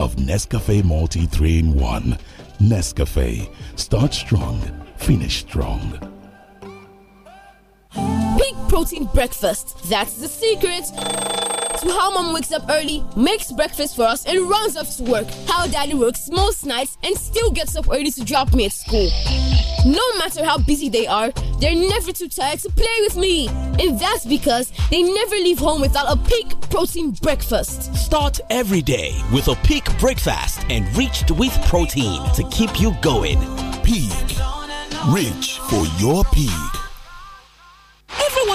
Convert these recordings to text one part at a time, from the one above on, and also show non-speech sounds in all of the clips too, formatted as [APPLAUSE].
of Nescafe Multi 3 in 1. Nescafe. Start strong, finish strong. Peak protein breakfast. That's the secret to how mom wakes up early, makes breakfast for us, and runs off to work. How daddy works most nights and still gets up early to drop me at school. No matter how busy they are, they're never too tired to play with me. And that's because they never leave home without a peak protein breakfast. Start every day with a peak breakfast and reach with protein to keep you going. Peak. Rich for your peak.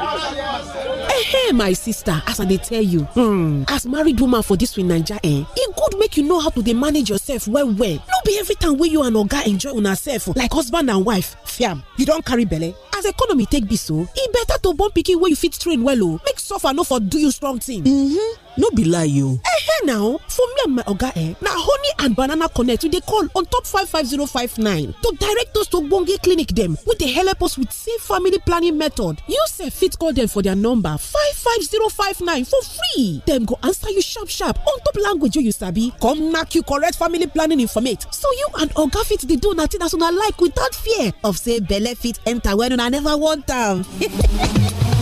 eh my sister as i dey tell you hmm as married woman for dis win naija eh e good make you know how to dey manage yourself well well no be time wey you and oga enjoy una sef like husband and wife fiam you don carry belle as economy take be so e better to born pikin wey you fit train well o oh. make suffer no for do you strong thing. Mm -hmm no be lie o ehn eh, now for me and my oga eh na honey and banana connect we dey call on top five five five zero nine to direct us to ogbonge clinic dem wey dey help us with safe family planning method you sef fit call dem for their number five five five zero nine for free dem go answer you sharp sharp on top language wey you sabi come knack you correct family planning informate so you and oga fit dey do una thing as una like without fear of say belle fit enter when una never want am [LAUGHS]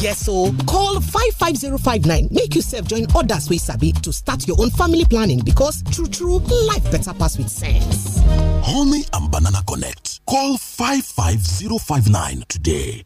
Yes, so call 55059. Make yourself join others with Sabi to start your own family planning because true, true, life better pass with sense. Honey and Banana Connect. Call 55059 today.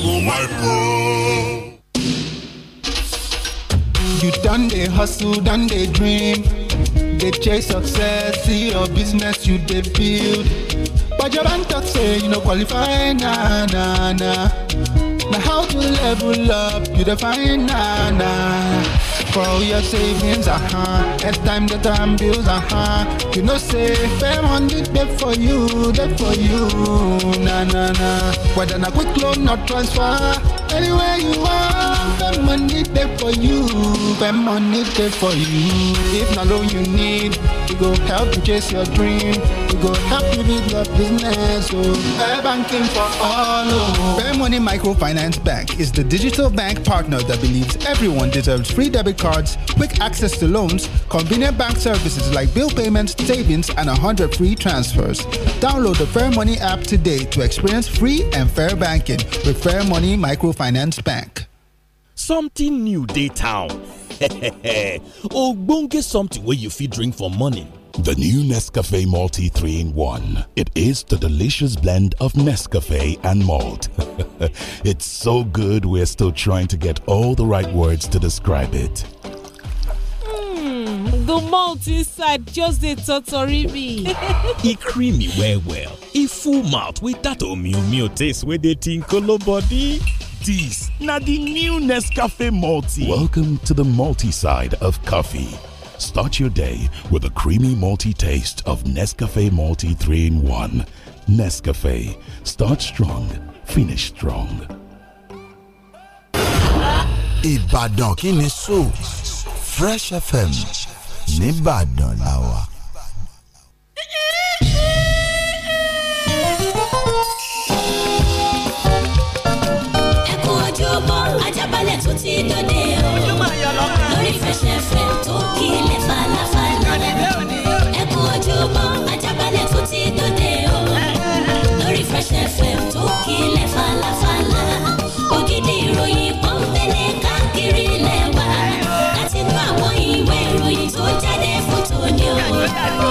You done the hustle, done the dream. They chase success, see your business you they build. But your bank talk say you no qualify, nah nah nah. Now how to level up, you define nah nah. for your savings, uh-huh As time the time bills, uh-huh You know say, fair money, there for you, there for you Na na na Whether na quick loan or transfer Anywhere you are, fair money, there for you Fair money, there for you If not loan you need it go help you chase your dream. It go help you build your business. Fair oh. banking for all. Oh. Fair Money Microfinance Bank is the digital bank partner that believes everyone deserves free debit cards, quick access to loans, convenient bank services like bill payments, savings, and 100 free transfers. Download the Fair Money app today to experience free and fair banking with Fair Money Microfinance Bank. Something new, Daytown. [LAUGHS] ogbonge something where you feed drink for money. The new Nescafe Malty 3 in 1. It is the delicious blend of Nescafe and malt. [LAUGHS] it's so good, we're still trying to get all the right words to describe it. Hmm, the malt inside just a totori [LAUGHS] e creamy well well, A full mouth with that omi omi taste wey dey tinkolo body new Nescafe Multi. Welcome to the multi side of coffee. Start your day with a creamy multi taste of Nescafe Multi 3 in 1. Nescafe. Start strong, finish strong. Ibadan Kini Fresh FM. Nibadan tún ti dòde o lórí falafala ẹ kú ojúmọ́ ajábalẹ̀ tún ti dòde o lórí falafala ògidì ìròyìn pọ́npẹ́lẹ́ káàkiri lẹ́wà láti inú àwọn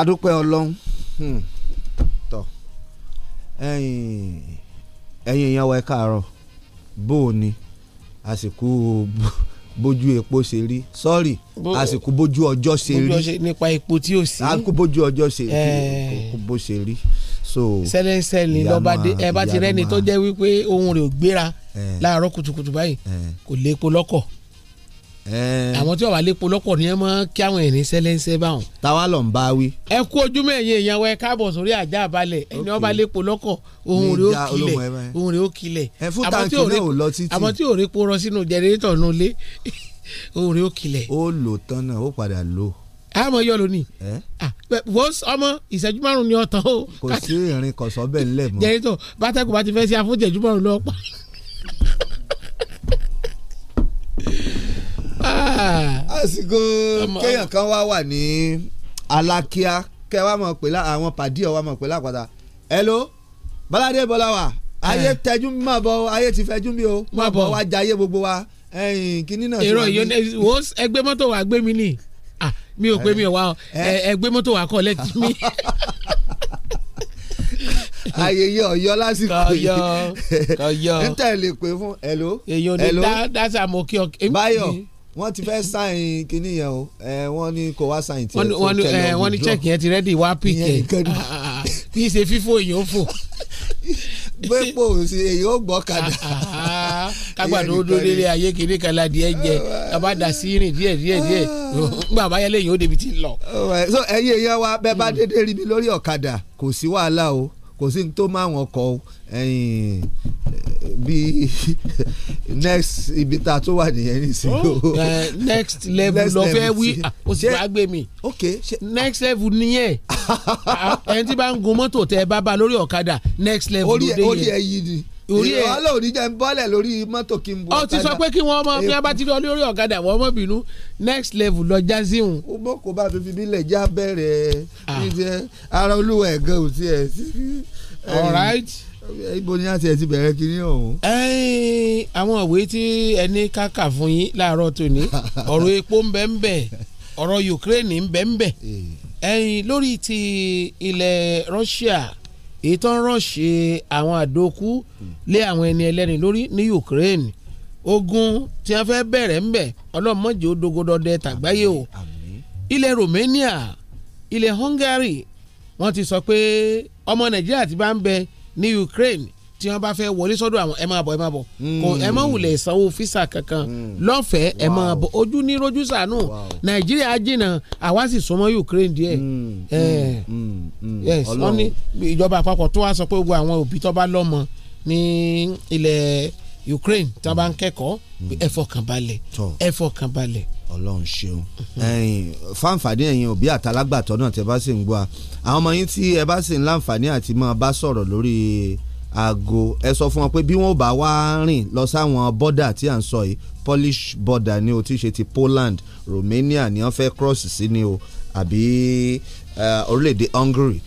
adúpẹ́ ọlọ́run hmm. tọ ẹ̀yin èèyàn wa ẹ káàárọ̀ bó o ní àsìkò bójú epo ṣe rí sọ́ọ̀rì àsìkò bójú ọjọ́ ṣe rí nípa epo tí ò sí àsìkò bójú ọjọ́ ṣe rí bó ṣe rí so sẹ́lẹ̀sẹ́lẹ̀ lọ́ba ẹ bá ti rẹ́ni tó jẹ́ wípé ohun rẹ̀ ò gbéra láàárọ̀ kùtùkùtù báyìí kò lépo lọ́kọ̀ Eh. àwọn tí wàá lépo lọ́pọ̀ ni ẹ mọ́ kí àwọn ẹ̀rín sẹ́lẹ́ńsẹ́ báwọn. táwa lọ ń bá wí. ẹ kú ojúmọ́ ẹ̀yin èèyàn wa káàbọ̀ sórí àjà àbálẹ̀ ẹni ọba lépo lọ́kọ̀ ohun rẹ̀ ó kilẹ̀ ohun rẹ̀ ó kilẹ̀ àmọ́ tí òòrè po rọ sínú jẹrẹrétọ̀ nù lé [LAUGHS] ohun rẹ̀ ó kilẹ̀. ó lò tán náà ó padà lò. àmọ́ yọ lónìí ah, wọ́n ọmọ ìṣẹ́jú márùn-ún ni ọ̀tàn o. kò sí ìrìn kọ̀sọ́ àsìkò kéèyàn kan wá wà ní alákíá kẹ wá mọ̀ pé àwọn pàdé ọ̀ wá mọ̀ pé lápàtà hello bọ́ládé bọ́láwà ayé eh. tẹjú mọ̀ bọ́ ayé ti fẹjú mi o mọ̀ bọ́ wá jayé gbogbo wa kínní náà. èrò ìyónẹ́wò eh, ẹgbẹ́ mọ́tò wa gbé mi nì ah, mi ò pé mi ò wá ọ eh. ẹgbẹ́ mọ́tò wa kọ́ lẹ́tí [LAUGHS] mi ayẹyẹ ọyọ lásìkò yìí kọyọ kọyọ n tẹ̀lé pé fún hello hello èyí ò ní wọ́n ti fẹ́ sáyìn kínní yẹn o wọ́n ní kò wá sáyìn tiẹ̀ tó tẹ̀lé ọ̀hún wọ́n ní check yẹn ti rẹ́dì wá pìkẹ́ kì í ṣe fífò èyàn fò. gbẹ́pọ̀ [LAUGHS] sí èyàn ó gbọ́ kadà. kágbàdo dóde lé ayé kínní kan láti ẹ jẹ kaba oh, dà sí rìn díẹ̀ díẹ̀ díẹ̀ ah. bàbá yẹn lẹ́yìn ó débi ti lọ. Oh, so ẹ̀yin èèyàn wa bẹ́ẹ̀ bá hmm. dédé rí mi lórí ọ̀kadà kò sí wàhálà o kò sí ní tó máa wọn kọ ẹ̀yìn bí [LAUGHS] next ibi tá a tó wà nìyẹn nísìnyí. Oh. Eh, next [LAUGHS] level lọ fẹ́ wí ah, o sì wá gbé mi next level nìyẹn [LAUGHS] ah, ẹni tí bá ń gun mọ́tò tẹ bá lórí ọ̀kadà next level ló dé yẹn. orí ẹ yí ni orí ẹ ìwọ lòun níjà ń bọ́lẹ̀ lórí mọ́tò kí n bu ọ̀kadà. ó ti sọ pé kí wọ́n mọ bí wọ́n bá ti rí olórí ọ̀kadà wọ́n mọ̀ bínú next level lọ já síhun. ó bọ́ kó bá fi fi bílẹ̀ já bẹ̀rẹ̀ ah. ara olúwa ẹ̀gán ò tiẹ̀ all right ibo ni àti ẹ ti bẹ̀rẹ̀ kiri ọ̀hún. àwọn ìwé tí ẹni káka fún yín láàárọ̀ tòní [LAUGHS] ọ̀rọ̀ epo ń bẹ ń bẹ ọ̀rọ̀ Ukraine ń bẹ ń bẹ eh. lórí ti ilẹ̀ Russia ètò ránṣẹ́ àwọn àdókù hmm. lé àwọn ẹni ẹlẹ́ni lórí ní Ukraine ogun tí wọ́n fẹ́ bẹ̀rẹ̀ ń bẹ ọlọ́mọdé odogodọdẹ tàgbáyé o ilẹ̀ Romania ilẹ̀ Hungary wọ́n ti sọ pé ọmọ Nàìjíríà ti bá ń bẹ ní Ukraine tí wọ́n bá fẹ́ wọlé sọ́dọ̀ àwọn ẹ máa bọ̀ ẹ máa bọ̀ kò ẹ máa wulẹ̀ sanwó físà kankan hmm. lọ́fẹ̀ẹ́ ẹ máa bọ̀ ojú ní rojú sànù nàìjíríà jìnnà àwa sì súnmọ́ ukraine díẹ̀ hmm. Hmm. yes wọ́n ní ìjọba àpapọ̀ tó wá sọ pé gbogbo àwọn òbí tó bá lọ́mọ ní ilẹ̀ ukraine tí wọ́n bá ń kẹ́kọ̀ọ́ ẹ fọkàn balẹ̀ ẹ fọkàn balẹ̀ ọlọ́run ṣeun fáǹfààní ẹ̀yin òbí àtàlágbàtọ́ náà tẹ bá sì ń gbọ́ àwọn ọmọ yín tí ẹ bá sì ń láǹfààní àti máa bá sọ̀rọ̀ lórí aago ẹ sọ fún wọn pé bí wọn ò bá wá rìn lọ sáwọn bọ́dà tí à ń sọ yìí Polish border ni o ti ṣe ti Poland Romania ni wọn fẹ́ cross sí ni o àbí orílẹ̀-èdè Hungary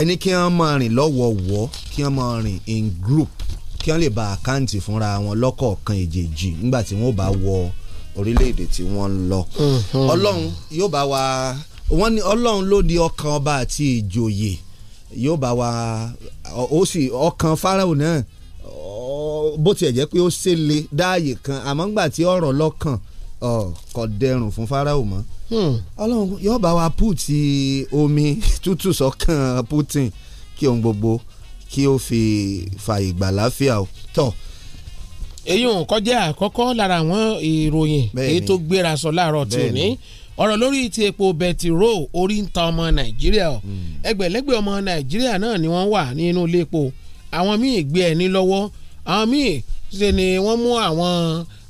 ẹni kí wọ́n máa rìn lọ́wọ̀ọ̀wọ́ kí wọ́n máa rìn in group kí wọ́n lè ba àkáǹtì fúnra wọn lọ́kọ̀ọ̀kan èjèèjì nígbà tí wọ́n bá wọ orílẹ̀-èdè tí wọ́n ń lọ mhm. ọlọ́run yóò bá wa wọ́n ní ọlọ́run ló di ọkàn ọba àti ìjòyè yóò bá wa ó sì ọkàn fáráò náà bó tiẹ̀ jẹ́ pé ó ṣẹlẹ̀ dáàyè kan àmọ́ ńgbà tí ọ̀rọ̀ lọ́kàn kò dẹrùn fún fáráò mọ́ hmm. ọlọ́run yóò bá wa pùtì omi [LAUGHS] tútù sọ́kàn Putin kí ohun gbogbo kí ó fi fàyè gbà láfíà o èyí ò kọjá àkọ́kọ́ lára àwọn ìròyìn èyí tó gbéra sọ láàárọ̀ tí ò ní ọ̀rọ̀ lórí ti epo bẹtiró orí ń ta ọmọ nàìjíríà ọ hmm. ẹgbẹ̀lẹ́gbẹ̀ ọmọ nàìjíríà náà ni wọ́n wà nínú ilé àwọn míì gbé ẹni lọ́wọ́ àwọn míì ṣe ni wọ́n mú àwọn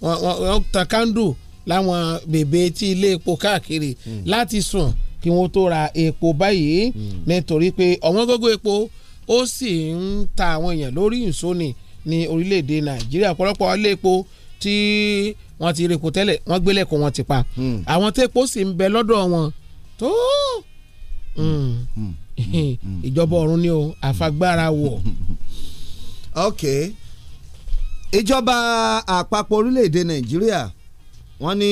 wọ́n tan kándù láwọn bèbè tí ilé epo káàkiri hmm. láti sùn kí wọ́n tó ra epo báyìí hmm. nítorí pé ọ̀wọ́n gógó epo ó sì ń ta àwọn èèyàn lórí ìsóni. Mm ní orílẹ̀-èdè nàìjíríà ọ̀pọ̀lọpọ̀ ilé epo tí wọ́n ti rí epo tẹ́lẹ̀ wọ́n gbélé epo wọn ti pa hmm. àwọn tó epo sì ń bẹ lọ́dọ̀ wọn tó hmm. Hmm. [LAUGHS] ìjọba ọ̀run ni o àfagbára wọ̀. [LAUGHS] ok ìjọba àpapọ̀ orílẹ̀-èdè nàìjíríà wọ́n ní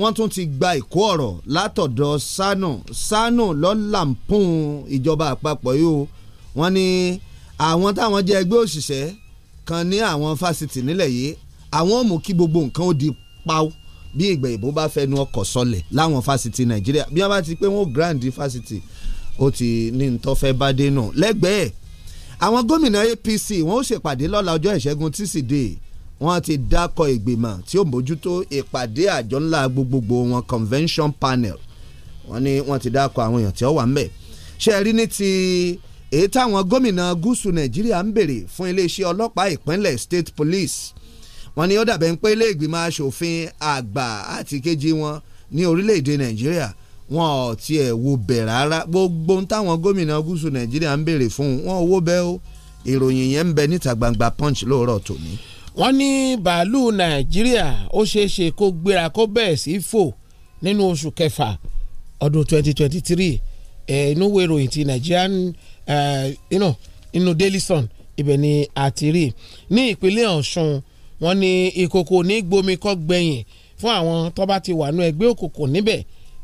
wọ́n tún ti gba ìkó ọ̀rọ̀ látọ̀dọ̀ sano sano lọ́làmpún ìjọba àpapọ̀ yìí o wọ́n ní àwọn táwọn jẹ́ ẹgbẹ́ òṣìṣẹ́ kan ní àwọn fásitì nílẹ̀ yìí àwọn mú kí gbogbo nǹkan ó di pawó bí ìgbà ìbò bá fẹnu ọkọ̀ sọlẹ̀ láwọn fásitì nàìjíríà bí wọ́n bá ti pé wọ́n grand fásitì ó ti ní ntọ́fẹ́ bá dé nù lẹ́gbẹ̀ẹ́ àwọn gómìnà APC wọn ó ṣèpàdé lọ́la ọjọ́ ìṣẹ́gun tísídẹ̀ẹ́ wọ́n ti dákọ̀ ìgbìmọ̀ tí ó mójútó ìpàdé àjọ ńlá gbogbogbò wọn convention panel wọ́n ní wọ́n ti dákọ̀ àwọn èèyàn tí ó wà ń bẹ̀ ṣe rí ní Ti èyí táwọn gómìnà gúúsù nàìjíríà ń béèrè fún iléeṣẹ́ ọlọ́pàá ìpínlẹ̀ state police wọ́n ní ó dàbẹ̀ ń pé ilé ìgbìmọ̀ asòfin àgbà àti kejì wọn ní orílẹ̀-èdè nàìjíríà wọn ò tiẹ̀ wo bẹ̀ rárá gbogbo ń táwọn gómìnà gúúsù nàìjíríà ń béèrè fún wọn owó bẹ́ẹ̀ o ìròyìn yẹn ń bẹ níta gbangba punch lóòrọ̀ tòní. wọ́n ní bàálù nàìjíríà ó ṣeé ṣe kó gbéra kó bẹ̀ẹ̀ sí fò nínú oṣù kẹfà ọdún 2023 ẹ̀ inú ìwé ìròyìn ti Nigerian Eh, inú Daily Sun ibẹ̀ ni àti rí ní ìpínlẹ̀ Ọ̀ṣun wọ́n ní ìkòkò ní gbomi kọ́ gbẹ̀yìn fún àwọn tó bá ti wà ní ẹgbẹ́ òkùnkùn níbẹ̀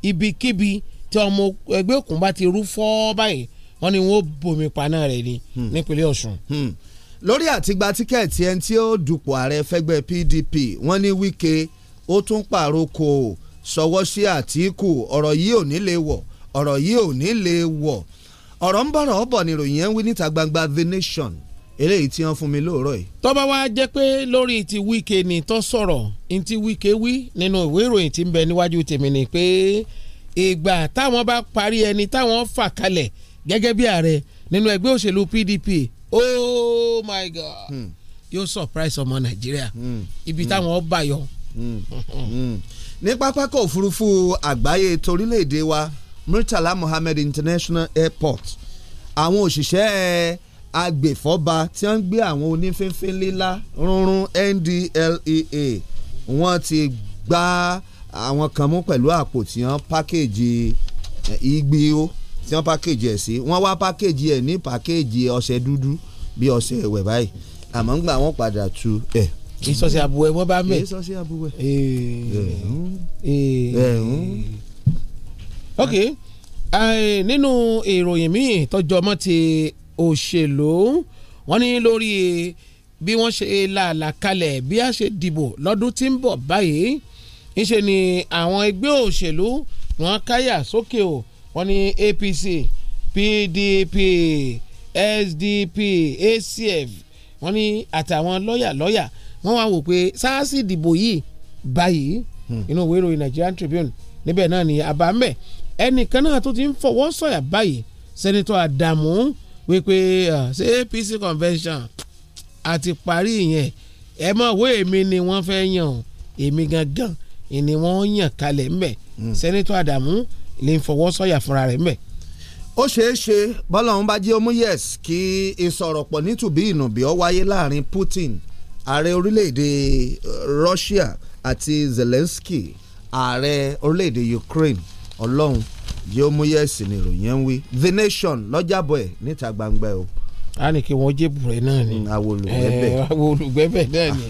ibikíbi tí ọmọ ẹgbẹ́ òkùnkùn bá ti rú fọ́ báyìí wọ́n ní wọ́n bomi paná rẹ̀ ni hmm. nípínlẹ̀ Ọ̀ṣun. Hmm. lórí àtìgbà tíkẹ́ẹ̀tì ẹni tí ó dupò ààrẹ fẹ́gbẹ́ PDP wọ́n ní Wike ó tún pàrokò sọwọ́ sí Àtíkù ọ̀rọ̀ yìí ò ní lè wọ̀ ọ̀rọ̀ yìí ò ní lè wọ̀ ọ̀rọ̀ ń bọ̀rọ̀ ọ̀bọ̀ ni ìròyìn yẹn ń wí níta gbangba The Nation eléyìí tí wọ́n fún mi lóòrọ̀ yìí. tó bá wá jẹ́ pé lórí ti Wike ni tó sọ̀rọ̀ ní ti Wike wí nínú ìwé ìròyìn tí ń bẹ níwájú tèmi ni pé ìgbà táwọn bá parí ẹni táwọn fà kalẹ̀ gẹ́gẹ́ bí ààrẹ nínú ẹgbẹ́ òṣèlú PDP oh my god hmm. surprise ọmọ Nàìjíríà hmm. ibi hmm. táwọn hmm. bá yọ. Hmm. Hmm. ní pápákọ̀ òfurufú àgbáyé torílẹ̀-èdè wa Murtala Mohammed International Airport àwọn òṣìṣẹ́ eh, agbèfọ́ba tí wọ́n ń gbé àwọn onífínfín líla rúnrún NDLEA wọ́n ti gba àwọn kan mú pẹ̀lú àpò tí wọ́n pákéjì eh, igbe o tí wọ́n pákéjì ẹ̀ sí wọ́n wá pákéjì ẹ̀ ní pákéjì ọṣẹ dúdú bí ọṣẹ ẹ̀wẹ̀ báyìí àmọ́ ń gbà wọ́n padà tu ẹ̀ ìsọsí àbúwẹ̀ wọ́n bá mẹ́ ìsọsí àbúwẹ̀ ẹ̀ẹ́n ẹ̀ẹ́n Mm. ok nínú ìròyìn míì tọjọ ọmọ ti òṣèlú wọ́n ní lórí bí wọ́n ṣe lààlà kalẹ̀ bí a ṣe dìbò lọ́dún tí ń bọ̀ báyìí ńṣe ni àwọn ẹgbẹ́ òṣèlú wọ́n káyà sókè o wọ́n ní APC PDP SDP ACF wọ́n ní àtàwọn lọ́yà lọ́yà wọ́n wá wò pé sáàsì dìbò yìí báyìí hmm. inú ìwé ìròyìn Nigerian Tribune níbẹ̀ náà ni àbámẹ́ ẹnìkan náà tó ti ń fọwọ́ sọ̀yà báyìí sẹ́nitọ́ Àdàmú wípé ṣé APC convention àti parí yẹn ẹ mọ̀ wé èmi ni wọ́n fẹ́ yàn èmi gangan ni wọ́n yàn kalẹ̀ ńbẹ̀ hmm. sẹ́nitọ́ Àdàmú lè ń fọwọ́ sọ̀yà fúnra rẹ̀ ńbẹ̀ ó ṣeé ṣe bọ́lá òun bá jẹ́ ọmú yes kí ìsọ̀rọ̀pọ̀ nítùbí ìnùbí ọ wáyé láàrin Putin ààrẹ orílẹ̀-èdè uh, Russia àti Zelensky ààrẹ orílẹ̀-èdè Ukraine ọlọ́run yìí ó mú yẹ́sì ni ìròyìn ń wí the nation lọ́jàbọ̀ ẹ̀ níta gbangba o. a ní kí wọ́n jébù rẹ̀ náà ni. awolùgbẹ́bẹ̀ mm, eh, awolùgbẹ́bẹ̀ náà ni.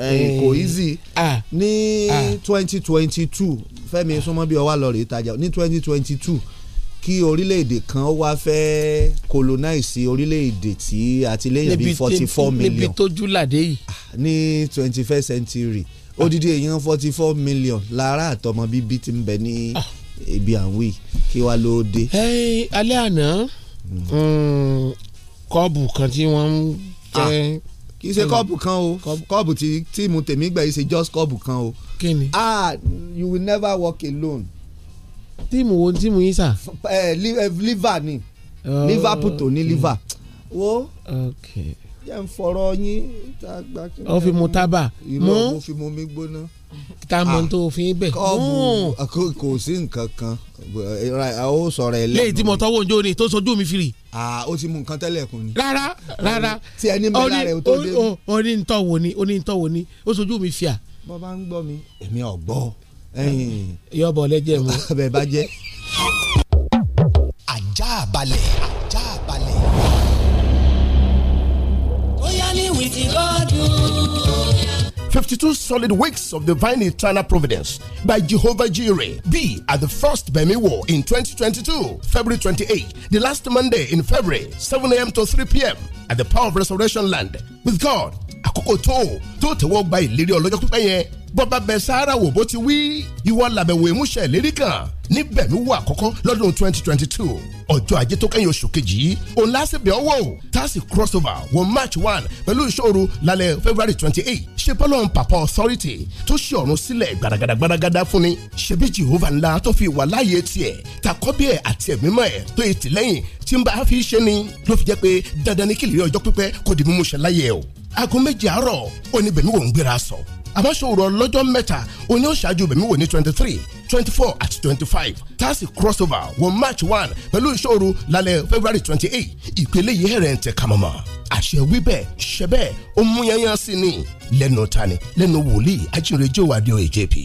Eh, eh, kò easy ah, ní ah. twenty twenty two fẹ́mi súnmọ́ bí ọwá lọ rèé tajà ní twenty twenty two kí orílẹ̀-èdè kan wá fẹ́ colonize orílẹ̀-èdè tí àtìlẹ́yìn bíi forty four million. níbi tójú làdé yìí. Ah, ní twenty first century odidi èèyàn forty four million lára àtọmọ bíbí ti ń bẹ ní ibi à ń wí kí wàá ló dé. alẹ́ àná hmm. Hmm, kọ́ọ̀bù kan tí wọ́n ń ah, jẹ́. kì í ṣe kọ́ọ̀bù kan o kọ́ọ̀bù tí tíìmù tèmi gbà yìí ṣe just kọ́ọ̀bù kan o. kí ni. ah you will never work alone. tíìmù wo tíìmù yín sà. Eh, eh, liver ni oh, liverpool tó ní liver hmm. wo. okay. jẹ́ n fọ̀rọ̀ yín. ó fi mu tábà. ìrọ̀ mo fi mu mi gbóná tá a mọ̀ ah. tó òfin bẹ̀. kọ́ọ̀bù kò sí nǹkan kan ó sọ̀rọ̀ ẹ̀ lẹ́nu. léyìí tí mo tọ́wọ́ ojú ni tó sojú mi firi. aa o ti mú nǹkan tẹ́lẹ̀ kun ni. rárá rárá tí ẹni mẹ́la rẹ̀ o tó dé. oní ntọ́ wo ni oní ntọ́ wo ni ó sojú mi fìyà. bọ́ bá ń gbọ́ mi èmi ò gbọ́. yọ̀bọ̀ lẹ́jẹ̀ mu. [LAUGHS] bẹ́ẹ̀ bá jẹ́. ajá balẹ̀ ajá balẹ̀. bóyá ní wìtí gọ́ọ̀dù. 52 solid weeks of divine eternal providence by Jehovah Jireh. Be at the first Bemi War in 2022, February 28, the last Monday in February, 7 a.m. to 3 p.m. at the Power of Restoration Land with God. Àkókò to to tẹ̀wọ́ gba ìlérí ọlọ́jọ́ pípẹ́ yẹn bọ́ba bẹ sahara wò bó ti wí ìwọ làbẹ̀wò ìmúṣẹ ìlérí kan níbẹ̀ mi wò àkọ́kọ́ lọ́dún twenty twenty two ọjọ́ ajé tó kẹ́yìn oṣù kejì yìí òun lásìbẹ̀ ọwọ́ tásì crossover wọ march one pẹ̀lú ìṣòro lálẹ́ february twenty eight ṣe bọ́lọ́n papa authority tó ṣe ọ̀run sílẹ̀ gbaragada gbaragada fún ni ṣebí jehova ńlá tó fi wà láàyè tiẹ̀ takọ́bí ẹ̀ àti ẹ̀mímọ́ ẹ̀ tó yẹ tìlẹ́yìn tí ń bá fi ṣe ni ló fi jẹ́ pé dandan ní kìlì ọjọ́ pípẹ́ kò di mímú ṣe láyè o aago méje àárọ̀ ó ní bẹ̀mí wò ń gbéra sọ àbáṣọ̀rò ọlọ́jọ́ mẹ́ta oní òṣáájú bẹ̀mí wò ní twenty three twenty four àti twenty five tásì crossover wọ march one pẹ̀lú ìṣòro lálẹ́ february twenty eight ìpele yìí hẹ̀rẹ̀ ń tẹ̀ kàmọ́mọ́ àṣẹ wíbẹ̀ ṣẹbẹ̀ ó mú yanyan sí ni lẹ́nu tani lẹ́nu wòlíì ajínrere jẹ́ òwádìí ọ̀ẹ́jẹ̀pì.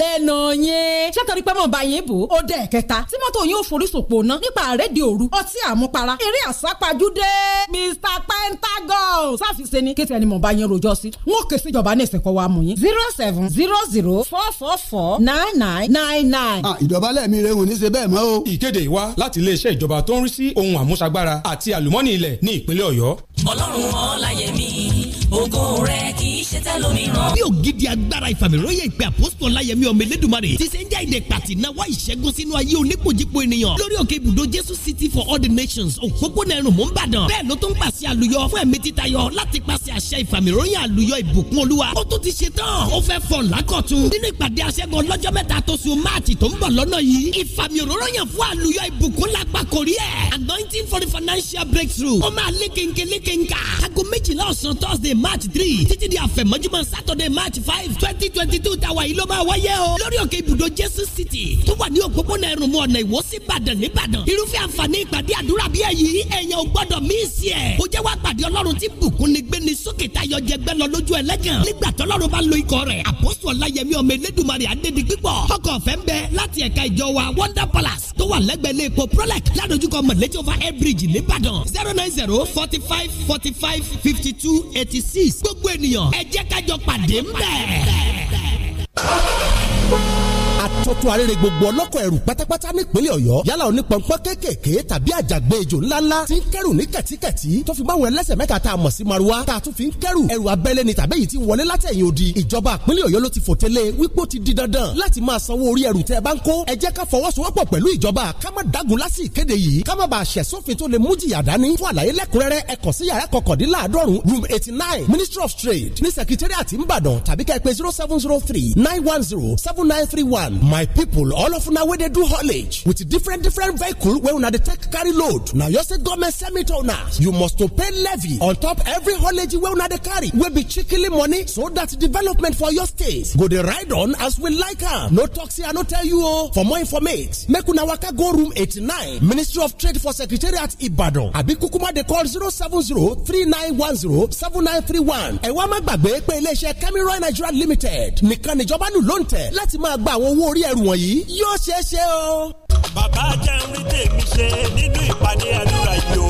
lẹ́nu yẹn sátọ́rí pẹ́ mọ̀ bá yẹn bò ó dẹ̀ kẹta tí mọ́tò yẹn ò forísòpò ná nípa àrédè òru ọtí àmupara eré àsápajúdé Mr Pentagon sáfìsẹ́ ni kéte ẹni mọ̀ bá yẹn rojọ́ sí wọn kè síjọba ní ìsìnkọ́ wa mú yín zero seven zero zero four four four nine nine nine nine. ìdọ̀bálẹ̀ mi rehun ní ṣe bẹ́ẹ̀ mọ́ o. ìkéde wa láti iléeṣẹ́ ìjọba tó ń rí sí ohun àmúṣagbára àti àlùmọ́nì ilẹ̀ ní ìpínlẹ̀ Ọ̀yọ́ ọlọ́run ọláyẹmí ògo rẹ kì í ṣe tẹlòmíràn. bí ògidì agbára ìfàmìlóye ìpè àpòsùn ọláyẹmí ọmọ elédùnmarè ti ṣe ń jẹ́ ìdè pàtì náwó ìṣẹ́gun sínú ayé onípojípo ènìyàn lórí òkè ibùdó jésù city for all the nations òpópónà ẹrùn mú bàdàn bẹ́ẹ̀ ló tún pàṣẹ àlùyọ fún ẹ̀mí títayọ láti pàṣẹ àṣẹ ìfàmìlóye àlùyọ ìbùkún olúwa ó tún ti ṣe tán ó fẹ́ fọ̀ lákọ̀tún nínú ìpàdé aṣẹ́gun ọlọ́jọ́ mẹ́ta tó sun anointing for the financial breakthrough ó máa lékenkeleké kínkà aago méjìlá ọ̀sán thursday march three títí di àfẹ̀mọ́júmọ́ saturday march five twenty twenty two tàwa yìí ló máa wáyé o lórí òkè ibùdó jésù city tó wà ní òpópónà ẹrùnmú ọ̀nà ìwó sí ìbàdàn nìbàdàn irúfẹ́ àǹfààní ìpàdé àdúrà bí èyí èèyàn ò gbọ́dọ̀ míìsì ẹ̀ ó jẹ́ wá pàdé ọlọ́run tí bùkún ni gbé ni sókè táyọ̀ jẹgbẹ́ lọ lójú ẹlẹ́gàn nígbà forty five fifty two eighty six gbogbo ènìyàn ẹ jẹ́ kájọ pàdé ńbẹ̀ àtọ́tún arére gbogbo ọlọ́kọ̀ ẹrù pátápátá nípínlẹ̀ ọ̀yọ́ yálà onípọ̀npọ̀ kéékèèké tàbí àjàgbé ejò ńláńlá ti ń kẹ́rù ní kẹ̀tíkẹ̀tí tó fi báwọn ẹlẹ́sẹ̀ mẹ́ta tá a mọ̀ sí maruwa tá a tún fi ń kẹ́rù ẹrù abẹ́lé ni tàbí èyí ti wọlé látẹ̀yìn odi ìjọba ìpínlẹ̀ ọ̀yọ́ ló ti fò tẹ́lẹ̀ wípé ó ti di dandan láti máa sanwó orí ẹrù tẹ́ ẹ bá ń kó ẹ jẹ́ ká fọwọ́sowọ́pọ̀ pẹ̀lú ìjọba ká má dágun lásì ìkéde yìí ká má bàa ṣẹ̀sófin tó lè mú jìyà dání fún àlàyé lẹ́kùnrẹ́rẹ́ ẹ kàn sí yàrá kọkàndínláàdọ́rùn room eighty nine ministry of trade ní secretariat ìbàdàn tàbí ká ẹ pè zero seven zero three nine one zero seven nine three one land my people all of una where they do haulage with different different vehicle where una dey take carry load Now you state government send me to una you must to pay levy on top every haulage wey una dey carry wey be chikili money so that development for your state go dey ride on as we like her. no toxic, i no tell you oh. for more information, make una waka go room eighty-nine ministry of trade for secretariat ibadan àbí kúkúmá dey call zero seven zero three nine one zero seven nine three one ẹ wá má gbàgbé pé cameroon nigeria limited nìkan níjọba nù Let's ń tẹ̀ láti ẹ̀dínwó orí ẹrù wọ̀nyí yóò ṣeé ṣe o. bàbá jẹ́ ń rí tèmi ṣe nínú ìpàdé àdúrà yìí o.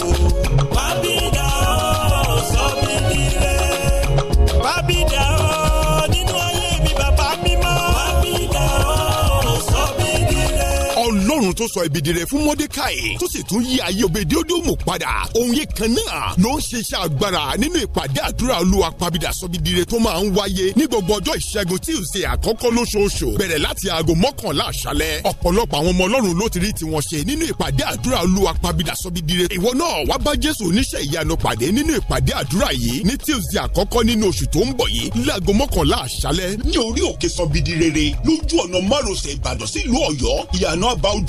bábí dá sọ mí nílé bábí dá ọlọ́run tó sọ ibi dire fún mọ́dékàì tó sì tún yí ayé òbèdéódòmù padà òun yìí kan náà ló ń ṣe iṣẹ́ agbára nínú ìpàdé àdúrà olúwa pàbídà sọ́bìdire tó máa ń wáyé ní gbogbo ọjọ́ ìṣẹ́gun tí ò ṣe àkọ́kọ́ lóṣooṣù bẹ̀rẹ̀ láti aago mọ́kànlá àṣálẹ́ ọ̀pọ̀lọpọ̀ àwọn ọmọ ọlọ́run ló ti rí tiwọn ṣe nínú ìpàdé àdúrà olúwa pàbídà sọ́bìdire ìwọ náà wá bá jésù oníṣẹ́ ìyanu pàdé nínú ìpàdé àdúrà yìí ní tí ò ṣe àkọ́kọ́ nínú oṣù tó ń bọ̀ yìí láago mọ́kànlá àṣálẹ́ ní orí òkè sọ́bìdire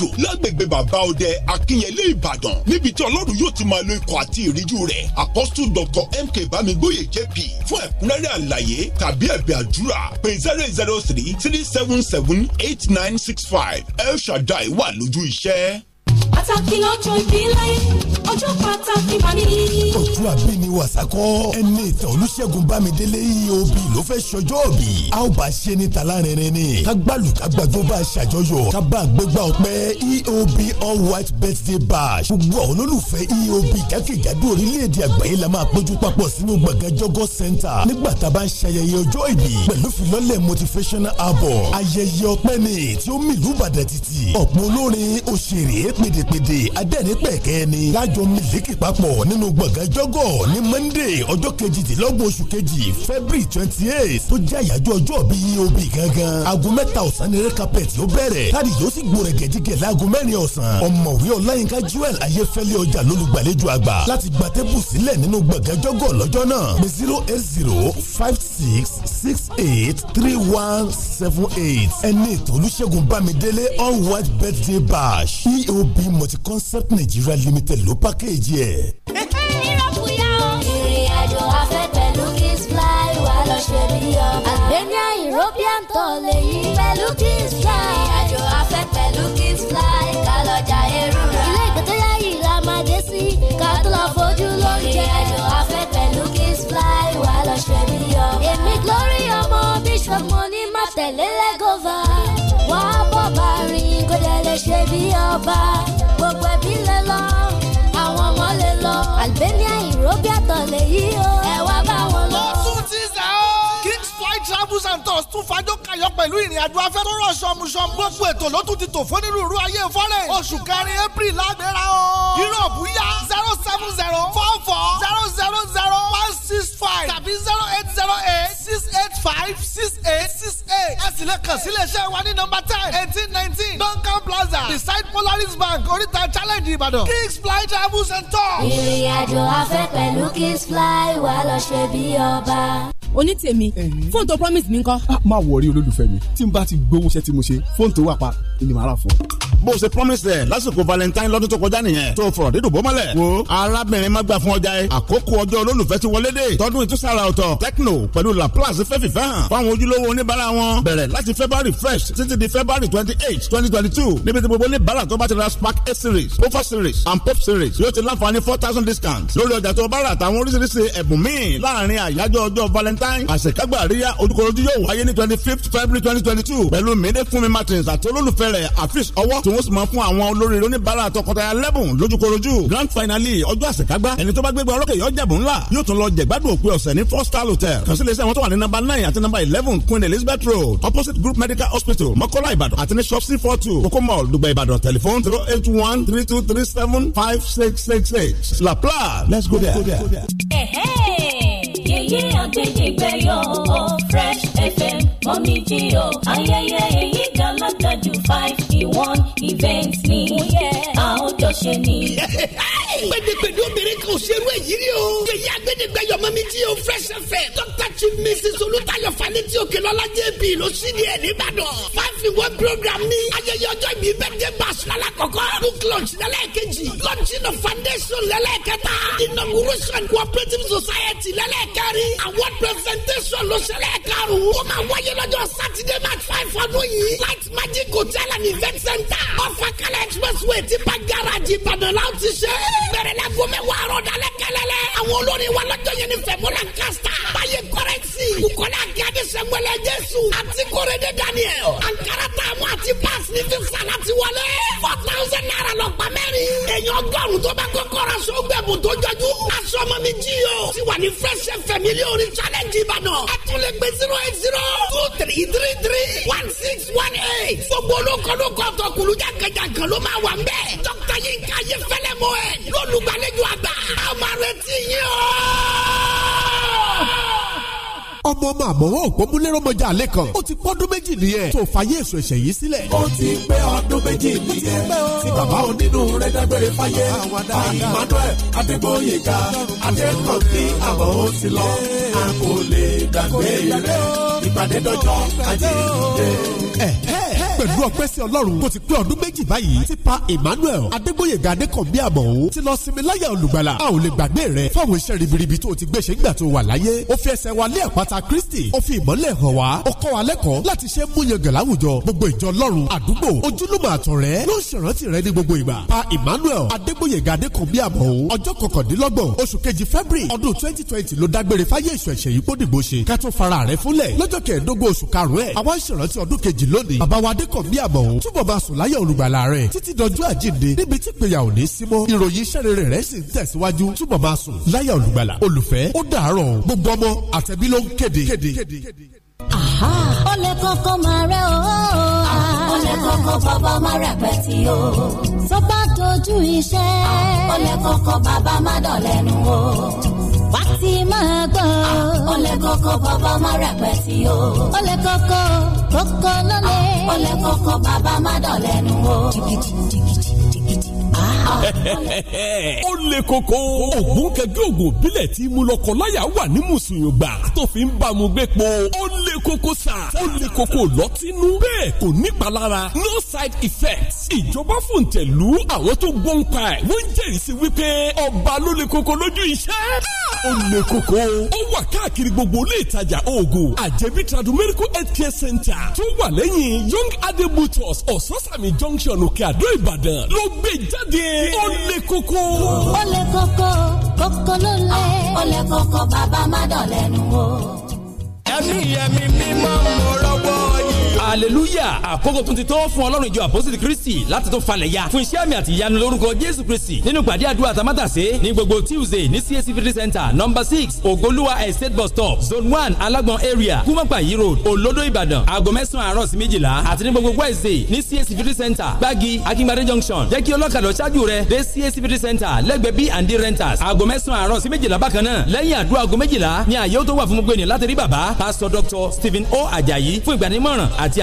odò lágbègbè bàbá ọdẹ akínyẹlé ìbàdàn níbi tí ọlọ́run yóò ti máa lo ikọ̀ àti ìríjú rẹ̀ apọ́sù dr mk bámigbóyè jp fún ẹ̀kúnrẹ́rẹ́ àlàyé tàbí ẹ̀bẹ̀ àdúrà pé zero zero three three seven seven eight nine six five el shaddai wà lójú iṣẹ́ pàtàkì lọ́jọ́ ìbílẹ̀ ọjọ́ pàtàkì mà ní. ọjọ́ àbí ni wàsákọ́ ẹni ìtàn olùṣègùn bámidélé eob ló fẹ́ ṣọjọ́ bí. a ó bá ṣe ní talárinrin ni ká gbàlù ká gbàjọ bá ṣàjọyọ̀ ká gbégbá ọpẹ́ eob all white birthday bash. gbogbo àwọn olólùfẹ́ eob jákèjádò orílẹ̀-èdè àgbáyé la máa péjú papọ̀ sínú gbọ̀ngàn jọgọ́ center nígbà tá a bá ń ṣayẹyẹ ọjọ́ ìbí pẹ̀lú filọ́lẹ̀ motivational album ayẹyẹ ọpẹ́ ni tí ó mìlú bàdàn títì ọ̀pọ̀ olórin òṣèré pè pèdèpèdè adẹ́rìnpẹ̀kẹ́ ni lájọ mílíkì papọ̀ nínú gbọ̀ngàn jọ́gọ̀ ní monday ọjọ́ kejìdínlọ́gbọ̀n oṣù kejì february twenty eight tó jẹ́ àyájọ́ ọjọ́ bí eob gangan aago mẹ́ta ọ̀sán ni rẹ́kápẹ́ẹ̀tì ó bẹ̀rẹ̀ láti yóò sì gbó rẹ̀ gẹ̀dígẹ̀ láago mẹ́rin ọ̀sán ọ̀mọ̀wé ọláyínká joel ayéfẹ́lẹ́ ọjà lólùgbàlejò àgbà láti gba tébù sílẹ̀ nínú gbọ̀ngàn jọ́gọ̀ lọ́jọ́ náà pé zero eight zero five six six eight three one seven eight ẹni ètò olùṣègùn bámidélé all white birthday bash eob bí multi-concept nigeria limited ló pákéjì ẹ̀. ìrọ̀kù yá o. ìrìn àjò afẹ́ pẹ̀lú kiss fly wà lọ ṣe bí ọba. àgbẹ̀ni european tó lè yí pẹ̀lú kiss fly. ìrìn àjò afẹ́ pẹ̀lú kiss fly ká lọ́jà eru rẹ̀. ilé ìgbẹ́ tó yá yìí la máa dé sí ká tó lọ fojú lóúnjẹ. ìrìn àjò afẹ́ pẹ̀lú kiss fly wà lọ ṣe bí ọba. èmi glory ọmọ bishop mo ní má tẹ̀lé lẹ́gọ́fà lè ṣe bí ọba gbogbo ẹbí lè lọ àwọn ọmọ lè lọ Albania ìróbíàtọ̀ lè yí o. bibles and tours tún fàájò kayọ̀ pẹ̀lú ìrìn àjò afẹ́ tó rọ̀ ṣọmuṣọmu. gbogbo ètò ló tún ti tò fún onírúurú ayé fọ́lẹ̀. oṣù kẹrin april lágbèrè o. yúròpù yá zero seven zero four four zero zero zero one six five tàbí zero eight zero eight six eight five six eight six eight. ẹ sì lè kàn sí iléeṣẹ́ wa ní nọ́mbà ten eighteen nineteen duncan plaza beside polaris bank oríta challenge ìbàdàn kings fly travels and tours. ìrìn àjò afẹ́ pẹ̀lú kings fly wà lọ ṣe bí ọba onítèmi fóònù tó promise mi ńkọ́. Ah, má wọrí olólùfẹ́ mi tí n bá ti gbowó iṣẹ́ tí mo ṣe fóònù tó wà pa ni màá rà fún ọ bó ṣe promise ẹ lásìkò valentine lọ́dún tó kọjá nìyẹn tó fọ̀rọ̀ dídùn bó mọ́lẹ̀. wo arábìnrin má gbà fún ọjà yẹn àkókò ọjọ́ olólùfẹ́ ti wọlé dé tọdún ìtúsára ọ̀tọ̀ Tecno pẹ̀lú Laplace fẹ́ fìfẹ́ hàn fáwọn ojúlówó oníbàárà wọn bẹ̀rẹ̀ láti February first títí di February twenty eight twenty twenty two níbi tí gbogbo oníbàárà tó bá ti ra Spark eight series pofa series and pop series yóò ti láǹfààní four thousand discount lórí ọjà tó bá rà àtàwọn oríṣiríṣi ẹ̀bùn míì láàrin àyájọ́ ọjọ́ valent time àṣekágbà àríyá olùkọ́rọ́jú yóò wáyé ní twenty fifth february twenty twenty two pẹ̀lú mèdè fúnmi martins àti olólùfẹ́ rẹ̀ afis ọwọ́ tí wọ́n sì máa fún àwọn olórí oníbàárà tọkọtaya lẹ́bùn lójúkorojú grand finale ọjọ́ àṣekágbà ẹni tó bá gbégbá ọlọ́kẹ̀ yọ jẹ̀bù ńlá yóò tún lọ jẹ̀gbádùn òpin ọ̀sẹ̀ ní four star hotel kàn sí iléeṣẹ́ wọn tó wà ní number nine àti number eleven queen elizabeth road opposite group medical hospital mọ́kọ́lá ìbàdàn àti ní shop c four two kókó mall dùgbà ìbàdàn telephone zero eight one three two three seven five six six six la place let's go there. Let's go there. Fresh fídíò ayẹyẹ èyí galaga ju five in one events. ni àwọn oh, jọ ṣe ni. [LAUGHS] gbẹdẹgbẹdẹ obìnrin kan ò ṣerú èyí rí o. yèyí agbẹdẹgbẹ yọmọ mi ti o fresh fẹ. dókítà tí mrs olùtayọ fani tí o kẹlẹ ọlọjẹ bí ló si ni ẹ nìbàdàn. five in one program ní. ayẹyẹ ọjọ́ ìbí birthday bash lálẹ́ kọ̀kọ́. book launch lálẹ́ kejì. launching of foundation lálẹ́ kẹta. inauguration cooperative society lálẹ́ kẹrin. award presentation ló ṣẹlẹ̀ karùn-ún. ó máa wáyé lọ́jọ́ saturday march five ọdún yìí. light magic hotel and event center. ọ̀fà kala expressway ti bá garaji ìbàdàn láti ṣe bẹ̀rẹ̀ la gomẹ wɔɔrɔ dalẹ kɛlɛlɛ. àwọn olórin wa lọ́jọ́ yẹn ni fẹmú la kásá. báyé kọrẹsì. u kọlẹ agadi sẹgbẹlẹ jésù. àti kore de daniel. ankara taamu àti paasi ni fi sara ti wọlé. four thousand naira lọ gba mẹ́rin. èèyàn gbọ́rù tó bá kọ́kọ́rọ́ so gbẹ̀bù tó jọjú. asọ́mọ mi jí o. ti wà ní fresh fm mílíọ̀nù challenge ìbàdàn. a tún lè gbé zero eight zero two three three three one six one eight. fo gbolo kọlu kọtọ kulujà kẹjà kẹlu ma wà ń bẹ. dókítà yín ká fẹlẹ mọ ẹ lólùgbàlejò àgbà. a máa retí yín o ọmọ ọmọ àmọ́wọ́ òpómúlérò mọ́jà àlẹ́ kan ó ti pọ́dún méjì nìyẹn tó fàyè èso ẹ̀ṣẹ̀ yìí sílẹ̀. ó ti pé ọdún méjì nìyẹn tí bàbá onínú rẹ̀ dágbére fáyé Emmanuel Adégbóyèga adékọ̀bí àmọ́ ó ti lọ a kò lè gbàgbé rẹ̀ ìpàdé dọ́jọ́ àjíǹde pẹ̀lú ọpẹ́ sí ọlọ́run tó ti pé ọdún méjì báyìí ti pa Emmanuel Adégbóyèga Adékànbí àmọ̀wò ti lọ sinmi láyà olùgbàlà a ò lè gbàgbé rẹ fáwọn iṣẹ́ ribiribi tó ti gbé ṣe ńgbà tó wà láyé ó fi ẹsẹ̀ wa lé àpáta Kristi ó fi ìmọ́lẹ̀ hàn wá ó kọ́ wa lẹ́kọ̀ọ́ láti ṣe múyangàn láwùjọ gbogbo ìjọ ọlọ́run àdúgbò ojúlùmọ̀ àtọ̀rẹ́ ló ń ṣèrántí rẹ ní gbogbo ìgbà pa Emmanuel Adégbóyèga Adékànbí àmọ̀wò ọjọ́ kọkàndínlọ́gbọ̀n oṣù kejì February ọdún twenty twenty ló dágbére fáyé ìṣẹ̀ṣẹ̀ yìí kó dìbò ṣe ká tó fara rẹ fúnlẹ̀ lọ́jọ́ kẹẹ̀ẹ́dógún oṣù karùn-ún ẹ̀ àwa ń kọ̀ bí àbọ̀ òun túbọ̀ bá sùn láyọ̀ olùgbàlà rẹ̀ títí dọjọ́ àjíǹde níbi tí ìpèyà ò ní sí ìròyìn iṣẹ́ rere rẹ̀ sì ń tẹ̀síwájú túbọ̀ bá sùn láyọ̀ olùgbàlà olùfẹ́ ó dàárọ̀ gbogbo ọmọ àtẹ̀bí ló ń kéde ó lè máa rẹ̀ o. ó lè kọ́kọ́ bàbá máa rẹ̀ pẹ́ tí o. tó bá dojú iṣẹ́. ó lè bàbá máa dọ̀lẹ́nu o wá ti máa gbọ́. ọ̀lẹ̀ kọ̀kọ̀ bàbá má rẹ̀pẹ̀ sí o. ọ̀lẹ̀ kọ̀kọ̀ kọ̀kọ̀ lọ́lẹ̀. ọ̀lẹ̀ kọ̀kọ̀ bàbá má dọ̀lẹ́nu o. ó [LAUGHS] le koko. ògbóǹkẹ́gbẹ́ ògùn òbílẹ̀ tí mú lọ́kọ láyà wà ní mùsùlùmí tó fi ń bá mu gbé po. ó le koko sà. ó le koko lọ́tínú. bẹ́ẹ̀ kò nípalára. no side effects. ìjọba fòǹtẹ̀lú àwọn tó gbọ́n pa ẹ̀ wọ́n ń jẹ́rìí sí wípé ọba ló le koko lójú iṣẹ́. ó le koko. ó wà káàkiri gbogbo ilé ìtajà oògùn àjẹbí tradomedical health care center tó wà lẹ́yìn young adebutus ososani junction òkè àdó ìbàdàn ló gbé jáde. ó le koko. ó le koko koko ló lẹ. ó le koko bàbá má dọ̀lẹ́nu o. ẹ̀mí ẹ̀mí mímọ́ mo rọ́wọ́ hallelujah àkókò tún ti tó fún ọlọ́run ìjọ àpọ́sítì kristi láti tún falẹ̀ ya fún iṣẹ́ àmì àti ìyanu lórúkọ jésù kristi nínú pàdé àdúrà tamátàsé ní gbogbo tuesday ní cac fifty center number six ogoluwa estate bus stop zone one Alagbon area kúmọ̀pàyí road olodo Ibadan. aago mẹ́sàn-án àárọ̀ sí méjìlá àti ní gbogbo wednesday ní cac fifty center gbági akíngbadé junction jẹ́ kí ọlọ́kadà ṣáájú rẹ dé cac fifty center lẹ́gbẹ̀ẹ́ b and d renters aago mẹ́sàn-án àárọ̀ sí méjìlá bákan náà lẹ́yìn àdúrà aago méjìlá ni àyè ó tó wà fún gbogbo ènìyàn láti rí bàbá pásítọ̀ dr stephen o ajayi fún ìgbaninímọ̀ràn àti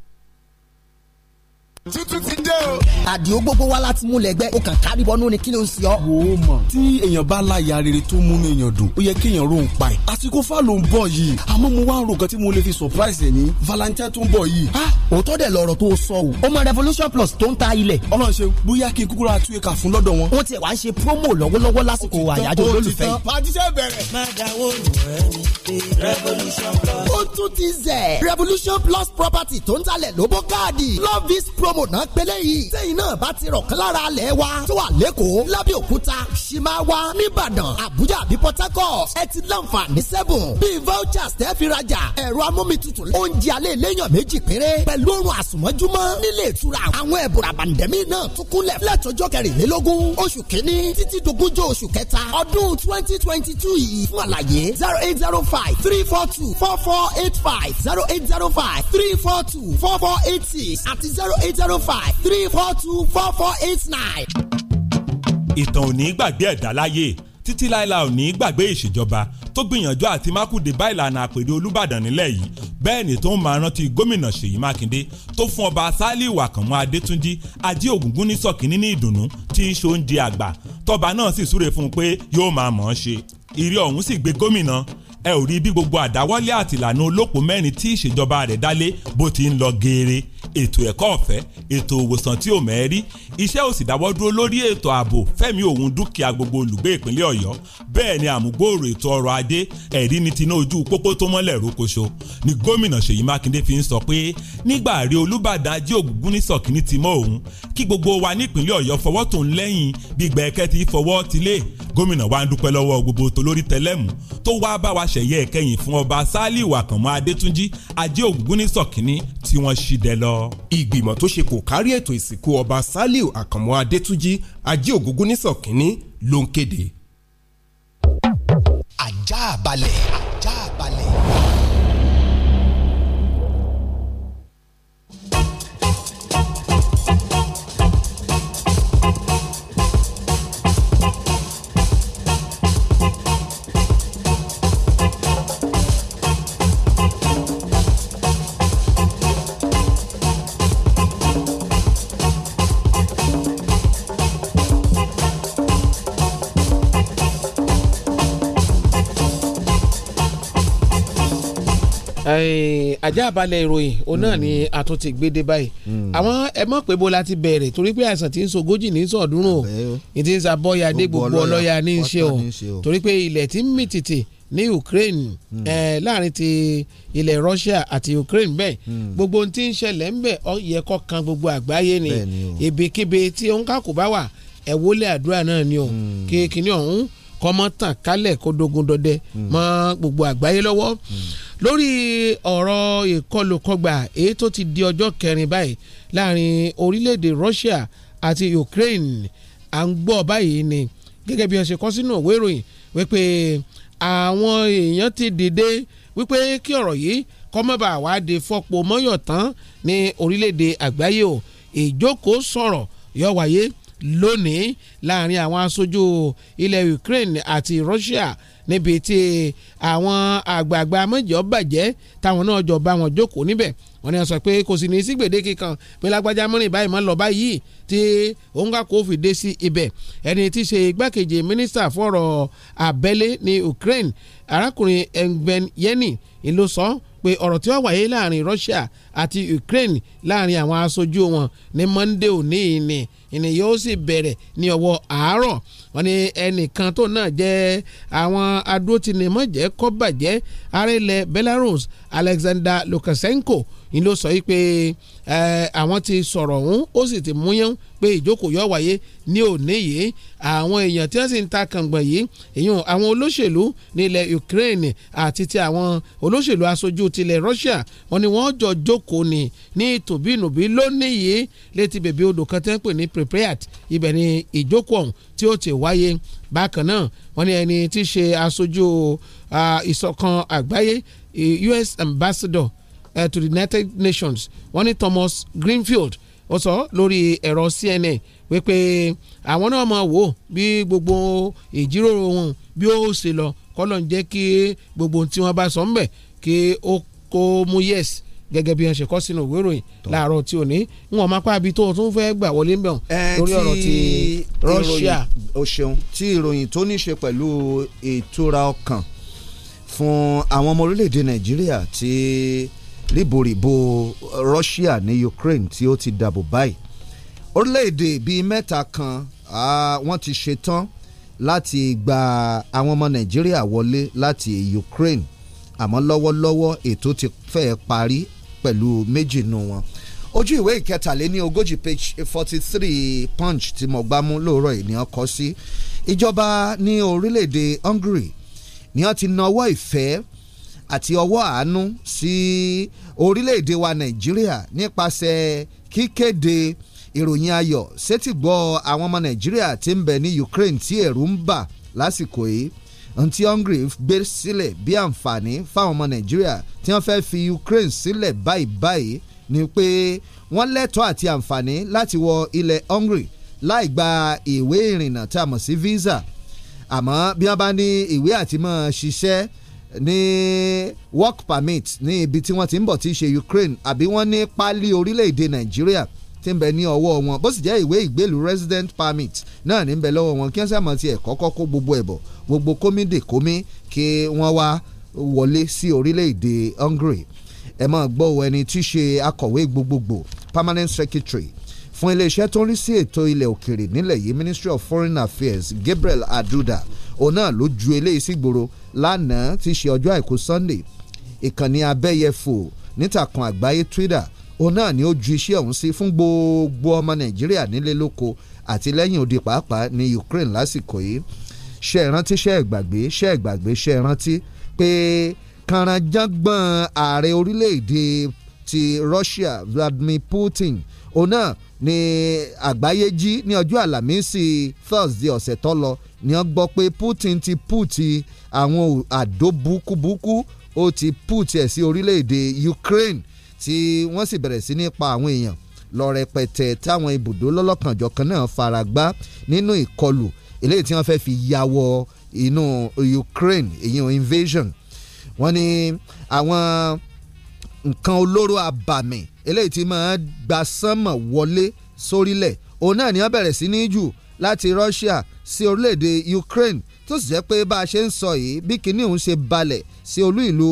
tuntun ti dé o. àdìo gbogbo wa láti mú lẹgbẹ o kàn kárí bọnú ni kí ló ń ṣe ọ. wò ó mọ̀ tí èèyàn bá láya rere tó múnú èèyàn dùn ó yẹ kéèyàn rò ń pa ẹ̀. àsìkò fà ló ń bọ̀ yìí àmọ́ mo wá ń ro nǹkan tí mo lè fi surprise ẹ̀ ní valentine tó ń bọ̀ yìí. a ah, òótọ́ dẹ̀ lọ̀rọ̀ tó sọ o ó mọ revolution plus tó ń ta ilẹ̀. ọlọ́run ṣe bóyá kí n kúkúrú àtúnyẹ kà fún lọ́dọ̀ wọn. wọ́n ti wá ń ṣe promo ó revolution plus property tó ń talẹ̀ lóbó káàdì love is pro promo náà gbélé yìí sẹ́yìn náà bá ti rọ̀kán lára alẹ̀ wa tó wà lẹ́kọ̀ọ́ lábẹ́òkúta ṣìmáwá nìbàdàn àbújá àbí port harcourt ẹ ti láǹfààní sẹ́bùn bíi vouchers tẹ́ fi rajà ẹ̀rọ amómitutù oúnjẹ alẹ́ lẹ́yìn méjì péré pẹ̀lú oorun àsùnmọ́júmọ́ nílé ìtura àwọn ẹ̀bùn àbàǹdẹ̀mí náà tún kúnlẹ̀ lẹ́tọ́jọ́ kẹrìnlélógún oṣù kínní títí dogúnjọ́ oṣù kẹta ọdún twenty twenty two yìí fún àlàyé zero eight zero five three four two four four eight five zero eight zero five three four two four four eight six àti zero eight zero five three four two four four eight nine. ìtàn ò ní gbàgbé ẹ̀dá láyé títí láìla ò ní gbàgbé ìṣèjọba tó gbìyànjú àti mákùdé bá ìlànà àpèrè olùbàdàn nílẹ̀ yìí bẹ́ẹ̀ ni tó ń máa rántí gómìnà ṣèyí mákindé tó fún ọba sálíù àkànmú adétúnjì ajé ògúngún ní sọ̀kínní ní ìdùnnú tí í ṣoúnjẹ àgbà tọba náà sì súre fún un pé yóò máa mọ̀ ọ́n ṣe ìrí ọ̀hún sì gbé gómìnà ẹ ò rí bí gbogbo àdáwọ́lé àtìlànà olóko mẹ́rin tí ìṣèjọba rẹ̀ dálé bó ti ń lọ geere ètò ẹ̀kọ́ ọ̀fẹ́ ètò òwòsàn tí ò mẹ́rí iṣẹ́ ò sì dáwọ́ dúró lórí ètò ààbò fẹ́mi òun dúkìá gbogbo olùgbé ìpínlẹ̀ ọ̀yọ́ bẹ́ẹ̀ ni àmúgbòòrò ètò ọrọ̀ ajé ẹ̀rí ni tinú ojú pópó tó mọ́lẹ̀ rókoṣo ni gómìnà ṣèyí mákindé fi ń sọ pé nígbà rí olúbàdàn ajé ògúngúnnísọ̀ kìíní ti mọ́ òun kí gbogbo wa nípínlẹ̀ ọ̀yọ́ fọwọ́ tó ń lẹ́yìn gbígbẹ́ ẹ̀kẹ́ ti fọwọ́ ti gómìnà wa ń dúpẹ́ lọ́wọ́ gbogbo tolórí tẹlẹ́mù tó wá bá wa ṣẹ̀yẹ ẹ̀kẹ́yìn fún ọba sálíù àkànmọ́ adétúnjì ajé ògúngúnnísọ̀ kìíní tí wọ́n ṣì dẹ lọ. ìgbìmọ̀ tó ṣe kò kárí ètò ìsìnkú ọba sálíù àkànmọ́ adétúnjì ajé ògúngún nísọ̀kínní ló ń kéde. ajá balẹ̀ ajá balẹ̀. ajá balẹ̀ ìròyìn òun náà ni àtúntì hmm. gbédè báyìí hmm. àwọn ẹ mọ̀ pé bó la ti bẹ̀rẹ̀ torí pé àìsàn tí ń sogójì ní sọ̀dúnrún o ní ti ń sàbọ̀yàdé gbogbo ọlọ́yà ní í ṣe o torí pé ilẹ̀ tí ń mì tìtì ní Ukraine hmm. láàrin ti ilẹ̀ Russia àti Ukraine bẹ́ẹ̀ gbogbo ohun tí ń ṣẹlẹ̀ ń bẹ̀ ó yẹ kó kan gbogbo àgbáyé ni ibikíbi tí òun kà kò bá wà ẹ̀wọ́lẹ̀ àdúrà náà ni o kéèkì ọ̀hún kọ́mọ́ tàn kálẹ̀ kó dogun dọdẹ hmm. mọ́ gbogbo àgbáyé lọ́wọ́ hmm. lórí ọ̀rọ̀ ìkọlùkọgbà èyí tó ti di ọjọ́ kẹrin báyìí láàrin orílẹ̀-èdè Russia àti Ukraine à ń gbọ́ báyìí ni gẹ́gẹ́ bí wọ́n ṣe kọ sínú òwe ìròyìn wípé àwọn èèyàn ti dìde wípé kí ọ̀rọ̀ yìí kọ́mọ́bà wàá de fọ́pọ̀ mọ́yọ̀ tán ní orílẹ̀-èdè àgbáyé o ìjókòó sọ̀rọ̀ yọ wáyé lónìí láàrin àwọn aṣojú ilẹ̀ Ukraine àti Russia níbi tí àwọn àgbààgbà mẹ́jọ bàjẹ́ táwọn náà jọ bá wọn jókòó níbẹ̀ wọ́n ní wọ́n sọ pé kò sì ní sí gbèdéke kan pé lágbájá mọ́rin báyìí mọ́ lọ báyìí tí òun kà kó fi dé sí ibẹ̀ ẹni tí í ṣe igbákejì mínísítà fọ̀rọ̀ abẹ́lé ní Ukraine arákùnrin engben yeni ló sọ pé ọ̀rọ̀ tí wọ́n wáyé láàrin Russia àti Ukraine láàrin àwọn aṣojú wọn ní Monday òní ni. Monday, ni yóò sì bẹ̀rẹ̀ ní ọwọ́ àárọ̀ wọ́n ní ẹnìkan tó náà jẹ́ àwọn adótinimọ̀jẹ́ kọ́bàjẹ́ arẹ́lẹ̀ Belarus Alexander Lukashenko ni ló sọ yìí pé àwọn ti sọ̀rọ̀ ọ̀hún ó sì ti múyán pé ìjókòó yóò wáyé ní òní yìí àwọn èèyàn tí wọ́n sì ń ta kàngbọ̀n yìí èyàn àwọn olóṣèlú nílẹ̀ Ukraine àti ti àwọn olóṣèlú aṣojú tilẹ̀ Russia wọ́n ní wọ́n jọ jókòó ní ní tòbínúbí lónìí yìí létí bèbí odò kan tẹ́ ń pè ní prepared ibẹ̀ ni ìjókòó ọ̀hún tí ó ti wáyé bákan náà wọ́n ní ẹni tí ṣe aṣojú ìṣọ̀kan àgbáyé US ambassador uh, to the United Nations wọ́n ní Thomas Greenfield ó sọ lórí ẹ̀rọ CNN wípé àwọn náà máa wò bí gbogbo ìjíròrò wọn bí ó ṣe lọ kọ́lọ̀ ń jẹ́ kí gbogbo tí wọ́n bá sọ ń bẹ̀ kí ó kó mú yes gẹ́gẹ́ bí wọ́n ṣe kọ sínú ìwé ìròyìn láàárọ̀ tí ò ní wọn máa pa ibi tó o tún fẹ́ gbà wọlé ń bẹ̀ eh, lórí ọ̀rọ̀ ti Russia. o ṣeun tí ìròyìn tó ní ṣe pẹ̀lú ìtura ọkàn fún àwọn ọmọ orílẹ̀-èdè Nàìjíríà tí. Ti ríboríbo Russia ní Ukraine tí ó ti dàbò báyìí orílẹ̀-èdè bíi mẹ́ta kan wọ́n ti ṣetán láti gba àwọn ọmọ Nàìjíríà wọlé láti Ukraine àmọ́ lọ́wọ́lọ́wọ́ ètò ti fẹ́ parí pẹ̀lú méjì nù wọn ojú ìwé ìkẹtàléní ogójì page forty three punch tí mo gbá mú lóòrọ̀ ènìyàn kọ sí ìjọba ní orílẹ̀-èdè Hungary ni wọ́n ti nawọ́ ìfẹ́ àti ọwọ́ àánú sí orílẹ̀-èdè wa nàìjíríà nípasẹ̀ kíkéde ìròyìn ayọ̀ sétìgbọ́ àwọn ọmọ nàìjíríà tí ń bẹ ní Ukraine tí ẹ̀rù ń bà lásìkò yìí ntí Hungary gbé sílẹ̀ bí àǹfààní fáwọn ọmọ nàìjíríà tí wọ́n fẹ́ fi Ukraine sílẹ̀ báyìí ni pé wọ́n lẹ́tọ̀ọ́ àti àǹfààní láti wọ ilẹ̀ Hungary láì gba ìwé ìrìnnà tá a mọ̀ sí visa àmọ́ bí wọ́n bá ní ìwé àti ṣiṣẹ́ ní work permit ní ibi tí wọ́n ti ń bọ̀ tí í ṣe Ukraine àbí wọ́n ní pálí orílẹ̀-èdè Nàìjíríà ti ń bẹ ní ọwọ́ wọn bó sì jẹ́ ìwé ìgbélú resident permit náà ní ń bẹ lọ́wọ́ wọn kí wọ́n sàmọ́ tiẹ̀ kọ́kọ́ kó gbogbo ẹ̀bọ̀ gbogbo kómìdè kómì kí wọ́n wá wọlé sí orílẹ̀-èdè Hungary ẹ̀ mọ̀ gbọ́ ẹni tí í ṣe akọ̀wé gbogbogbò permanent secretary fún iléeṣẹ́ tó ń rí sí ètò ilẹ̀ òkèrè nílẹ̀ yìí Ministry of Foreign Affairs Gabriel Aduda òun náà ló ju eléyìí sígboro si lánàá ti ṣe ọjọ́ àìkú Sunday ìkànnì abẹ́yẹfò nítàkùn àgbáyé Twitter òun náà ni ó ju iṣẹ́ ọ̀hún sí fún gbogbo ọmọ Nàìjíríà nílé lóko àti lẹ́yìn odi pàápàá ní Ukraine lásìkò yìí ṣe ìrántí ṣe ìgbàgbé ṣe ìgbàgbé ṣe ìrántí pé kànáńjàngbọ̀n ààrẹ orílẹ̀-èdè ti Russia Vladimir Putin òun náà ni àgbáyé jí ní ọjọ́ àlàmísì thursday ọ̀sẹ̀ tó lọ ni wọ́n gbọ́ pé putin ti puti àwọn àdó búkúbúkú ó ti puti ẹ̀ sí orílẹ̀-èdè ukraine tí wọ́n sì bẹ̀rẹ̀ sí ní pa àwọn èèyàn lọ rẹpẹtẹ táwọn ibùdó lọ́lọ́kanjọ̀kan náà fara gbá nínú ìkọlù eléyìí tí wọ́n fẹ́ fi ya wọ inú ukraine èyí invasion wọ́n ní àwọn nǹkan olóró abàmì eléyìí tí máa gba sánmọ̀ wọlé sórílẹ̀ òun náà ni wọ́n bẹ̀rẹ̀ sí ní jù láti Russia sí orílẹ̀ Ukraine tó sì jẹ́ pé bá a ṣe ń sọ yìí bí kinní òun ṣe balẹ̀ sí olú ìlú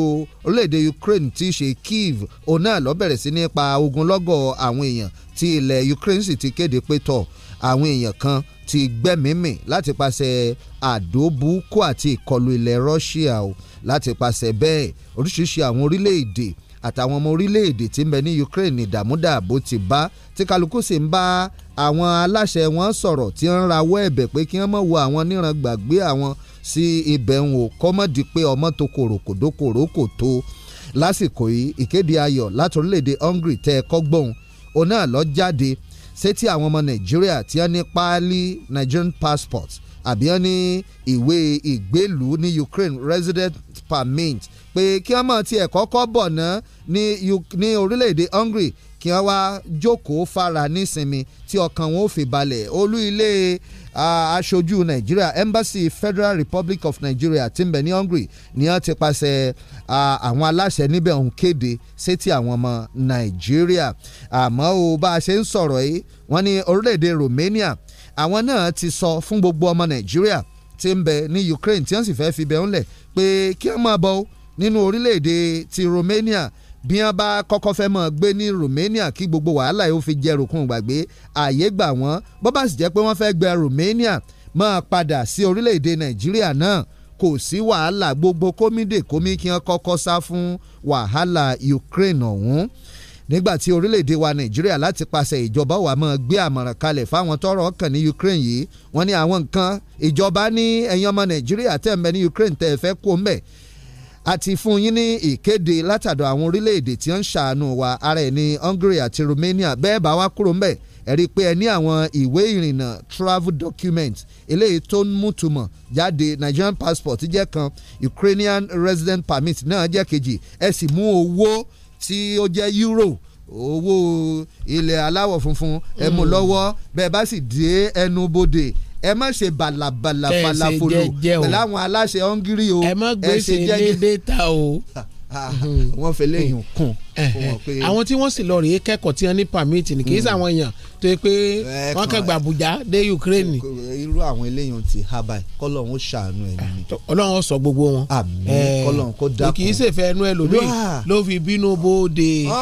orílẹ̀ Ukraine tí í ṣe Kiev òun náà lọ bẹ̀rẹ̀ sí ní pa ogunlọ́gọ̀ àwọn èèyàn tí ilẹ̀ Ukraine sì ti kéde pé tọ̀ àwọn èèyàn kan ti gbẹ́mímì láti pàṣẹ àdóbùkù àti ìkọlù ilẹ̀ Russia o láti pàṣẹ bẹ́ẹ̀ oríṣiríṣi àwọn orílẹ̀ àtàwọn ọmọ orílẹ̀-èdè tí ń bẹ ní Ukraine ìdààmúdààbò ti bá tí kálukú sì ń bá àwọn aláṣẹ wọn sọ̀rọ̀ tí ń rawọ́ ẹ̀bẹ̀ pé kí wọ́n mọ̀ wo àwọn níran gbàgbé àwọn sí ibẹ̀ ń wò kọ́mọ́dì pé ọmọ tó kòròkòdókòrò kò tó lásìkò yìí ìkéde ayọ̀ láti orílẹ̀-èdè Hungary tẹ́ ẹ kọ́gbọ̀n òun náà lọ jáde sétí àwọn ọmọ Nàìjíríà tí wọ́n ní páálí Nigerian passport àbí wọ́n ní ìwé ìgbélú ní Ukraine resident permit pé kí wọ́n mọ̀ tí ẹ̀ kọ́kọ́ bọ̀ ná ní orílẹ̀-èdè Hungary kí wọ́n wá jókòó fara nísinmi tí ọkàn wọn ò fi balẹ̀ olú ilé aṣojú Nàìjíríà Embassy Federal Republic of Nigeria tí ń bẹ ní Hungary ni wọ́n ti pàṣẹ àwọn aláṣẹ níbẹ̀ ń kéde sétí àwọn ọmọ Nàìjíríà àmọ́ o bá a ṣe ń sọ̀rọ̀ yìí wọ́n ní orílẹ̀-èdè Romania àwọn náà ti sọ fún gbogbo ọmọ nàìjíríà tí ń bẹ ní Ukraine tí wọ́n sì fẹ́ẹ́ fi bẹ̀ ńlẹ̀ pé kí wọ́n máa bọ̀ nínú orílẹ̀-èdè ti Romania bí wọ́n bá kọ́kọ́ fẹ́ máa gbé ní Romania kí gbogbo wàhálà yóò fi jẹ ròkun gbàgbé ààyè gbà wọ́n bó bá sì jẹ́ pé wọ́n fẹ́ gbé Romania máa padà sí orílẹ̀-èdè nàìjíríà náà kò sí wàhálà gbogbo kómìdè kómì kọ́kọ́ sá fún wàhálà Ukraine ọ̀hún nígbà tí orílẹ̀-èdè wa nàìjíríà láti pàṣẹ ìjọba wa máa gbé àmọ̀ràn kalẹ̀ fáwọn tọ́rọ̀ kàn ní Ukraine yìí wọ́n ní àwọn nǹkan ìjọba ní ẹ̀yin ọmọ nàìjíríà tẹ̀ ń bẹ ní Ukraine tẹ̀ fẹ́ kó mbẹ̀ àti fún yín ní ìkéde látàdọ̀ àwọn orílẹ̀-èdè tí ń ṣàánú wa ara ẹ̀ ní Hungary àti Romania bẹ́ẹ̀ bá wá kúrò mbẹ̀ ẹ rí i pé ẹ ní àwọn ìwé ìrìnnà travel document eléyìí tó ń mútumọ̀ jáde Nigerian passport jẹ́ kan Ukrainian resident permit náà jẹ́ kejì ẹ sì mú owó tí ó jẹ́ euro owó ilẹ̀ aláwọ̀ funfun ẹ mú hmm. lọ́wọ́ bẹ́ẹ̀ bá sì dé ẹnu bodè ẹ má ṣe balabala falafolo pẹ̀lú àwọn aláṣẹ hungary o ẹ má gbèsè lédè ta o [LAUGHS] Ah, wọ́n fẹ́ lẹ́yìn mm. kún. Eh, eh. àwọn tí wọ́n sì lọ rèé kẹ́kọ̀ọ́ tí wọ́n ní pàmìtì ni kì í sàwọn mm. èèyàn tó yẹ pé eh, wọ́n kàn gba Àbújá dé Ukraine. irú àwọn eléyìí ti haba kọ́lọ́hún ṣàánú ẹ̀ nínú. Ọlọ́run sọ gbogbo wọn. àmín kọ́lọ́hún kó dákun. kì í ṣe fẹ́ ẹnu ẹlòmíì ló fi bínú bóde. Ah,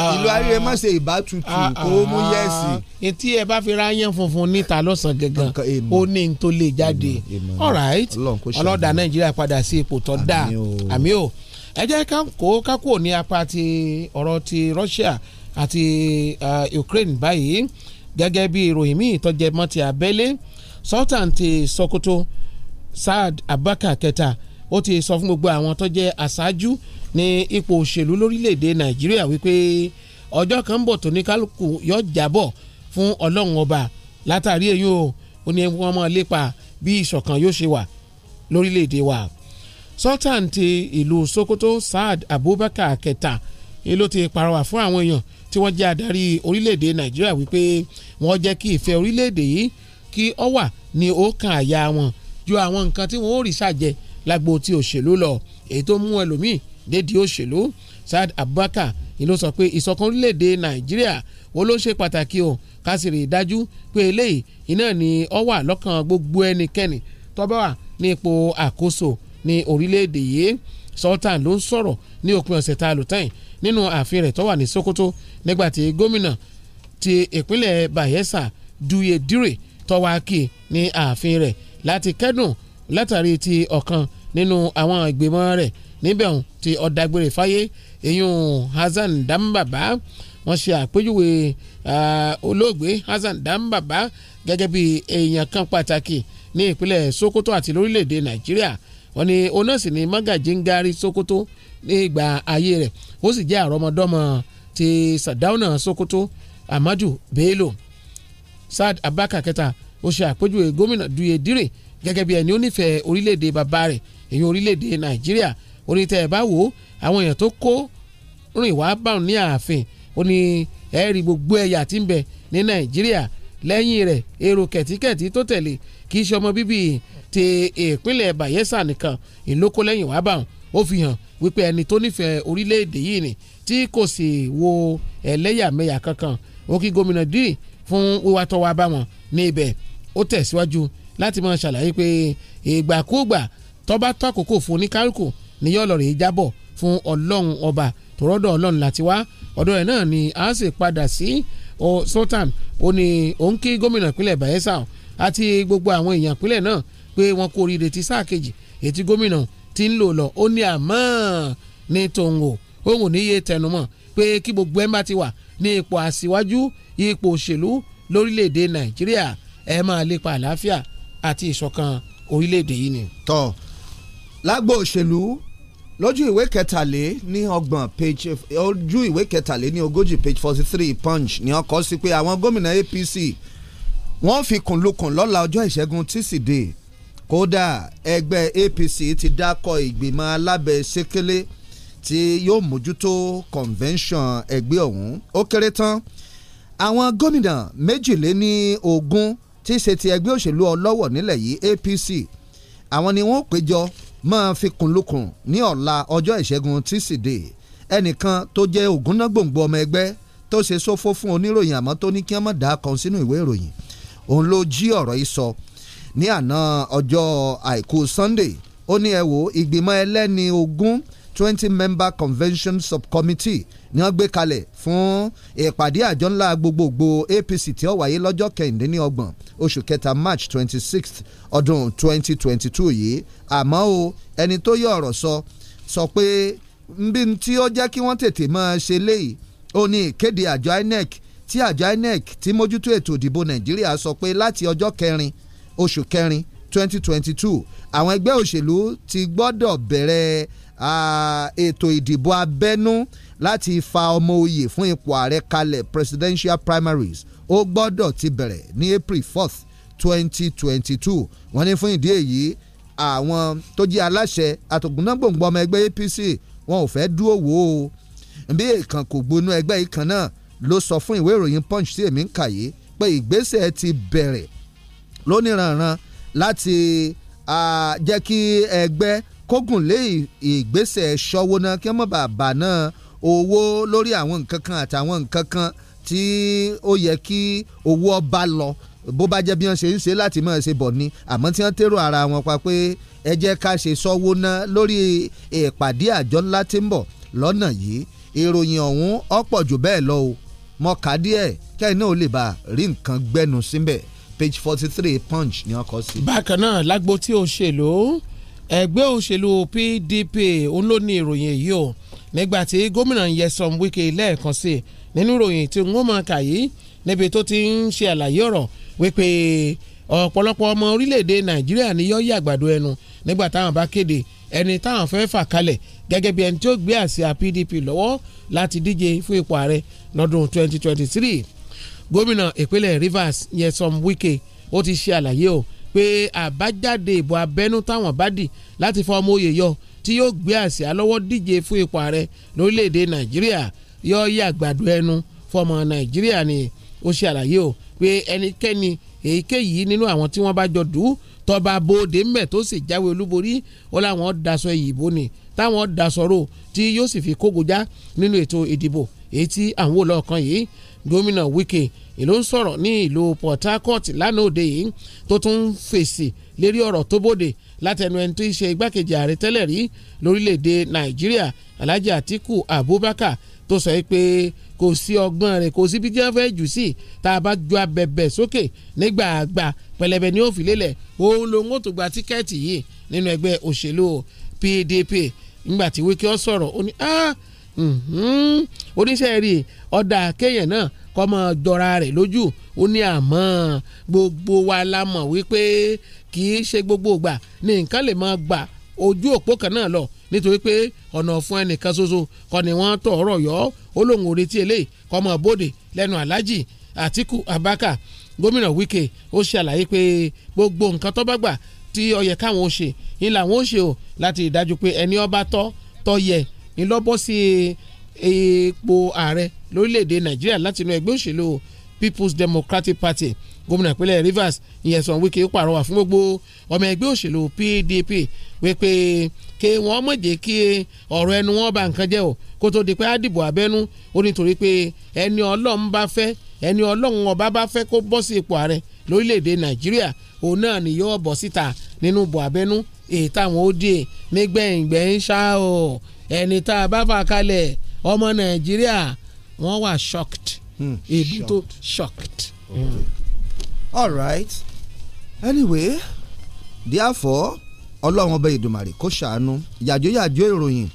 ah, ìlú ayé má ṣe ìbátutù kó mú yẹ́sì. etí ẹ bá fi ráyàn funfun níta lọ́sàn gangan ó ní n tó lè jáde. all right ọlọ́dà Nàìjíríà padà sí ipò tó dáa àmì o ẹ jẹ́ ká kó kákó ní apá ti ọ̀rọ̀ ti Russia àti Ukraine báyìí gẹ́gẹ́ bí ìròyìn míì tọ́jẹ́ mọ́ ti abẹ́lé Sultan ti Sokoto Saad abaka kẹta ó ti sọ fún gbogbo àwọn tọ́jẹ́ aṣáájú ní ipò òṣèlú lórílẹ̀‐èdè Nàìjíríà wípé ọjọ́ kan ń bọ̀ tó ní kálukú yọ jábọ̀ fún Ọlọ́run ọba látàrí èyí o ní wọn mọ̀ lépa bí ìṣọ̀kan yóò ṣe wà lórílẹ̀‐èdè wa. Lórílẹ̀ sultan ti ìlú Sokoto Saad Abubakar kẹta ni ló ti pàrọwà fún àwọn èèyàn tí wọ́n jẹ́ adarí orílẹ̀-èdè Nàìjíríà wípé wọ́n jẹ́ kí ìfẹ́ orílẹ̀-èdè yìí kí ó wà ní ọkàn àyà wọn ju àwọn nǹkan tí wọ́n ó rí ṣàjẹ lágbo ti òṣèlú lọ èyí tó mú ẹlòmíì dédi òṣèlú Saad Abubakar ni ló sọ pé ìṣọ̀kan orílẹ̀-èdè Nàìjíríà wo ló ṣe pàtàkì o ká sì rí i dájú pé eléyìí iná ni ó wà lọ́kàn gbogbo ẹnikẹ́ni tó ní ipò àkóso ní orílẹ̀-èdè yìí Sultan ló ń sọ̀rọ̀ ní òpin ọ̀sẹ̀ tá a lò tán nínú ààfin rẹ̀ tó wà ní Sokoto nígbàtí gómìnà ti ìpínlẹ̀ Bayelsa Duye Dire tọ́wọ́ akí ní ààfin rẹ̀ láti kẹ́dùn látàrí ti ọ̀kan nínú àwọn ìgbìmọ̀ rẹ̀ níbẹ̀ ọ̀hún ti ọ̀dàgbére fáyé eyín Hassan Dambaba wọ́n ṣe àpéjúwe olóògbé Hassan Dambaba gẹ́gẹ́ bí èèyàn kan pàtàkì ní ìpínlẹ̀ Sokoto àti lórílẹ̀‐èdè Nàìjíríà wọ́n ní òun náà sì ni Magaji Sokoto ní ìgbà ayé rẹ̀ ó sì jẹ́ àrọ́mọdọ́mọ ti Sardauna Sokoto Amadu Bello Saad abaka kẹta ó ṣe àpèjúwe gómìnà Duye Dire gẹ́gẹ́ bí ẹni ó nífẹ̀ẹ́ orílẹ̀-èdè bàbá rẹ̀ èyí orílẹ̀-èdè Nàìjíríà ó ní tẹ́ ẹ bá wò ó àwọn èèyàn tó kó rìn wá báwọn ní ààfin ó ní ẹ̀ẹ́rì gbogbo ẹ̀yà tí ń bẹ ní Nàìjíríà lẹ́yìn rẹ̀ èrò kẹ̀tíkẹ̀tí tó tẹ̀lé kì í ṣe ọmọ bíbí ti ìpínlẹ̀ Bayelsa nìkan ìlókò lẹ́yìn wá báwọn ó fi hàn wípé ẹni tó nífẹ̀ẹ́ orílẹ̀-èdè yìí ni tí kò sì wo ẹlẹ́yàmẹ̀yà kankan ó kí gómìnà díì fún wíwá tó wá bá wọn ní ibẹ̀ ó tẹ̀síwájú láti máa ṣàlàyé pé ìgbàkúgbà tó bá tó àkókò fún oníkálukú ni yóò lọ rèé jábọ̀ fún ọlọ́run ọba tòrọ́dọ̀ ọlọ́run láti wá ọ̀dọ̀ rẹ̀ náà ni a sì padà sí sultan ó ní òun kí gómìnà ìpínlẹ̀ Bayelsa àti gbogbo àwọn èèyàn ìpínlẹ̀ náà pé wọ́n kó oríire ti sáà kejì ètí gómìnà ti ń lò lọ ó ní àmọ́ ní tòun o òun ò ní yé tẹnumọ́ pé kí gbogbo ẹ̀ bá ti wà ní ipò àṣìwájú ipò òṣèlú lórílẹ̀‐èdè nàìjíríà ẹ máa lépa àlàáfíà àti ìṣọ̀kan orílẹ̀‐èdè yìí ni. tọ́ lágbo òṣèlú lójú ìwé kẹtàlé ní ọgbọ̀n page ojú ìwé kẹtàlé ní ogójì page forty three punch ni wọ́n kọ sí pé àwọn gómìnà APC wọ́n fi kùnlukùn lọ́la ọjọ́ ìṣẹ́gun tísídẹ̀ẹ́ kódà ẹgbẹ́ APC ti dákọ̀ ìgbìmọ̀ alábẹ́sẹ́kẹ́lẹ́ tí yóò mójútó convention ẹgbẹ́ ọ̀hún ó kéré tán àwọn gómìnà méjìléní ogún tí í ṣe ti ẹgbẹ́ òṣèlú ọlọ́wọ̀ nílẹ̀ yìí APC àwọn ni wọ́n péjọ máa fi kùnlùkùn ní ọ̀la ọjọ́ ìṣẹ́gun tíṣídẹ̀ẹ́ ẹnìkan tó jẹ́ ògúnná gbòǹgbò ọmọ ẹgbẹ́ tó ṣe sófó fún oníròyìn àmọ́ tó ní kí wọ́n má dà kan sínú ìwé ìròyìn òun ló jí ọ̀rọ̀ yìí sọ so ní àná ọjọ́ àìkú Sunday ó ní ẹ wo ìgbìmọ̀ ẹlẹ́ni ogún twenty member convention subcommittee ni wọ́n gbé kalẹ̀ fún ìpàdé àjọ ńlá gbogbogbò APC tí ó wáyé lọ́jọ́ kẹ̀hìndínlọ́gbọ̀n oṣù kẹta March twenty sixth ọdún twenty twenty two yìí àmọ́ o ẹni tó yọ ọ̀rọ̀ sọ sọ pé nbí tí ó jẹ́ kí wọ́n tètè máa ṣe léyìí ó ní ìkéde àjọ INEC tí àjọ INEC tí mójútó ètò ìdìbò Nàìjíríà sọ pé láti ọjọ́ kẹrin oṣù kẹrin twenty twenty two àwọn ẹgbẹ́ òṣèlú ti gbọ́dọ̀ bẹ̀rẹ̀ ètò ìdìbò abẹ́nú láti fa ọmọ oyè fún ipò ààrẹ kalẹ̀ presidential primaries ó gbọ́dọ̀ ti bẹ̀rẹ̀ ní April fourth twenty twenty two wọ́n ní fún ìdí èyí àwọn tó jẹ́ aláṣẹ àtògùnnágbòǹgbò ọmọ ẹgbẹ́ APC wọn ò fẹ́ dúró wò ó bí èèkàn kò gbónú ẹgbẹ́ yìí kan náà ló sọ fún ìwé ìròyìn Punch tí èmi ń kà yìí pé ìgbésẹ̀ ti bẹ̀rẹ̀ lóníranran láti jẹ́ kí ẹgbẹ́ kógùn lé ìgbésẹ̀ ṣọ́wó náà kí wọ́n mọ̀ bàbà náà owó lórí àwọn nǹkan kan àtàwọn nǹkan kan tí ó yẹ kí owó ọba lọ bó bá jẹ́ bí wọ́n ṣe ń ṣe láti máa ṣe bọ̀ ni àmọ́ tí wọ́n tèrò ara wọn pa pé ẹ jẹ́ ká ṣe ṣọ́wó náà lórí ìpàdé àjọ ńlá tí ń bọ̀ lọ́nà yìí ìròyìn ọ̀hún ọ̀pọ̀ jù bẹ́ẹ̀ lọ o mọ̀ká díẹ̀ kẹ́hìn náà ó lè bá rí nǹkan gbẹ́nu síbẹ̀ page forty three punch ni wọ́n kọ sí. bákan náà lágbo tí òṣèlú ẹgbẹ́ òṣèlú PDP òun ló ní ìròyìn yìí o nígbà tí gómìnà Nyesom Wike lẹ́ẹ̀kan sí nínú ìròyìn tí wọ́n máa kà yìí níbi tó ti ń ṣe àlàyé ọ̀rọ̀ wípé ọ̀pọ̀lọpọ̀ ọmọ orílẹ̀-èdè Nàìjíríà ni yọ́ yí àgbàdo ẹnu nígbà táwọn bá kéde ẹni táwọn fẹ́ fà kalẹ̀ gẹ́gẹ́ bí ẹni tí gbé àsíá PDP lọ́wọ́ láti díje fún ipò ààrẹ lọ́dún 2023 gómìnà ìpínlẹ̀ Rivers Nyesom Wike ó ti ṣe àlàyé o pé àbájáde ìbò abẹ́nú táwọn bá dì láti fọ ọmọ oyè yọ tí yóò gbé àsíá lọ́wọ́ díje fún ipò ààrẹ lórílẹ̀‐èdè Nàìjíríà yọ yí àgbàdo ẹnu fọmọ Nàìjíríà ni ó ṣe àlàyé o pé ẹnikẹ́ni èyíkéyìí nínú àwọn tí wọ́n bá jọ dùn tọba bóde ńbẹ tó sì jáwé olúborí ó láwọn daṣọ ìyìnbó ni táwọn daṣọ ro tí yóò sì fi kógo já nínú ètò ìdìbò èyí tí àwọn olóòkan yìí gómìnà Wike ló ń sọ̀rọ̀ ní ìlú Port Harcourt lánàá òde yìí tó tún fèsì lérí ọ̀rọ̀ tó bóde látẹnu ẹni tó ń ṣe igbákejì ààrẹ tẹ́lẹ̀ rí lórílẹ̀‐èdè Nàìjíríà Alhaji Atiku Abubakar tó sọ pé kò sí ọgbọ́n rẹ̀ kò sí bí jẹ́ fẹ́ jù sí tá a bá ju abẹ̀bẹ̀ sókè nígbàgbà pẹlẹbẹ ni ó fi lélẹ̀ òun lòun ó tó gba tíkẹ́ẹ̀tì yìí nínú ẹgbẹ́ òṣèlú PDP ńgbà tí Wike ó sọ̀rọ̀ ó ní ah oníṣẹ́ mhm. rí ọ̀dà kéèyàn náà kọ́mọ jọra rẹ̀ lójú ó ní àmọ́ gbogbo wa la mọ̀ wípé kì í ṣe gbogbo ìgbà ni nǹkan lè máa gbà ojú òpó kan náà lọ nítorí pé ọ̀nà fún ẹnìkan ṣoṣo kọ́ ni wọ́n tọ̀ ọ̀rọ̀ yọ ó lóun ò retí eléyìí kọ́mọ bóde lẹ́nu aláàjì Àtíkù Abaka gómìnà Wike ó ṣàlàyé pé gbogbo nǹkan tó bá gbà tí ó yẹ káwọn ó ṣe ni làwọn ó ṣe o láti dájú pé ẹni ọba tọ́ tọ́ yẹ ńlọ́bọ́ sí e, epo ààrẹ lórílẹ̀‐èdè nàìjíríà láti inú ẹgbẹ́ òṣèlú people's democratic party gómìnà ìpínlẹ̀ rivers ìyẹ̀sán wike pàrọwà fún gbogbo ọmọ ẹgbẹ́ òṣèlú pdp wípé kí wọ́n má jẹ́ kí ọ̀rọ̀ ẹnu wọn bà nǹkan jẹ́ o kó tó di pé àdìbò abẹ́nú ó nítorí pé ẹni ọlọ́run bá fẹ́ ẹni ọlọ́run ọba bá fẹ́ kó bọ́ sí ipò ààrẹ lórílẹ̀‐èdè nàìjíríà òun náà ni yóò bọ́ síta nínú ìbò abẹ́nú èyí táwọn ó dì o ẹni tá a bá fà kalẹ̀ ọmọ nàìjíríà wọ́n wà shocked èbú hmm. tó shocked. Hmm. all right anyway therefore ọlọ́run ọba ìdùmarè kó ṣàánú yàjóyàjó ìròyìn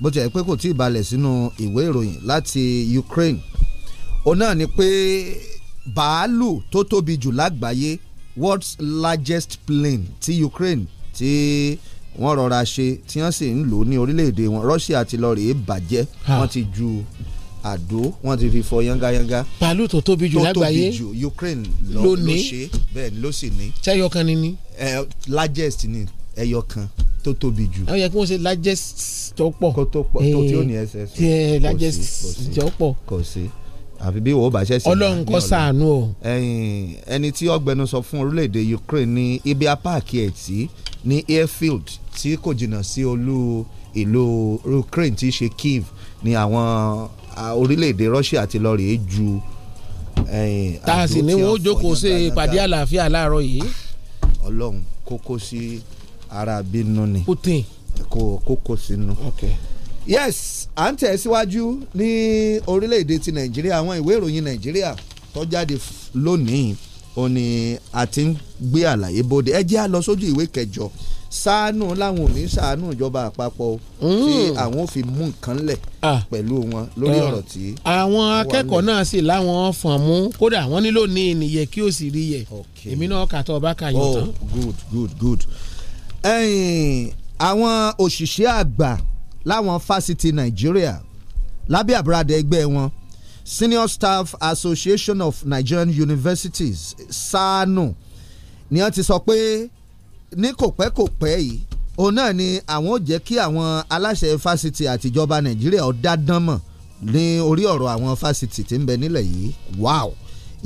bó ti ẹ̀ pé kò tí ì balẹ̀ sínú ìwé ìròyìn láti Ukraine òun náà ni pé bàálù tó tóbi jù lágbàáyé world's largest plane ti Ukraine ti. Tí wọ́n rọra ṣe tí wọ́n sì ń lò ní orílẹ̀-èdè wọn Russia ti lọ rèé bàjẹ́ wọ́n ti ju àdó wọ́n ti fi fọ yángayánga. pàlú tó tóbi jù lágbàáyé tó tóbi jù Ukraine ló ló ṣe bẹ́ẹ̀ ló sì ní. ṣẹ́yọ kan ni ni. ẹ largest ni ẹyọ kan tó tóbi jù. ó yẹ kí wọ́n ṣe largest tó pọ̀. kó tó pọ̀ tó tí ó ní ẹsẹ̀ sùn. Eh, largest tó pọ̀. kò sí àfi bí wò ó bá ṣẹ̀ṣẹ̀ ọlọ́run kó ṣàánú o. ẹni tí ọgbẹnusọ fún orílẹ̀-èdè Ukraine ní Ibia Park ẹ̀ tí ní airfield tí kò jìnnà sí olú ìlú Ukraine tí í ṣe Kiev ní àwọn orílẹ̀-èdè Russia ti lọ rèé ju. tá a sì ní wọn ó jókòó ṣe ìpàdé àlàáfíà láàárọ̀ yìí. ọlọ́run kókó sí ara bínú ni Putin kókó sínú. Okay yes à ń tẹ̀ síwájú ní orílẹ̀-èdè ti nàìjíríà àwọn ìwé ìròyìn nàìjíríà tó jáde lónìí ó ní a ti ń gbé àlàyé bóde ẹ jẹ́ à lọ sójú ìwé kẹjọ ṣàánú láwọn ò ní ṣàánú ìjọba àpapọ̀ mm. tí àwọn ò fi mú nǹkan lẹ̀ ah. pẹ̀lú wọn lórí ah. ọ̀rọ̀ tí. àwọn akẹ́kọ̀ọ́ náà sì láwọn fọ̀n mú kódà wọ́n nílò ní ìnìyẹ kí ó sì rí yẹ èmi náà kàtọ́ ọba kà yóò oh, tán. good good good. àwọn òṣìṣẹ́ àgbà láwọn fásitì nàìjíríà lábẹ́ àbúradà ẹgbẹ́ wọn Senior Staff Association of Nigerian Universities SANU ni wọ́n ti sọ pé ní kò pẹ́ kò pẹ́ yìí òun náà ni àwọn ò jẹ́ kí àwọn aláṣẹ fásitì àtijọba nàìjíríà ó dá dán mọ̀ ní orí ọ̀rọ̀ àwọn fásitì tí ń bẹ nílẹ̀ yìí wáò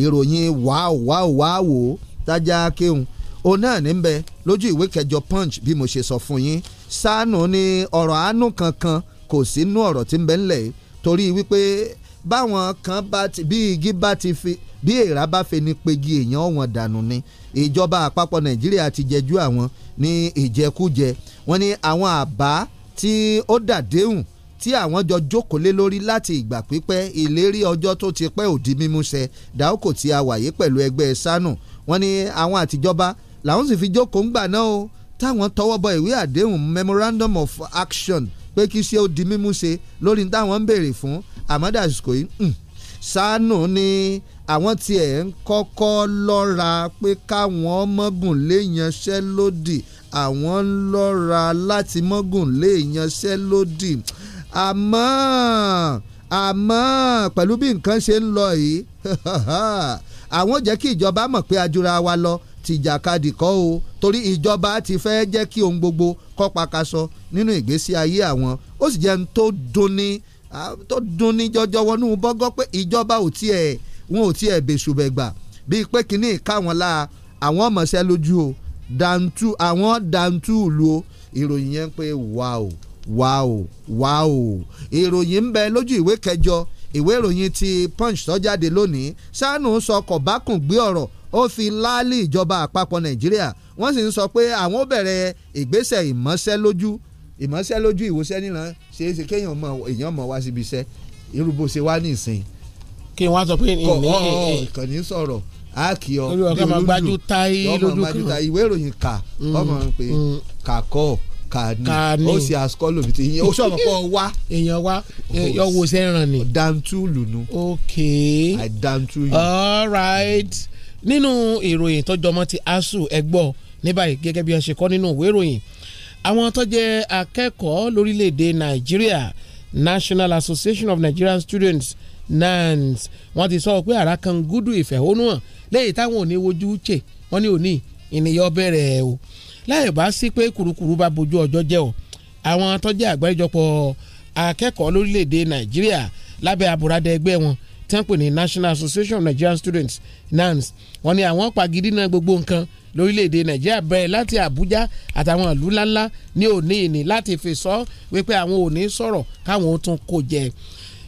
ìròyìn wáò wáò wáò tájà kéhùn òun náà ní ń bẹ lójú ìwé kẹjọ punch bí mo ṣe sọ fún yín sànù ni ọ̀rọ̀ àánú kankan kò sínú ọ̀rọ̀ tí ń bẹ ńlẹ̀ torí wípé báwọn kan bá ti bí igi bá ti fi bí èèrà bá fẹ́ ni pegi èèyàn ọ̀wọ̀n dànù ni ìjọba àpapọ̀ nàìjíríà ti jẹjú àwọn ní ìjẹkújẹ wọn ni àwọn àbá tí ó dàdéhùn tí àwọn jọ jókòó lé lórí láti ìgbà pípẹ́ ìlérí ọjọ́ tó ti pẹ́ òdi mímúṣẹ dáókò tí a wàyé pẹ̀lú ẹgbẹ́ sanu wọn ni àwọn àtijọba làwọn sì fi jókòó ń gbà náà o táwọn tọwọ́ bọ ìwé àdéhùn memorandum of action pé kí ṣé ó di mímú ṣe lórí táwọn ń béèrè fún àmọ́ dàsìkò yìí hmm, ṣàánú ni àwọn tiẹ̀ ń kọ́kọ́ lọ́ra pé káwọn mọ́gùn lè yanṣẹ́ lódì àwọn ń lọ́ra láti mọ́gùn lè yanṣẹ́ lódì àmọ́ àmọ́ pẹ̀lú bí nǹkan ṣe ń lọ yìí [LAUGHS] àwọn jẹ́ kí ìjọba mọ̀ pé ajura wa lọ tìjàkadì kọ́ o torí ìjọba ti fẹ́ jẹ́ kí ohun gbogbo kọ́ pakaṣọ nínú ìgbésí ayé àwọn ó sì jẹ́ n tó dunni tó dunni jọjọ wọnú bọ́gọ́ pé ìjọba ò tiẹ̀ wọn ò tiẹ̀ bẹ̀sùbẹ̀gbà bíi pé kínní káwọn la àwọn ọmọọṣẹ́ lójú o dantu àwọn dàǹtú ìlú o ìròyìn yẹn ń pé wà o wà o wà o ìròyìn ń bẹ lójú ìwé kẹjọ ìwé ìròyìn ti punch tó jáde lónìí sanu sọ kọ̀bákùn gbé ọ̀rọ̀ ó fi láálì ìjọba àpapọ̀ nàìjíríà wọ́n sì ń sọ pé àwọn ó bẹ̀rẹ̀ ìgbésẹ̀ ìmọ̀ṣẹ́ lójú ìmọ̀ṣẹ́ lójú ìwòsẹ́ níran ṣeé ṣe kéèyàn mọ̀ èèyàn mọ̀ wá síbi iṣẹ́ irú bó ṣe wá nísìn. kí wọ́n sọ pé ìní kò ní sọ̀rọ̀ áàkì ọ bí olójú ọmọ gbájú táyé lójú kìlọ̀ ìwé ìròyìn kà mm, ọmọ pé mm. kàkọ́ kàní ó sì àsọlù bìtì ìyẹn ó sọ̀rọ̀ pọ̀ wá. èèyàn wá yọ wo sẹ́ràn ni. dantulu nu. ok i dantulu. all right nínú ìròyìn tó jọmọ́ ti ASUU ẹgbọ́ ní báyìí gẹ́gẹ́ bí wọ́n ṣe kọ nínú ìwé ìròyìn àwọn tó jẹ́ akẹ́kọ̀ọ́ Nàìjíríà National Association of Nigerian Students NANS wọ́n ti sọ pé àrà kan gúdù ìfẹ̀hónúhàn lẹ́yìn táwọn ò ní wojú chè wọ́n ní òní ìníyọ́ bẹ̀rẹ̀ o láì bá sí pé kùrukùru bá bojú ọjọ́ jẹ́ o àwọn tó jẹ́ àgbáríjọpọ̀ akẹ́kọ̀ọ́ lórílẹ̀‐èdè Nàìjíríà lábẹ́ àbúradà ẹgbẹ́ wọn tí ní National Association of Nigerian Students NANS wọ́n ní àwọn pàgídí náà gbogbo nǹkan lórílẹ̀‐èdè Nàìjíríà bẹ̀rẹ̀ láti Àbújá àtàwọn ìlú ńláńlá ní òní ìní láti fi sọ wípé àwọn ò sọ̀rọ̀ káwọn ó tún kó jẹ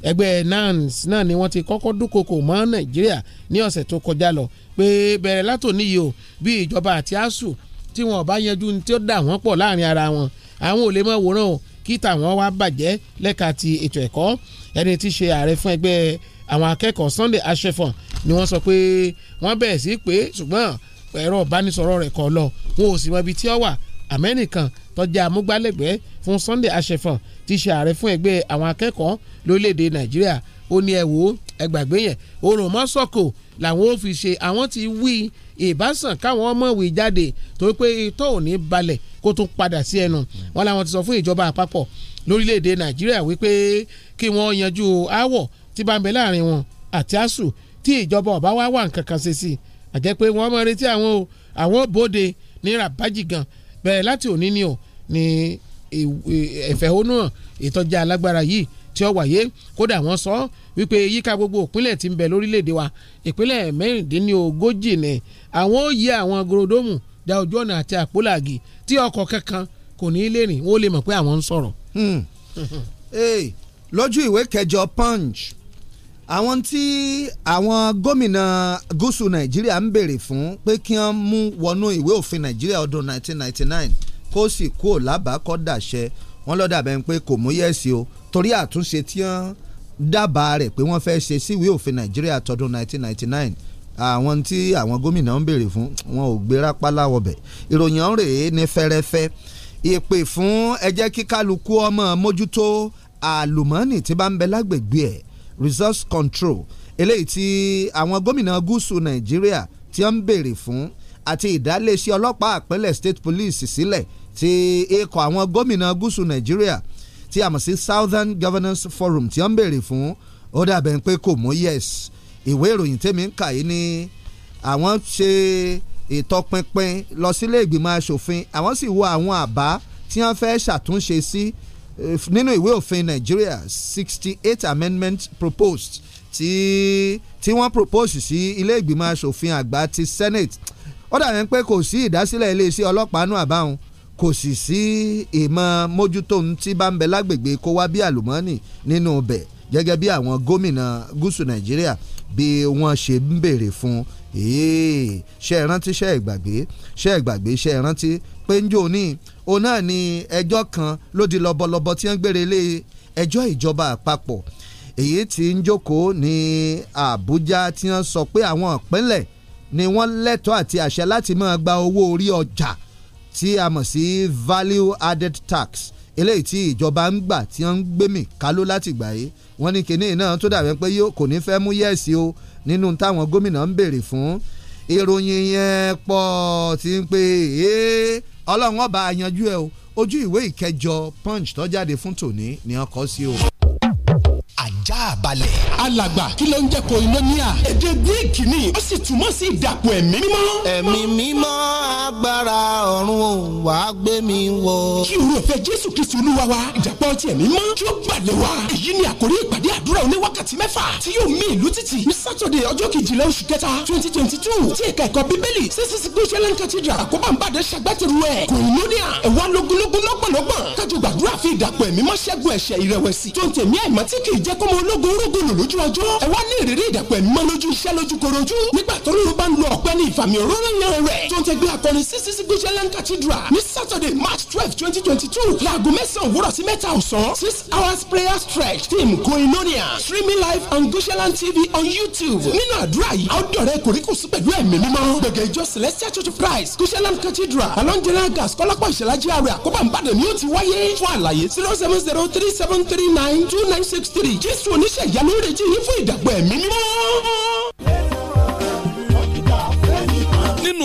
ẹgbẹ́ NANS náà ni wọ́n ti kọ́kọ́ dúnkokò mọ́ Nàìjíríà ní ọ̀sẹ̀ tó kọjá lọ pé bẹ̀rẹ̀ látòní yìí o bí ìjọba àti ASUU tí wọn bá yanjú ní tí ó dà wọ́n pọ̀ láàrin ara wọn àwọn ò lè mọ̀ wòran o kí tàwọn wá bàjẹ́ lẹ́ka ti ètò ẹ̀kọ́ ẹni tí ṣe ààrẹ fún ẹgbẹ́ àwọn akẹ́kọ̀ọ́ Sunday Ashefon ni wọ́n sọ pé wọ́n bẹ̀rẹ̀ sí pé ṣùgbọ́n ẹ̀rọ ìbánisọ̀rọ̀ rẹ̀ kọ̀ lọ wọn ò sì mọ ibi tí ó wà amẹ́nìkan tó jẹ́ fún Sunday Ashefon ti ṣe ààrẹ fún ẹgbẹ́ àwọn akẹ́kọ̀ọ́ lórílẹ̀‐èdè Nàìjíríà ó ní ẹ wò ó ẹ gbàgbé yẹn oòrùn mọ́sọ̀kò làwọn ò fi ṣe àwọn ti wí ìbásàn káwọn ọmọwé jáde torí pé itọ́ ò ní balẹ̀ kó tún padà sí ẹnu wọn làwọn ti sọ fún ìjọba àpapọ̀ lórílẹ̀‐èdè Nàìjíríà wípé kí wọ́n yanjú aáwọ̀ tí bá ń bẹ láàrin wọn àti asuu tí ìjọba ọba wa wà nǹkan kan ṣe sí i àjẹ́ pé wọ́n mọ̀ retí àwọn o àwọn bóde ní rabaji gan bẹ̀rẹ̀ láti òní ni o ní ẹ̀fẹ̀hónú hàn ìtọ́jà alágbára yìí tí ó wáyé kódà wọ́n sọ wípé yíká gbogbo ìpínlẹ̀ tí ń bẹ lórílẹ̀‐èdè wa ìpínlẹ̀ mẹ́rìndínlógójì ni àwọn ó yí àwọn agorodomu da ojú ọ̀nà àti àpólàgì tí ọkọ̀ kankan kò ní í lè rìn wọ́n lè mọ̀ pé àwọn ń sọ̀rọ̀. Hmm. [LAUGHS] lójú ìwé kẹjọ punch àwọn tí àwọn gómìnà gúúsù nàìjíríà ń béèrè fún pé kí wọ́n mú wọnú ìwé òfin nàìjíríà ọdún 1999 kó sì kú ò lábàá kọ́ dàṣẹ wọ́n lọ́ọ́ dàbẹ̀ pé kò mú yẹ̀sì o torí àtúnṣe tí wọ́n dábàá rẹ̀ pé wọ́n fẹ́ ṣe síwèé òfin nàìjíríà tọdún 1999 àwọn tí àwọn gómìnà ń béèrè fún wọn ò gbéra pálawọ bẹ̀ ìròyìn ọ̀rẹ́ e ní fẹ́rẹ́fẹ́ ìpè fún ẹ jẹ́ kí ọmọ mójútó àlùmọ́ọ́nì resource control eléyìí tí àwọn gómìnà gúúsù nàìjíríà tí wọ́n ń béèrè fún àti ìdálẹ́sí ọlọ́pàá àpẹẹlẹ̀ state police sílẹ̀ ti ikọ̀ àwọn gómìnà gúúsù nàìjíríà tí a mọ̀ sí southern governance forum tí wọ́n ń béèrè fún ó dàbẹ̀ pé kò mú yes ìwé ìròyìn tèmi ń kà yìí ni àwọn ṣe ìtọpinpin lọ sílé ìgbìmọ̀ asòfin àwọn sì wo àwọn àbá tí wọ́n fẹ́ ṣàtúnṣe sí si, Eh, nínú ìwé òfin Nàìjíríà sixty eight amendment proposed Ti ti wọ́n propose sí ilé ìgbìmọ̀ asòfin àgbà ti Senate ó dàbí pé kò sí ìdásílẹ̀ iléeṣẹ́ ọlọ́pàá nù àbáwọn kò sì sí ìmọ̀ mójútó tí bá ń bẹ lágbègbè kó wá bí àlùmọ́ọ́nì nínú bẹ̀ gẹ́gẹ́ bí àwọn gómìnà gúúsù Nàìjíríà bí wọ́n ṣe ń béèrè fún ṣe é rántí ṣe é gbàgbé ṣe é gbàgbé ṣe é rántí pé ń jò ní òun náà ni ẹjọ́ kan ló di lọ́bọ̀lọ́bọ̀ tí wọ́n gbére lé ẹjọ́ ìjọba àpapọ̀ èyí tí ń jókòó ní Àbújá tí wọ́n sọ pé àwọn ìpínlẹ̀ ni wọ́n lẹ́tọ̀ọ́ àti àṣẹ láti máa gba owó orí ọjà tí a mọ̀ sí value added tax eléyìí tí ìjọba ń gbà tí wọ́n ń gbémì kálú láti gbà yìí wọ́n ní kinní náà tó dàbí pé kò ní fẹ́ mú yẹ̀sì o nínú táwọn gómìnà ń béèrè fún ìròyìn yẹn pọ̀ tí ń pè é ọlọ́run ọba àyànjú ẹ o ojú ìwé ìkẹjọ punch tó jáde fún tòní ni wọn sí o ajá balẹ̀. alàgbà kí ló ń jẹ́ koinonia. èdè greek ni ó sì túmọ̀ sí ìdàpọ̀ ẹ̀mí mímọ́. ẹ̀mí mímọ́ agbára ọ̀run ò wá gbé mi wọ. kí oore ọ̀fẹ́ jésù kristu olúwa wa ìdàpọ̀ ti ẹ̀mí mọ́ kí ó gbàlẹ̀ wa. èyí ni àkórí ìpàdé àdúrà oní wákàtí mẹ́fà tí yóò mì ìlú títì ní sátọ̀dẹ̀ ọjọ́ kejìlá oṣù kẹta twenty twenty two tí ẹ̀ka ẹ̀kọ́ bíbélì ccc christian koinonia ẹ̀wá lógúnlógún lọ́gbọ̀nlọ́gbọ̀n kájọ gbàdúrà fi ìdàpọ̀ ẹ̀mí mọ́ ṣẹ́gun ẹ̀ṣẹ̀ ìrẹ̀wẹ̀sì tó jẹ́ kó mọ ológun orógùn lò lójú ọjọ́ ẹ wá ní ìrírí ìdàpọ̀ mọ́ lójú iṣẹ́ lójú korojú nígbà tó lóru bá ń lo ọ̀pẹ ní ìfàmì òróró yan rẹ̀ tó ń tẹgbẹ́ akọrin ccc gbẹ́sẹ̀lẹ́n cathedral ní saturday march twelve twenty twenty two laago mẹ́sàn-án òwúrọ̀ sí mẹ́ta ọ̀sán six hours prayer stretch team koinonia streaming live on gbẹ́sẹ̀lẹ́n tv on youtube nínú àdúrà yìí àwòdọ̀rẹ́ kòríkòsí pẹ̀lú ẹ̀mí mímọ́ gbẹ̀gẹ̀ ìjọ celestial church of christ gbẹ́sẹ̀lẹ́n cathedral along general gas kọ́lápọ̀ ìṣẹ̀lájí àrẹ àkóbá ìbàdàn ni ó ti wáyé fún àlàyé zero seven zero three seven three nine two nine six three jésù oníṣẹ́ ìyanu ń retí yín fún ìdàgbọ́ ẹ̀mí mímọ́.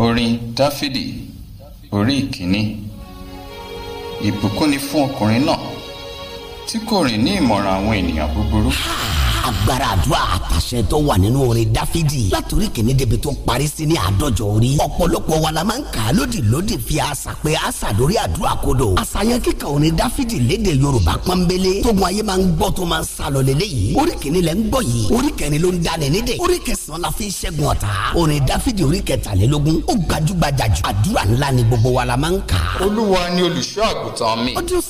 orin dáfídì orí ìkíní ìbùkún ni fún ọkùnrin náà tí kò rìn ní ìmọ̀ràn àwọn ènìyàn búburú agbára àdúrà àtàṣẹ tó wà nínú orin dáfídì látòrí kìíní débi tó parí sí ní àádọ́jọ orí ọ̀pọ̀lọpọ̀ wa la máa ń kà á lódì lódì fi àṣà pé àṣà lórí àdúrà kodò àṣàyàn kíkà orin dáfídì léde yorùbá pọ́nbélé tógun ayé máa ń gbọ́ tó máa ń sálọ lélẹ̀ yìí orí kìíní lẹ́ ń gbọ́ yìí orí kẹrin ló ń dalẹ̀ nídẹ̀ orí kẹsàn-án la fi ń ṣẹ́gun ọ̀tá orin dáfídì orí kẹtàlélógún ó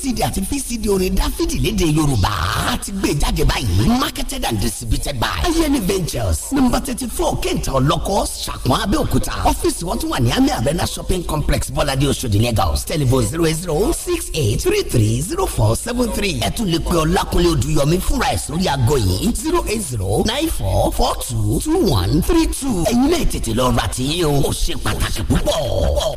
cd àti pcd orin dáfídì lédè yorùbá a gbé jáde báyìí marketed and distributed by ayeni ventures number thirty four kẹntà ọlọ́kọ̀ ṣàkún abẹ́òkúta ọ́fíìsì wọn tún wà ní ami arena shopping complex bọ́ládé oṣòdì lagos telephone zero eight zero six eight three three zero four seven three ẹ tún lè pe ọlákùnlé odùyọmí fúnra ẹ̀ sórí aago yìí zero eight zero nine four four two two one three two ẹ̀yin náà tètè lọ ra tiyín o ó ṣe pàtàkì púpọ̀.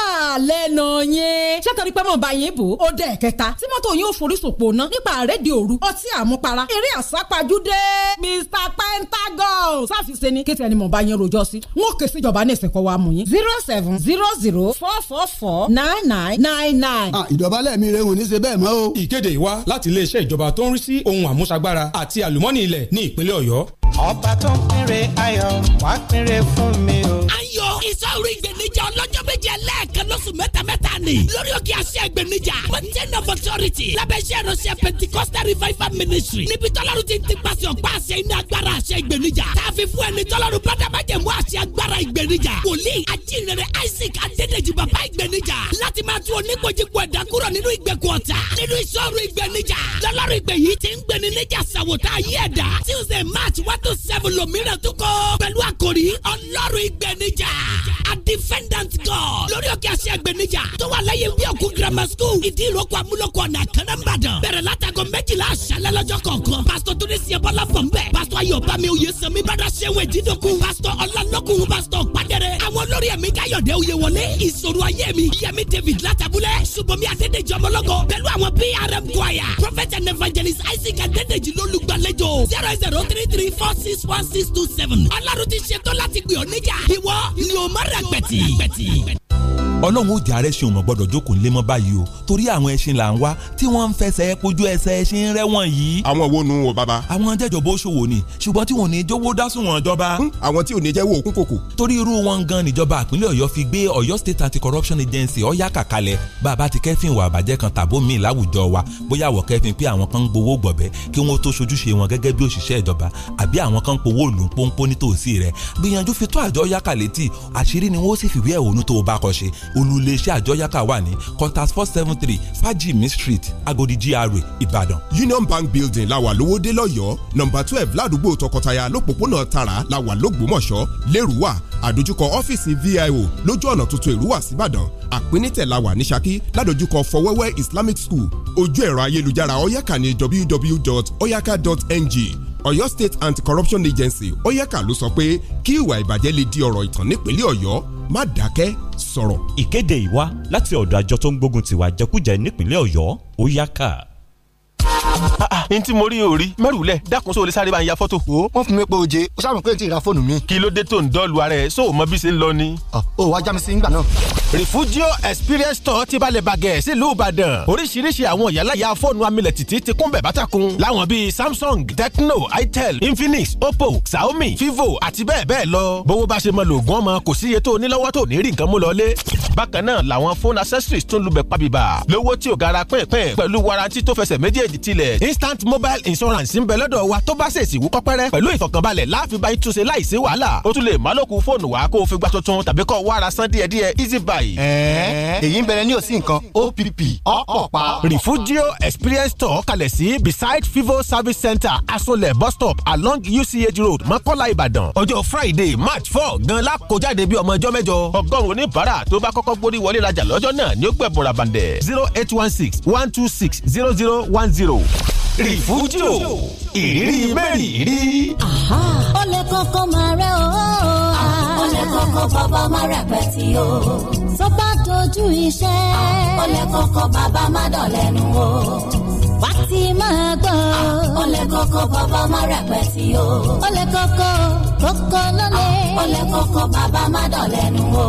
lẹ́nu yẹn nítorí pé mo bá yín bò ó dẹ̀ kẹta tí mọ́tò yín ò forísòpò ná nípa àrédìí òru ọtí àmupara eré àsápajúdé Mr Pentagon sáfìsẹ́ ni kéte ni mo bá yín rojọ́ sí n ó ké síjọba ní ìsìnkọ́ wa mú yín zero seven zero zero four four four nine nine nine nine. Ah, ìjọba lẹ́ẹ̀mí rehun ní ṣe bẹ́ẹ̀ mọ́ o. ìkéde wa láti iléeṣẹ́ ìjọba tó ń rí sí ohun àmúṣagbára àti àlùmọ́nì ilẹ̀ ní ìpínlẹ̀ ọ̀yọ́. ọba tó ń pèrè ayọ̀ wá pèrè fún mi o. ayọ̀ ìsọ̀rọ̀ ìgbènijà ọlọ́jọ́ méje lẹ́ẹ̀kan lóṣù mẹ́ta ni lórí òkè di aṣẹ ìgbẹ́nijà mountain of authority labẹ́sẹ̀ ìránṣẹ́ pentikosta revival ministry níbi tọ́lọ́run ti ń ti pàṣẹ ọ̀pá àṣẹ iná agbára àṣẹ ìgbẹ́nijà káfí fún ẹni tọ́lọ́run bọ́dá bá jẹ̀ mú àṣẹ agbára ìgbẹ́nijà wòlíì ajínrere isaac adédèjì bàbá ìgbẹ́nijà láti máa tún oníkojúkọ ẹ̀dá kúrò nínú ìgbẹ́kùn ọ̀tá nínú ìṣòro ìgbẹ́nijà lọ́lọ́run ìgbẹ́ yìí ti ń gbẹ́ni níjà sàwòtá ayé ẹ̀dá tuesday march one to seven lòmíràn tó kọ́ pẹ̀lú àkòrí ọlọ́run ìgbẹ́nijà a defendant god lórí òkè àṣẹ ìgbẹ́nijà tó wà lẹ́yìn bí ọk Ìkú grammar school ìdí ìrókò amúlòkọ ọ̀nà àkàrà ń bàdàn. Bẹ̀rẹ̀ látàgọ́ méjìlá àṣálẹ́ lọ́jọ́ kọ̀ọ̀kan. Pásítọ̀ tó ní sí ẹbọ́lá fọ̀ mbẹ́. Pásítọ̀ Ayọ̀bámi Oyèsánmi bàdà ṣẹ́wọ̀n ìdídókun. Pásítọ̀ Ọlálọ́kùn Pásítọ̀ Pádẹ́rẹ́. Àwọn olórí ẹ̀mí Káyọ̀dé Oyèwọlé. Ìṣòro ayé mi. Yẹmi David Látàbúlẹ̀. Ṣùbọ̀mí Adédèjì Ọmọlọ́gọ. Pẹ̀lú àwọn PRM choir. Prophet and evangelist Isaac Adédèjì lólùgbàlejò. zero zero three three four six one six two seven. Ọlọ́run ti ṣetán láti gbìyànjú níjà. Ìwọ ni o má rẹ̀ pẹ̀tì. Ọlọ́run mọ́ báyìí o torí àwọn ẹṣin là ń wá tí wọ́n ń fẹsẹ̀ kojú ẹsẹ̀ ẹṣin rẹ́wọ̀n yìí. àwọn wo nu wo bàbá. àwọn jẹjọ bó ṣòwò ni ṣùgbọ́n tí wọn ò ní jówó dásùn wọn jọba. àwọn tí ò ní jẹ́wọ́ òkú kòkò. torí irú wọn gan níjọba àpínlẹ̀ ọ̀yọ́ fi gbé ọ̀yọ́ state anti-corruption agency ọ̀yá kàkalẹ̀ bàbá ti kẹ́fìn wà bàjẹ́ kan tàbó mi láwùjọ wa bóyá àwọ̀ kẹ́fìn pé àwọn kan ń gbowó gbọ̀bẹ́ kí wọ́n tó ṣojúṣe wọn gẹ́gẹ́ bí òṣìṣẹ́ ìjọba àbí àwọn kan ń powó lù ń pọ́npọ́n nítòsí rẹ̀ gbìyànjú fi tó àjọ yákà létí àṣírí ni wọ́n sì fìwé ẹ̀hónú tó o bá kọ ṣe olùléeṣẹ́ àjọ yákà wà ní contact four seven three fajimi street agodi gra Ibadan. union bank building làwà lówódé lọ́yọ́ọ́ nọ́mbà twelve ládùúgbò tọkọtaya lọ́pọ̀pọ̀nà tara làwà lógbómọ̀ṣọ́ lẹ́rùwà àdójúkọ ọ́fíìsì vio lójú ọ̀nà tuntun ìrúwà síbàdàn àpínítẹ̀ làwà ní ṣakí ládójúkọ fọwẹ́wẹ́ islamic school ojú ẹ̀rọ ayélujára oyaka ní www.oyaka.ng Ọ̀yọ́ State Anti-Corruption Agency oyeka ló sọ pé kí ìwà ìbàjẹ́ lè di ọ̀rọ̀ ìtàn nípínlẹ̀ Ọ̀yọ́ má dákẹ́ sọ̀rọ̀. Ìkéde ìwá láti ọ̀dọ̀ àjọ tó ń gbógun tiwa jẹkújẹ nípínlẹ̀ Ọ̀yọ́ oyeka. Ah, ah n tí mo rí orí mẹ́rùlẹ̀ dákun sóò sáré bá ń ya fọ́tò. o wọ́n fún mi pé oje o sábà pé n ti ra fóònù mi. kí ló dé tó ń dọ́ọ̀lù ara ẹ̀ sóò mọ bí ṣe ń lọ ni. o wa já mi sí ngbà náà. refugio experience store ti balẹ̀ bàgẹ́ sílùú ìbàdàn oríṣiríṣi àwọn ìyálàyà fóònù amilẹ̀ títí ti kún bẹ̀ bátakùn láwọn bíi samsung tecno itel infinix oppo xiaomi vivo àti bẹ́ẹ̀ bẹ́ẹ̀ lọ bówó bá ṣe mọ lògùn ọmọ kò síye tó nílọ́wọ́ tó ní rí nǹkan accessories tún lubẹ̀ pàbíbà lówó tí ò gara pẹ́ẹ̀pẹ́ẹ̀ pẹ̀lú warranty tó fẹsẹ̀ méjèèjì tilẹ̀ instant Smart Mobile Insurance ń bẹ lọ́dọ̀ wa tó bá ṣèṣì wú kọ́pẹ́rẹ́ pẹ̀lú ìfọ̀kànbalẹ̀ láàfin bá ìtúnṣe láìsí wàhálà ó tún lè má lókun fóònù wa kó o fi gba tuntun tàbí kó o wá ara san díẹ̀díẹ̀ easy buy. ẹ̀ẹ́ èyí ń bẹ̀rẹ̀ ní òsì nǹkan OPP ọ̀pọ̀ pa. Refugio Experience Store kalẹ̀ sí beside Fivo Service Center Asolẹ̀ bus stop along UCH Road Mọ́kọ́lá Ìbàdàn ọjọ́ Friday March four gan la kó jáde bí ọmọ ọjọ́ mẹ́jọ ọgọ́rùn-ún oníbàárà tó bá kọ́kọ́ gbórí wọlé rajà lọ́jọ́ zero eight one six one two six zero zero one zero rìfújò ìrírí mẹ́rin ìrírí. ó lè kọ́kọ́ máa rẹ̀ o. ó ah, lè kọ́kọ́ bàbá máa rẹ̀ pẹ̀ tí o. tó bá dojú iṣẹ́. ó ah, lè bàbá máa dọ̀lẹ́nu o. wá ti máa gbọ́. ó ah, lè bàbá máa rẹ̀ pẹ̀ tí o. ó lè kọ́kọ́ kókó lọ́lẹ̀. ó lè kọ́kọ́ bàbá máa dọ̀lẹ́nu o.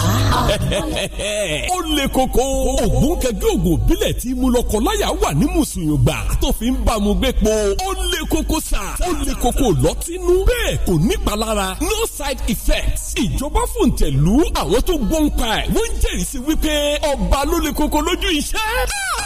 [LAUGHS] ó le koko ògbóǹkẹjú ògùn òbílẹ̀ tí mú lọ́kọ láyà wà ní mùsùlùmí tó fi ń bá mu gbé po ó le koko sà ó le koko lọ́tínú bẹ́ẹ̀ kò nípalára no side effects ìjọba fòǹtẹ̀lù àwọn tó gbọ́n pa ẹ̀ wọ́n ń jẹ́rìí sí wípé ọba ló le koko lójú iṣẹ́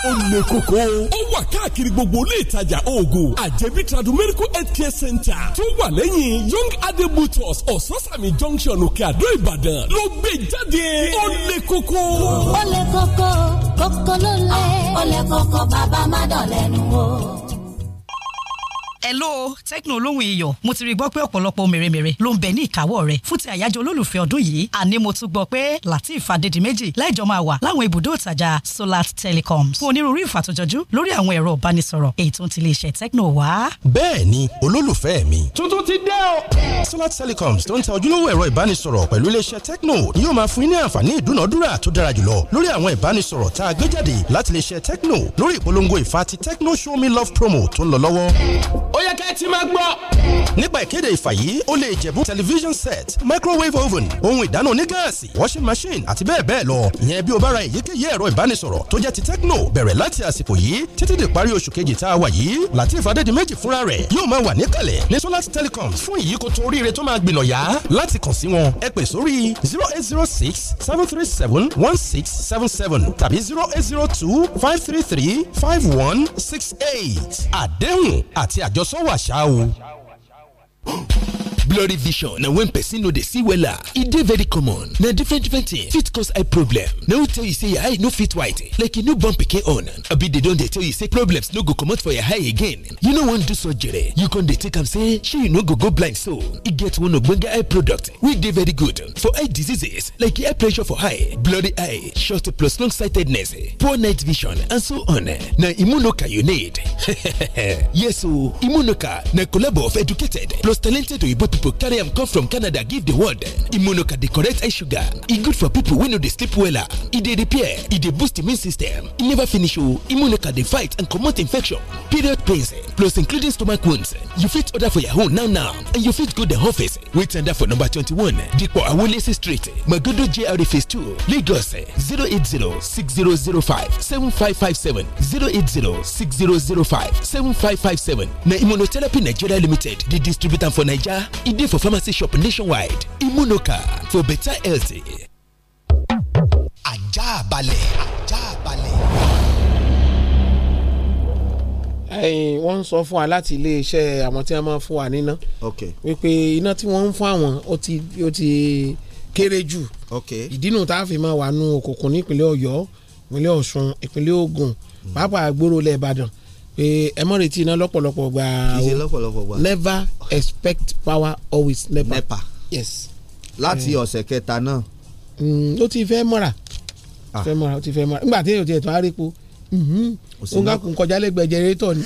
ó le koko ó wà káàkiri gbogbo ilé ìtajà oògùn àjẹbí tradu medical health care center tó wà lẹ́yìn young adebutos ososani junction òkè àdó ìbàdàn ló gbé e já jáde. ó lè koko. ó lè koko koko ló lè. ó lè koko bàbá má dọ̀lẹ́nu o hello Tekno olóhùn iyọ̀ mo ti rí gbọ́ pé ọ̀pọ̀lọpọ̀ mèremère ló ń bẹ ní ìkáwọ́ rẹ̀ fún ti àyájọ́ olólùfẹ́ ọdún yìí àní mo tún gbọ́ pé Lateef Adédìméjì láìjọ máa wà láwọn ibùdó ìtajà Solar Telecoms fún onírúurú ìfàtójọjú lórí àwọn ẹ̀rọ ìbánisọ̀rọ̀ èyí tó ń tilé iṣẹ́ Tekno wá. bẹ́ẹ̀ ni olólùfẹ́ mi. tuntun ti dé o. Solar Telecoms tó ń ta ojúlówó ẹ̀rọ ìbánisọ̀rọ̀ pẹ̀lú iléeṣẹ́ Tekno ni yóò máa fún yín ní àǹfààní ìdúnàdúrà tó dára jùlọ lórí àwọn ìbánisọ̀rọ̀ tá a gbé jáde láti Show Me Love promo tó ń ó yẹ kẹ́ ẹ ti máa gbọ́. nípa ìkéde ìfà yìí lè jẹ̀bú television set microwave oven ohun ìdáná onígáàsì washing machine àti bẹ́ẹ̀ bẹ́ẹ̀ lọ ìyẹn bí o bá ra èyíkéyìí ẹ̀rọ ìbánisọ̀rọ̀ tó jẹ́ ti tecno bẹ̀rẹ̀ láti àsìkò yìí títí di parí oṣù kejì tá a wà yìí latif adédìméjì fúnra rẹ̀ yóò máa wà níkàlẹ̀ ní solar telecoms fún ìyíkoto oríire tó máa gbìnà zero eight zero six seven three seven one six seven seven tàbí zero eight zero two five three three five one six eight àdéhùn àti àjọ àjọsọ wàṣà o blurry vision na when person no dey see wella e dey very common na different different things fit cause eye problem na who tell you say your eye no fit white like you no born pikin own abi dey don dey tell you say problems no go comot for your eye again you no wan do surgery you con dey take am say shey you no go go blind so e get one ogbonge eye product wey dey very good for eye diseases like eye pressure for eye blurry eye short plus long sightedness poor night vision and so on na immunoka you need [LAUGHS] yes o oh. immunoka na collabo of educated plus talented oyibo pipo pipo carry am come from canada give the world Immunoca dey correct eye sugar e good for people wey no dey sleep wella e dey repair e dey boost immune system e never finish o oh. Immunoca dey fight and comot infection period pains eh. plus including stomach wounds eh. you fit order for your home now now and you fit go the office eh. wey tender for number twenty-one dipo awolese street magodo jr e phase two lagos zero eight zero six zero zero five seven five five seven zero eight zero six zero zero five seven five five seven na immunotherapy nigeria limited dey distribute am for naija e dey for pharmacy shop nationwide Imunoka for better health. ajá balẹ̀ ajá balẹ̀. ẹyin wọ́n ń sọ fún wa láti iléeṣẹ́ àwọn tí wọ́n máa fún wa níná wípé iná tí wọ́n ń fún àwọn ó ti ó ti kéré jù ìdínú tá a fi máa wà nù òkùnkùn nípínlẹ̀ Ọ̀yọ́ ìpínlẹ̀ Ọ̀ṣun ìpínlẹ̀ Ògùn pápá àgbòrò lẹ́ẹ̀bàdàn pé ẹ mọ̀ retí iná lọ́pọ̀lọpọ̀ gbà o kì í ṣe lọ́pọ̀lọpọ̀ gbà never expect power always never. nepa yes. láti eh. ọ̀sẹ̀ kẹta náà. Mm, ó ti fẹ́ mọ́ra ah. fẹ́ mọ́ra ó ti fẹ́ mọ́ra nígbà tí èèyàn ti ẹ̀tọ́ arípo òun kà kún kọjá lẹ́gbẹ̀ẹ́ jẹrẹ́tọ̀ ni.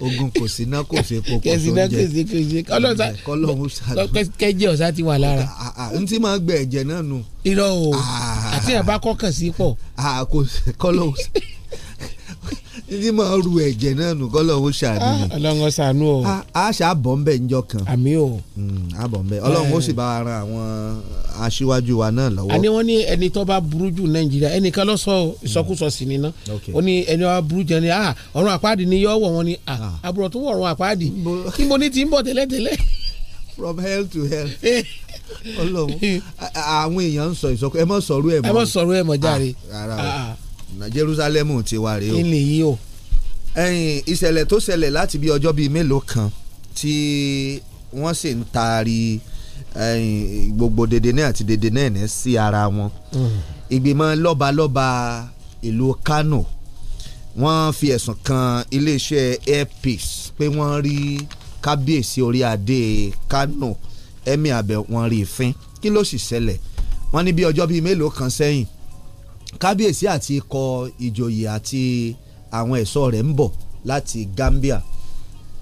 ogun kò sí náà kò sí epo kò tó ń jẹ kọlọ́hún ṣàdùn kẹjẹ ọ̀sá ti wà lára. Ah, ah, n ti máa gbẹ ẹ̀jẹ̀ náà nù. irọ́ o àti ẹ̀ bá kọ́kàn sí pọ̀. kọlọ́hún ṣàdùn ní máa ru ẹ̀jẹ̀ náà nù kọ́ lọ́hún ṣàánú ah, ni. ọlọ́run ṣàánú o. Ah, a ṣàbọ̀ ń bẹ̀ ń jọ kan. àmì o. Hmm, a bọ̀ ń bẹ̀ ọlọ́run ó sì bá ara àwọn aṣíwájú wa náà lọ́wọ́. àní wọ́n ní ẹni tó bá burú jù nàìjíríà ẹnìkan ló sọ ìsọkúsọ sí ni náà. ó ní ẹni wàá burú jẹ ni ah, ọ̀run àpáàdì ni yọ wọ̀ wọn ni àbúrò tó wọ̀ ọ̀run àpáàdì [LAUGHS] kí mo ní ti ń bọ̀ tẹ́lẹ̀tẹ́lẹ̀ [LAUGHS] from hell to hell eh. ọlọ́run [LAUGHS] àwọn èèyàn ń sọ ìsọkú ẹ mọ̀ sọ̀rọ̀ ẹ̀ mọ̀ ẹ Jerusalem ti wá rèé o. ilé yìí o. ẹyin ìṣẹ̀lẹ̀ tó ṣẹlẹ̀ láti bí ọjọ́ bíi mélòó kan tí wọ́n sì ń taari gbogbo dèdè náà àti dèdè náà ní sí ara wọn. Hmm. ìgbìmọ̀ lọ́balọ́ba ìlú Kano wọ́n fi ẹ̀sùn kan iléeṣẹ́ Air Peace pé wọ́n rí kábíyèsí orí adé Kano ẹ̀mí abẹ wọn rí i fín kí ló sì ṣẹlẹ̀ wọ́n ní bí ọjọ́ bíi mélòó kan sẹ́yìn kábíyèsí àti ikọ̀ ìjòyè àti àwọn ẹ̀ṣọ́ rẹ̀ ń bọ̀ láti Gambia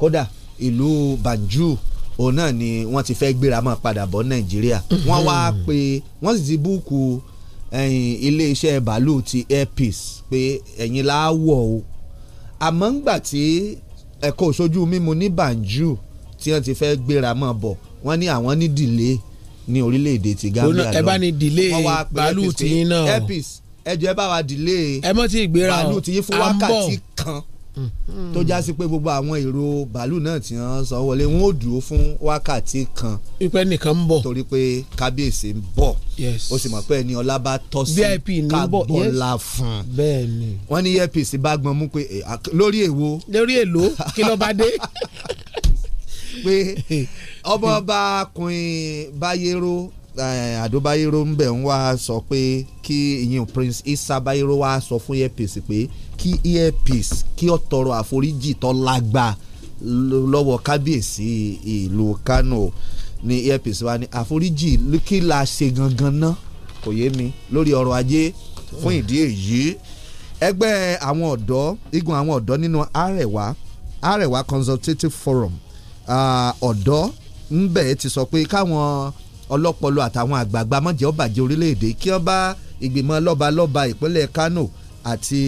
kódà ìlú Banjul òun náà ni wọ́n ti fẹ́ gbéra máa padà bọ̀ Nàìjíríà wọ́n wá pé wọ́n sì ti búùkù iléeṣẹ́ bàálù ti Air Peace pé ẹ̀yin láàwọ̀ o àmọ́ ńgbà tí ẹ̀kọ́ òṣojú mímu ní Banjul tí wọ́n ti fẹ́ gbéra máa bọ̀ wọ́n ní àwọn ní dìlé ní orílẹ̀-èdè ti Gambia lọ ẹ bá ní dìlé ẹjọ́ ẹ bá wa dìlé bàálù ti yí fún wákàtí kan hmm. tó já sí pé gbogbo àwọn èrò bàálù náà tí wọ́n sọ wọlé wọn ò dúró fún wákàtí kan. ìpẹ́ nìkan ń bọ̀. torí pé kábíyèsí ń bọ̀ ó sì mọ̀ pé ẹni ọlá bá tọ́ sí kábọ̀lá fún un. wọ́n ní earpiece bá gbọ́n mú pé eh, lórí èwo. lórí èlò kí ló bá dé. [LAUGHS] pé [LAUGHS] ọmọ ọba kùnrin báyérò àdóbáyéró eh, ń bẹ̀ ń wá sọ pé kí ìyẹn prince isa bayero wá sọ fún earpiece pé kí earpiece kí ó tọrọ àforíjì tó lágbà lọ́wọ́ kábíyèsí ìlú kano ní earpiece wa ní àforíjì kí la ṣe gangan ná kò yé mi lórí ọrọ̀ ajé fún ìdí èyí ẹgbẹ́ àwọn ọ̀dọ́ igun àwọn ọ̀dọ́ nínú Arewa Arewa Consultative Forum ah, ọ̀dọ́ uh, ńbẹ̀ ti sọ pé káwọn ọlọ́pọlọ àtàwọn àgbààgbà mọ̀jẹ̀ ọ̀bàjẹ́ orílẹ̀-èdè kí wọ́n bá ìgbìmọ̀ lọ́balọ́ba ìpínlẹ̀ Kano àti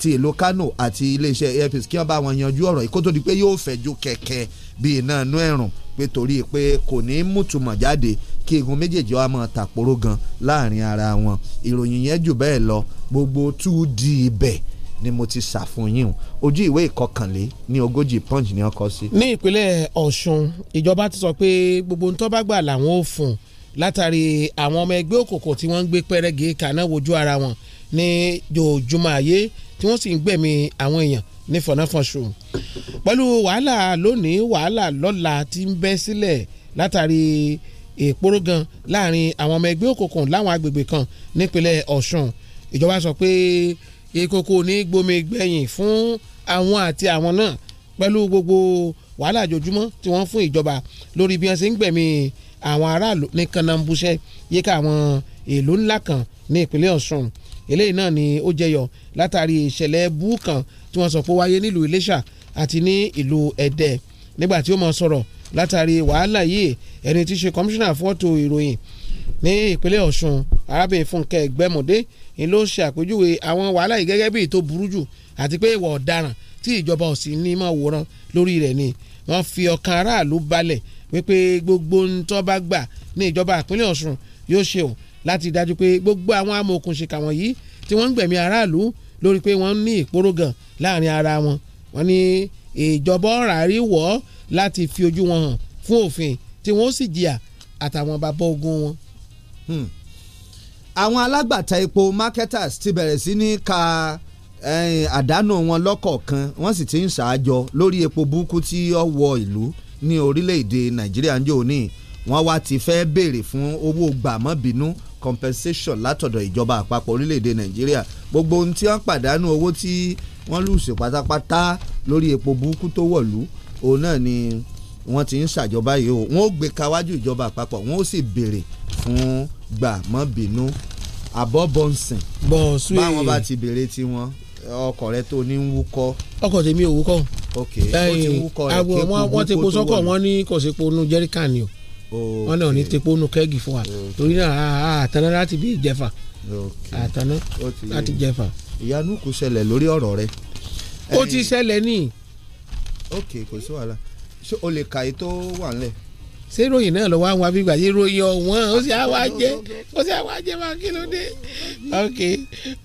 ti ìlú Kano àti iléeṣẹ́ AirPeace kí wọ́n bá wọn yanjú ọ̀rọ̀ yìí kó tó di pé yóò fẹ̀jú kẹ̀kẹ́ bí iná inú ẹ̀rùn pé torí pé kò ní mútùmọ̀ jáde kí egun méjèèjì wa máa tàpóró gan láàrin ara wọn ìròyìn yẹn jù bẹ́ẹ̀ lọ gbogbo 2D ibẹ̀ ni mo ti ṣàfún yín o ojú ìwé ìkọkànlé ní ogójì punch ni wọ́n kọ sí. ní ìpínlẹ̀ ọ̀ṣun ìjọba ti sọ pé gbogbo ntọ́ bá gbà làwọn ò fún látàrí àwọn ọmọ ẹgbẹ́ òkòkò tí wọ́n ń gbé pẹ́rẹ́gì kaná wojú ara wọn ní jòjúmọ́ ayé tí wọ́n sì ń gbẹ̀mí àwọn èèyàn ní fọ̀nàfọ̀nṣù pẹ̀lú wàhálà lónìí wàhálà lọ́la ti ń bẹ́ sílẹ̀ látàrí èpòrò gan láàrin àwọn ọmọ ẹgbẹ́ òkòkò láwọn agbègbè kan nípínlẹ̀ ọ̀ṣun ìjọba sọ pé ìkòkò ní gbomi gbẹ̀yìn fún àwọn àti àwọn náà pẹ̀lú gbogbo wàhálà àjòjúmọ́ tí wọ́n fún ìjọba lórí bí wọ́n ṣe ń gbẹ̀mí àwọn aráàlú ní kanambuṣẹ́ yíká àwọn ìlú ńlá kan ní ìpínlẹ̀ Ọ̀ṣun eléyìí náà ni ó jẹyọ látàrí ìṣẹ̀lẹ̀ bú kan tí wọ́n sọ pé wáyé nílùú Iléṣà àti ní ìlú Ẹdẹ nígbà tí ó mọ sọ̀rọ̀ látàrí wàhálà yìí ẹni tí í ṣe kọmíṣánná fọ́tò ìròyìn ní ìpínlẹ̀ ọ̀ṣun arábìnrin fúnkẹ́ ẹgbẹ́mọdé ni ló ṣe àpèjúwe àwọn wàhálà yìí gẹ́gẹ́ bí ètò burú jù àti pé ìwà ọ̀daràn tí ìjọba òsì ní mọ̀ wòran lórí rẹ̀ ni wọ́n fi ọkàn aráàlú balẹ̀ wípé gbogbo ń tọ́ bá gbà ní ìjọba ìpínlẹ̀ ọ̀ṣun yóò ṣe o láti dájú pé gbogbo àwọn amòòkùnṣìkà wọ̀nyí tí wọ́n ń gbẹ̀mí aráàlú lórí pé wọ́n ní ìporógan láàrin ara wọn wọ́n ní ìjọba ọ̀rà rí wọ́ láti fi ojú wọn hàn fún òfin tí wọ́n sì jìyà àtàwọn bàbá ogun wọn. Hmm. àwọn alágbàtà epo marketers ti bẹ̀rẹ̀ sí ní ka eh, àdánù wọn lọ́kọ̀ọ̀kan wọ́n sì ti ń ṣàájọ lórí epo burúkú tí ó wọ ìlú ní orílẹ̀-èdè nàìjíríà ń jò ní wọ́n wá ti fẹ́ béèrè fún owó gbàmọ́bínú compensation látọ̀dọ̀ ìjọba àpapọ̀ orílẹ̀-èdè nàìjíríà gbogbo ohun tí wọ́n pàdánù owó tí wọ́n lùsì pátápátá lórí epo burúkú tó wọ̀lú òun náà ni wọ́n ti ń ṣàjọba yìí o wọ́n ó gbé kawájú ìjọba àpapọ̀ wọ́n ó sì béèrè fún gbàmọ́bìnú abọ́bọ̀nsìn báwọn bá ti béèrè tiwọn ọkọ̀ rẹ tó ní ń wúkọ́. ọkọ̀ tèmi ò wúkọ́ ok ó ti ń wúkọ́ rẹ kéku wọ́n wọ́n ti po sọ́kọ̀ wọ́n ní kò sí ponu jẹ́ríkà ni o wọ́n náà ní ti ponu kẹ́gì fún wa torí náà àtàná láti bí ìjẹfà àtàná láti jẹfà. ìyanu kò ṣẹlẹ̀ lórí ọ̀rọ̀ rẹ. ó ti ṣẹlẹ̀ ní. ok kò sí wàhálà ṣé o lè kà é tó wà ńlẹ̀. ṣé ìròyìn náà lọ wá wá bí gbà yé ìròyìn ọ̀wọ́n ó sì á wá jẹ́ ó sì á wá jẹ́ máa kí ló dé. ok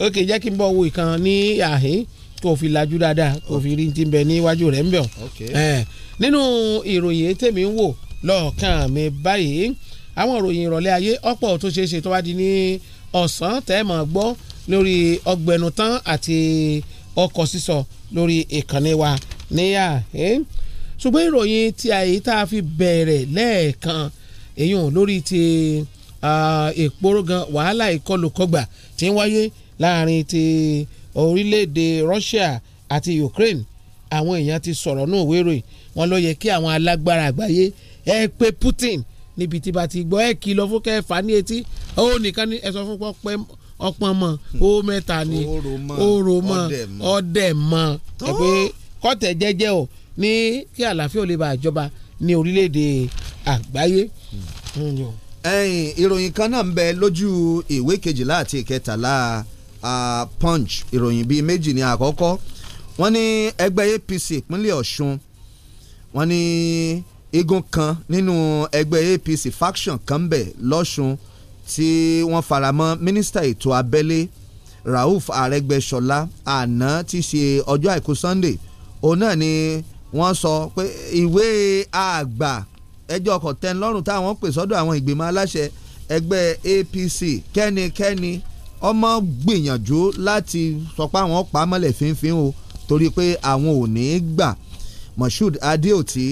ok jẹ́ kí n bọ̀ wo ìkan ní àhín kò fi lajú dáadáa kò fi rí ti bẹ níwájú rẹ̀ ń bẹ̀ ọ́. nínú ìròyìn tèmi ń wò lọ́ọ̀kan mi báyìí àwọn ìròyìn ìrọ̀lẹ́ ayé ọ̀pọ̀ tó ṣeé ṣe tó wá di ní ọ̀sán tẹ́ẹ̀mọ̀ gbọ́ lórí ọgbẹ̀nután àti ọkọ̀ sísọ lórí ìkànnì wa níyà. Eh? ṣùgbọ́n ìròyìn tí àyè tá a fi bẹ̀rẹ̀ lẹ́ẹ̀kan èyàn lórí ti ìporogan wàhálà ìkọlùkọgbà tí ń wáyé láàrin ti orílẹ̀-èdè Russia àti Ukraine àwọn èèyàn ti sọ̀rọ̀ náà wérò yìí wọ́n ló yẹ kí àwọn alágbára àgbáyé ẹ pé Putin níbi tí bá ti gbọ́ ẹ kìlọ̀ fún kẹfà ní etí ó nìkan ẹ sọ fún pọ́pẹ́ ọpọn mọ owó mẹ́ta ni oòrò mọ ọdẹ mọ ẹ pé kọtẹ jẹ́jẹ́ o ní kí àlàáfíà ò lè bá àjọba ní orílẹ̀-èdè àgbáyé. ìròyìn kan náà ń bẹ lójú ìwé kejìlá àti ìkẹtàlá punch ìròyìn bíi méjì ní àkọ́kọ́ wọ́n ní ẹgbẹ́ APC ìpínlẹ̀ Ọ̀ṣun wọ́n ní igun kan nínú ẹgbẹ́ APC faction kan bẹ̀ lọ́ṣun tí wọ́n faramọ́ mínísítà ètò abẹ́lé Rauf Arẹ́gbẹ́ṣọlá àná tí í ṣe ọjọ́ àìkú Sunday òun náà ni wọ́n sọ pé ìwé àgbà ẹjọ́ ọkọ̀ tẹ́nilọ́rùn táwọn pè sọ́dọ̀ àwọn ìgbìmọ̀ aláṣẹ ẹgbẹ́ APC kẹ́nikẹ́ni ọmọ gbìyànjú láti sọ pé àwọn pa mọ́lẹ̀ fínfín o torí pé àwọn ò ní í gbà Moshood Adeoti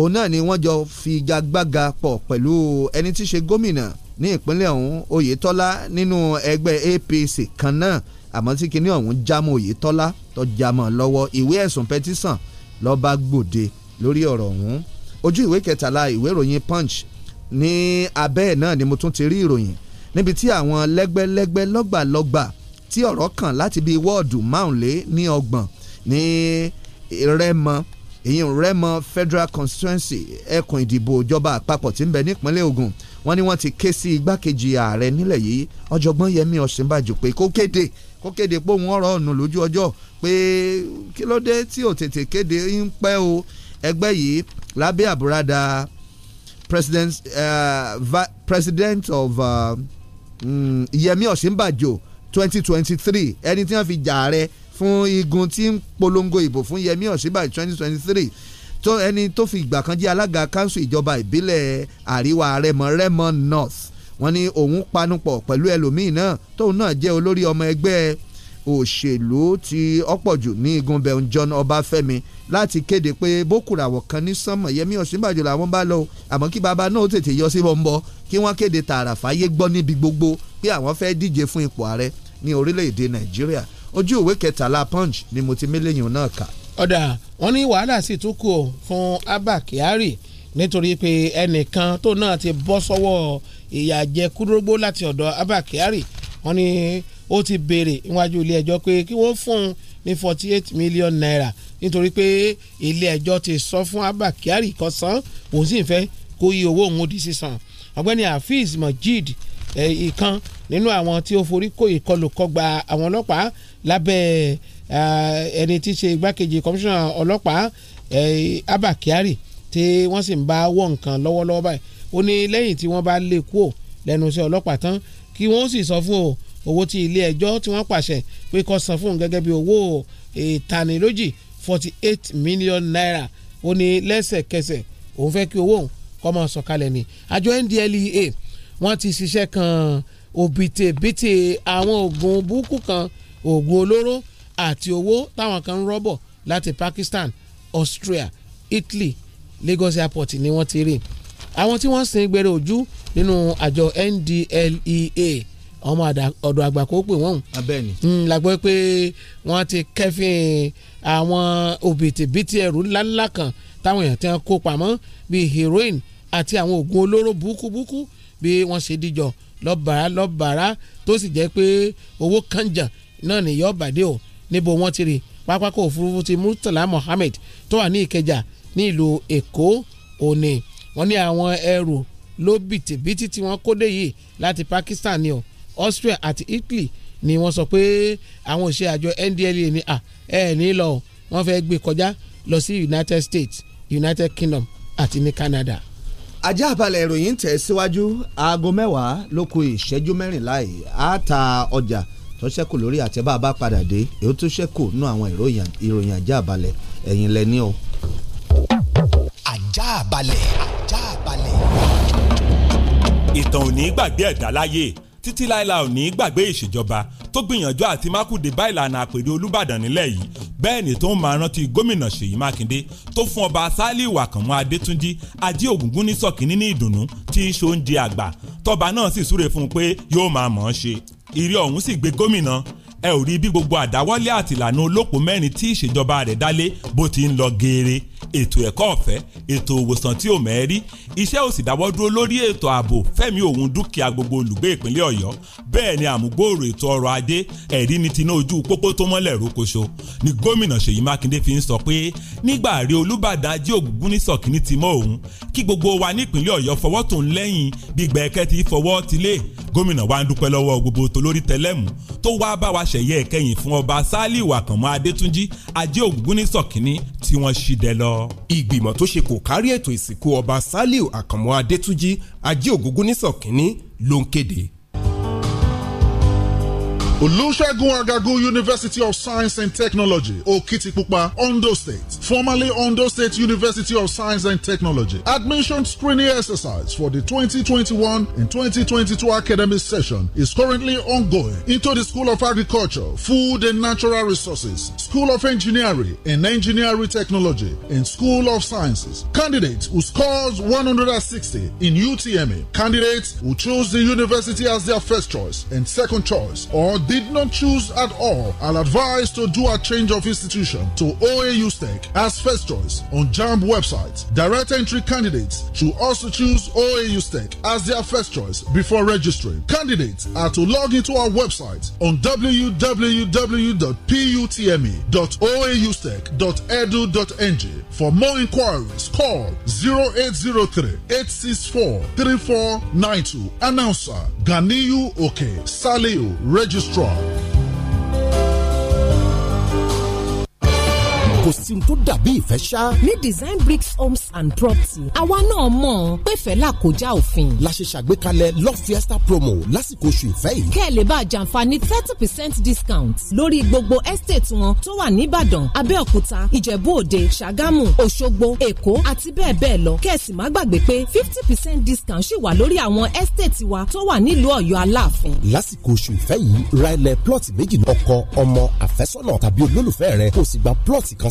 òun náà ni wọ́n jọ figagbága pọ̀ pẹ̀lú ẹni tí í ṣe gómìnà ní ìpínlẹ̀ ọ̀hún Oyètọ́lá nínú ẹgbẹ́ APC kan náà àmọ́ tí kinní ọ̀hún jámọ́ Oyètọ́lá tó jámọ́ lọ́wọ́ ìwé ẹ̀sùn pẹtísàn lọ́ba gbòde lórí ọ̀rọ̀ ọ̀hún ojú ìwé kẹtàlá ìwé ìròyìn punch ní abẹ́ ẹ̀ náà ni mo tún ti rí ìròyìn níbi tí àwọn lẹ́gbẹ́lẹ́gbẹ́ lọ́gbàlọ́gbà tí ọ̀rọ̀ kàn láti bíi wọ́ọ̀dù márùnlé ní ọgbọ̀n ní rẹ́mọ ìyẹn rẹ́mọ federal constituency ẹkùn ìdìbò ìjọba àpapọ̀ tí ń bẹ nípínlẹ̀ Ògùn wọ́n ní wọ́n ti ké sí igbákejì ààrẹ nílẹ̀ yìí ọ̀jọ̀gbọ́n Yẹmí Ọ̀ṣínbàjò pé kó kéde kó kéde pé òun ọ̀rọ̀ ọ̀nà lójú ọjọ́ pé kí ló dé tí ò tètè kéde ń pẹ́ o ẹgbẹ́ yìí lábẹ́ àbúradà president, uh, president of uh, eh, um, mm, Yẹmi Ọ̀ṣínbàjò twenty twenty three ẹni tí wọ́n fi jà rẹ fún igun tí ń polongo ìbò fún Yẹmi Ọ̀ṣínbàjò 2023 twenty three tó ẹni tó fi ìgbà kan jẹ́ alága kanṣu ìjọba ìbílẹ̀ àríwá Rẹ́mọ North wọ́n ní òun panupọ̀ pẹ̀lú ẹlòmíín náà tóun náà jẹ́ olórí ọmọ ẹgbẹ́ òṣèlú ti ọ̀pọ̀jù ní igun bẹ̀rùn John Ọbáfẹ́mi láti kéde pé bókùràwọ̀ kan ní sánmọ̀ Yẹmí Ọ̀ṣínbàjò làwọn bá lọ àmọ́ kí bàbá náà tètè yọ sí bọ́ńbọ́ kí wọ́n kéde tààrà fáyé gbọ́ níbi gbogbo pé àwọn fẹ́ díje fún ipò ààrẹ ní orílẹ̀-èdè Nàìjíríà ojú ìwé kẹtàlá Punch ni mo ti mílíọ̀nù náà kà. ọ̀dà wọn ní wàhálà sì tún kù fún Abba Kyari nítorí pé ẹnìkan tó náà ti bọ́ sọ́wọ́ ìyàjẹkúrógbó wọ́n ní ó ti béèrè níwájú ilé ẹjọ́ pé kí wọ́n fún un ní forty eight million naira nítorí pé ilé ẹjọ́ ti sọ fún Abba Kyari kan san òun sì ń fẹ́ kó yí owó òun di sísan ọ̀gbẹ́ni Hafiz Majid ìkan nínú àwọn tí ó forí kó ìkọlù kọgbà àwọn ọlọ́pàá lábẹ́ ẹni tí í ṣe igbákejì kọmíṣánná ọlọ́pàá Abba Kyari tí wọ́n sì ń bá wọ̀ nǹkan lọ́wọ́lọ́wọ́ báyìí ó ní lẹ́yìn tí wọ́n bá lè e kú ò lẹ́nu iṣẹ́ ọlọ́pàá tán kí wọ́n sì sọ fún o owó tí ilé ẹjọ́ tí wọ́n pàṣẹ pé kó san fún gẹ́gẹ́ bí owó ìtanilójì forty eight million naira ó ní lẹ́sẹ̀kẹsẹ̀ òun fẹ́ kí owó òun kó máa sọ̀kalẹ̀ ni àjọ NDLEA wọ́n ti ṣiṣẹ́ kan òbítíbitì àwọn oògùn burúkú kan oògùn olóró àti owó táwọn kan ń rọ́bọ̀ láti Pakistan Austria Italy Lagos airport ni wọ́n ti rí àwọn tí wọ́n sin gbèrè ojú nínú àjọ NDLEA ọmọ ọ̀dọ̀ àgbà kó pè wọ́n hùn ah, hmm, lágbọ́ pé wọ́n ti kẹ́fìn àwọn òbítíbitì ẹrù ńláńlá kan táwọn èèyàn ti kó pamọ́ bíi heroin àti àwọn oògùn olóró búkúbúkú bí wọ́n ṣe díjọ lọ́bàrá lọ́bàrá tó sì jẹ́ pé owó kànjà náà nìyọ́ bàdé o níbo wọ́n ti rí pápákọ̀ òfurufú ti Murtala Mohammed tó wà ní Ìkẹjà ní ìlú Èkó òní wọ́n ní àwọn ẹrù ló bìtìbìtì tí wọ́n kó dé yìí láti Pakistan ni o Austria àti Italy ni wọ́n sọ pé àwọn òṣìṣẹ́ àjọ NDLEA ni à ẹ ní lọ wọ́n fẹ́ gbé kọjá lọ sí United States United Kingdom àti ní Canada. ajá balẹ̀ ìròyìn tẹ̀ síwájú aago mẹ́wàá ló kù ìṣẹ́jú mẹ́rìnlá yìí á ta ọjà tó ṣẹ́kù lórí àtẹ̀bá bá padà dé èyí tó ṣẹ́kù nú àwọn ìròyìn àjá balẹ̀ ẹ̀yìn lẹ́ni o ajá balẹ̀ ajá balẹ̀. ìtàn ò ní gbàgbé ẹ̀dá láyé títí láìla ò ní gbàgbé ìṣèjọba tó gbìyànjú àti mákùdé bá ìlànà àpèrè olùbàdàn nílẹ̀ yìí bẹ́ẹ̀ ni tó ń máa rántí gómìnà ṣèyí mákindé tó fún ọba sálíù àkànmú adétúnjì ajé ògúngún ní sọ̀kínní ní ìdùnnú tí í ṣó ń di àgbà tọba náà sì súre fún un pé yóò máa mọ̀ ọ́n ṣe ìrì ọ̀hún sì gbé gómìnà ẹ ò rí bí gbogbo àdáwọ́lé àtìlànà olóko mẹ́rin tí ìṣèjọba rẹ̀ dálé bó ti ń lọ geere ètò ẹ̀kọ́ ọ̀fẹ́ ètò òwòsàn tí ò mẹ́rí iṣẹ́ ò sì dáwọ́ dúró lórí ètò ààbò fẹ́mi òun dúkìá gbogbo olùgbé ìpínlẹ̀ ọ̀yọ́ bẹ́ẹ̀ ni àmúgbòòrò ètò ọrọ̀ ajé ẹ̀rí ni tiná ojú pópó tó mọ́lẹ̀ rókoṣo ni gómìnà ṣèyí mákindé fi ń sọ pé nígbà rí olúbàdàn ajé ògúngún ní sọ̀kíní ti mọ́ òun kí gbogbo wa nípínlẹ̀ ọ̀yọ́ fọwọ́ tó ń lẹ́yìn bí gbẹ̀kẹ́ ti fọwọ́ tilé gómìnà wa ń dúpẹ́ lọ́wọ́ gbogbo tolórí tẹlẹ́mù tó wá bá wa ṣẹ̀yẹ ìkẹyìn fún ọba sálíù adétúnjì ajé ògúngún ní sọ̀kíní tí wọ́n ṣì dẹ lọ lọ. ìgbìmọ̀ tó ṣe kò kárí ètò ìsìnkú ọba Sàlíù Àkànmú Adétúnjì ajé ògúngún nísọ̀kínní ló ń kéde Olusegun Agagu University of Science and Technology, Okitipupa, Ondo State. Formerly Ondo State University of Science and Technology. Admission screening exercise for the 2021 and 2022 academic session is currently ongoing into the School of Agriculture, Food and Natural Resources, School of Engineering and Engineering Technology, and School of Sciences. Candidates who scores 160 in UTME. Candidates who choose the university as their first choice and second choice or did not choose at all are advised to do a change of institution to OAU Tech as first choice on JAMB website. Direct entry candidates should also choose OAU Tech as their first choice before registering. Candidates are to log into our website on www.putme.oaustech.edu.ng. For more inquiries, call 0803 864 3492. Announcer Ganiyu Oke Saleo Register strong. kò sí tó dàbí ìfẹ́ ṣá. ní design bricks homes and property àwa náà mọ̀ pé fẹ́lá kọjá òfin. la ṣe ṣàgbékalẹ̀ love fiesta promo lásìkò oṣù ìfẹ́ yìí. kẹ́ ẹ̀ lè bá jàǹfààní thirty percent discount lórí gbogbo estate wọn tó wà níbàdàn abẹ́òkúta ìjẹ̀bú-òde ṣàgámù òṣogbo èkó àti bẹ́ẹ̀ bẹ́ẹ̀ lọ kẹ́ má gbàgbé pé fifty percent discount ṣì wà lórí àwọn estate wa tó wà nílùú ọ̀yọ́ aláàfin. lásìkò oṣù ìfẹ́ yìí ra ilẹ̀ plọ̀tì méjì ọkọ ọmọ àfẹ́sọ́nà tàbí olólùfẹ́ rẹ kó sì gba plọ̀tì kan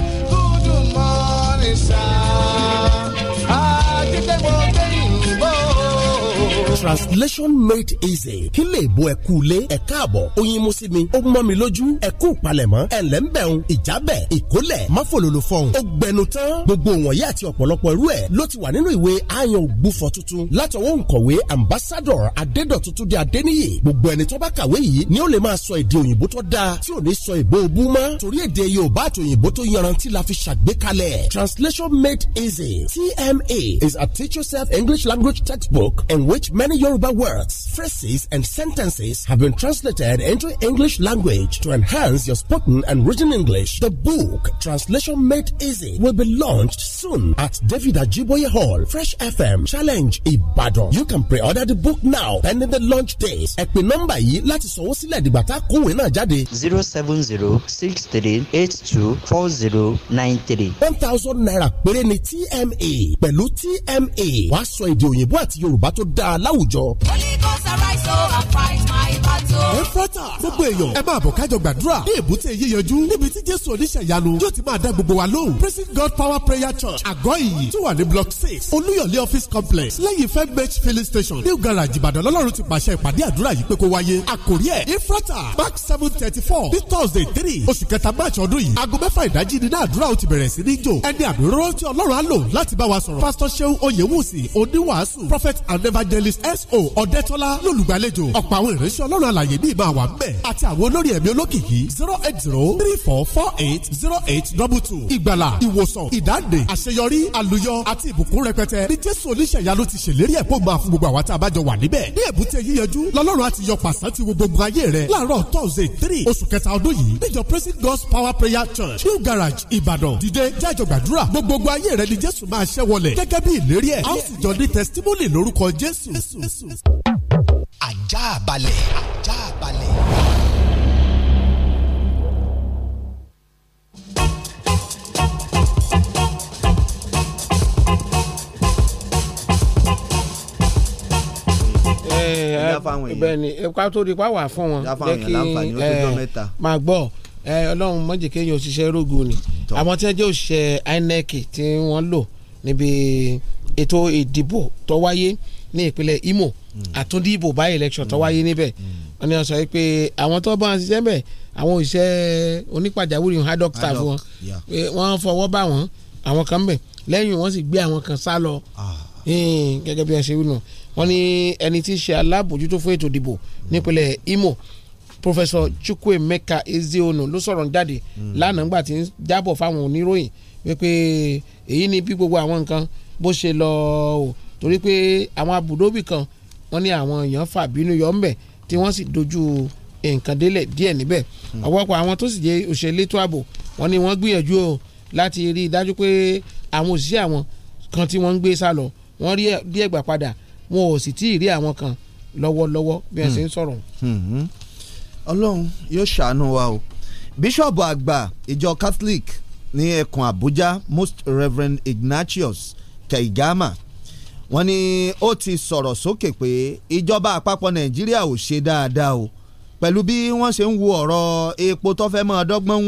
Good morning, sir. I did the all translation made easy kí lè bo ẹ kú lé ẹ káàbọ̀ oyin mú sí mi ó mọ́ mi lójú ẹ kú palẹ̀mọ́ ẹ ǹlẹ́ ń bẹ̀rùn ìjábẹ̀ ìkólẹ̀ máfòlòlò fọhùn ó gbẹnu tán gbogbo wọ̀nyí àti ọ̀pọ̀lọpọ̀ irú ẹ̀ ló ti wà nínú ìwé ayan ògbúfọ̀ tuntun látọwọ́ nkọ̀wé ambassador adédọ̀tutù dé adéníyè gbogbo ẹni tó bá kàwé yìí ni ó lè máa sọ èdè òyìnbó tó dáa tí ò ní sọ ìbò òbú mọ́ torí èdè yorùbá àti òyìnbó tó yanrantí la fi ṣàgbékalẹ̀ translation made easy tma is a teach yourself english language textbook in which many many Yoruba words, phrases, and sentences have been translated into English language to enhance your spoken and written English. The book, Translation Made Easy, will be launched soon at David Ajiboye Hall, Fresh FM, Challenge Ibadan. You can pre-order the book now pending the launch date. Ẹ pè nọ́mbà yìí láti sanwó sílẹ̀ dìgbà tá a kúwèé náà jáde. zero seven one thousand naira péré ni TMA pẹ̀lú TMA wàá sọ èdè òyìnbó àti Yorùbá tó dáa láwùjọ. Holy Ghost arise o and fight my battle. Ẹ́fọ́tà gbogbo èèyàn ẹ máa bọ̀ kájọ gbàdúrà ní èbúté yíyanjú níbi tí Jésù oníṣẹ̀yanu yóò ti máa dá gbogbo wa lóhùn. Praising God Power Prayer Church àgọ́ ìyì tí wà ní block six Olúyọ̀lé office complex lẹ́yìn Fẹ́gbẹ́ch filling station New Garage Ìbàdàn lọ́lọ́run ti pàṣẹ ìpàdé àdúrà yìí pé kó wáyé. Àkòrí ẹ̀ Ẹ́fọ́tà Mark seven thirty four ní Thursday three oṣù kẹta March ọdún yìí. Aago mẹ́fà ìdájí ni náà àdúrà ó ti bẹ̀rẹ̀ sí ní jò. Ẹni àmì rọ́rọ́ tí Ọlọ́run á lò láti bá wa sọ̀rọ̀. Pásítọ̀ Ṣeun Oyèwùsì oníwàásù Prophet and evangelist so ọ̀dẹ́tọ́lá lólùgbàlejò ọ̀pọ̀ àwọn ìránṣẹ́ ọlọ́run àlàyé bíi máa wà ń bẹ̀ àti àwọn olórí ẹ̀mí olókìkí zero eight zero three four four eight zero eight double two ìgbàlà ìwòsàn ìdáǹdè àṣeyọrí àlùyọ àti ìbùkún rẹpẹtẹ ní jésù oníṣẹ̀yàló ti ṣèlérí ẹ̀ pọ́nmọ́ fún gbogbo àwa tá wà níbẹ̀ ní èbúté yíyanjú lọ́lọ́run àti yọ pàṣán ti wo gbogbo ayé rẹ̀ láàárọ̀ tọ́sídẹ̀ẹ́ three oṣù kẹta ọdún yìí níjọ God's power prayer church new garage ìbàdàn dìde jájọ gbàdúrà gbogbo ayé rẹ̀ ni jésù máa a ó sì jọ ní testimony lórúkọ jésù ajá balẹ̀ ajá balẹ̀. bẹ́ẹ̀ ni ipa tó di ipa wà fún wọn jẹ́ kí máa gbọ́ ọlọ́run mọ̀jẹ̀ kéèyàn òṣìṣẹ́ rógun ni àwọn tí wọ́n jẹ́ òṣìṣẹ́ INEC tí wọ́n lò níbi ètò ìdìbò tó wáyé ní ìpínlẹ̀ Imo hmm. àtúndìbò báyìí election tó wáyé hmm. níbẹ̀ hmm. wọ́n ní wọ́n sọ pé àwọn tó bá wọn ṣiṣẹ́ bẹ̀ àwọn òṣìṣẹ́ onípàjáwìrì hàn dókítà fún wọn pé wọ́n fọwọ́ bá wọn àwọn kan bẹ̀ lẹ́yìn wọ́n sì gbé àwọn kan sá lọ ah. gẹ́gẹ́ bí wọ́n ṣe wí nù wọ́n ní ẹni tí í ṣe alábòjútó fún ètò ìdìbò nípínlẹ̀ Imo Professor Chukwuemeka Ezeonu ló sọ̀rọ̀ jáde lánàá ńgbà tí ń jábọ̀ fáwọn oníròyìn wípé èyí ni bí gbogbo àwọn nǹkan bó ṣe lọ o torí pé àwọn abùdóbì kan wọ́n ní àwọn èèyàn fàbínú yọ ńbẹ̀ tí wọ́n sì dojú nǹkan délẹ̀ díẹ̀ níbẹ̀ hmm. ọ̀pọ̀pọ̀ àwọn tó sì jẹ́ òṣèlú ètò ààbò wọ́n ní wọ́n gbìyànjú o láti rí i dájú pé àwọn òṣìṣẹ́ àwọn kan tí wọ́n ń gbé sá lọ wọ́n rí díẹ̀ gbà padà wọn ò sì tí ì rí àwọn kan lọ́wọ́lọ́wọ́ bí wọ́n ṣe ń sọ̀rọ̀. Hmm. ọlọ́run yóò ṣàánú wa o bíṣọ̀bù àgbà ìjọ catholic ní ẹkùn àbújá most reverend ignatius kaigama wọ́n ní ó ti sọ̀rọ̀ sókè pé ìjọba àpapọ̀ nàìjíríà ò ṣe dáadáa o pẹ̀lú bí wọ́n ṣe ń wo ọ̀rọ̀ epo tó fẹ́ mọ́ ọdọ́gbọ́n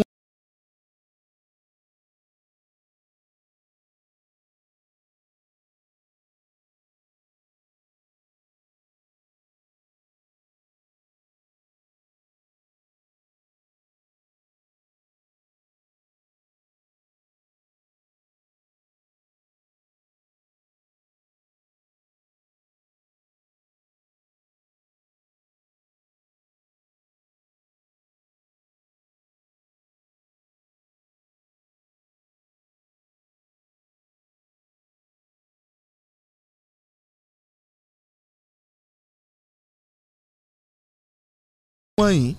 wọ̀nyí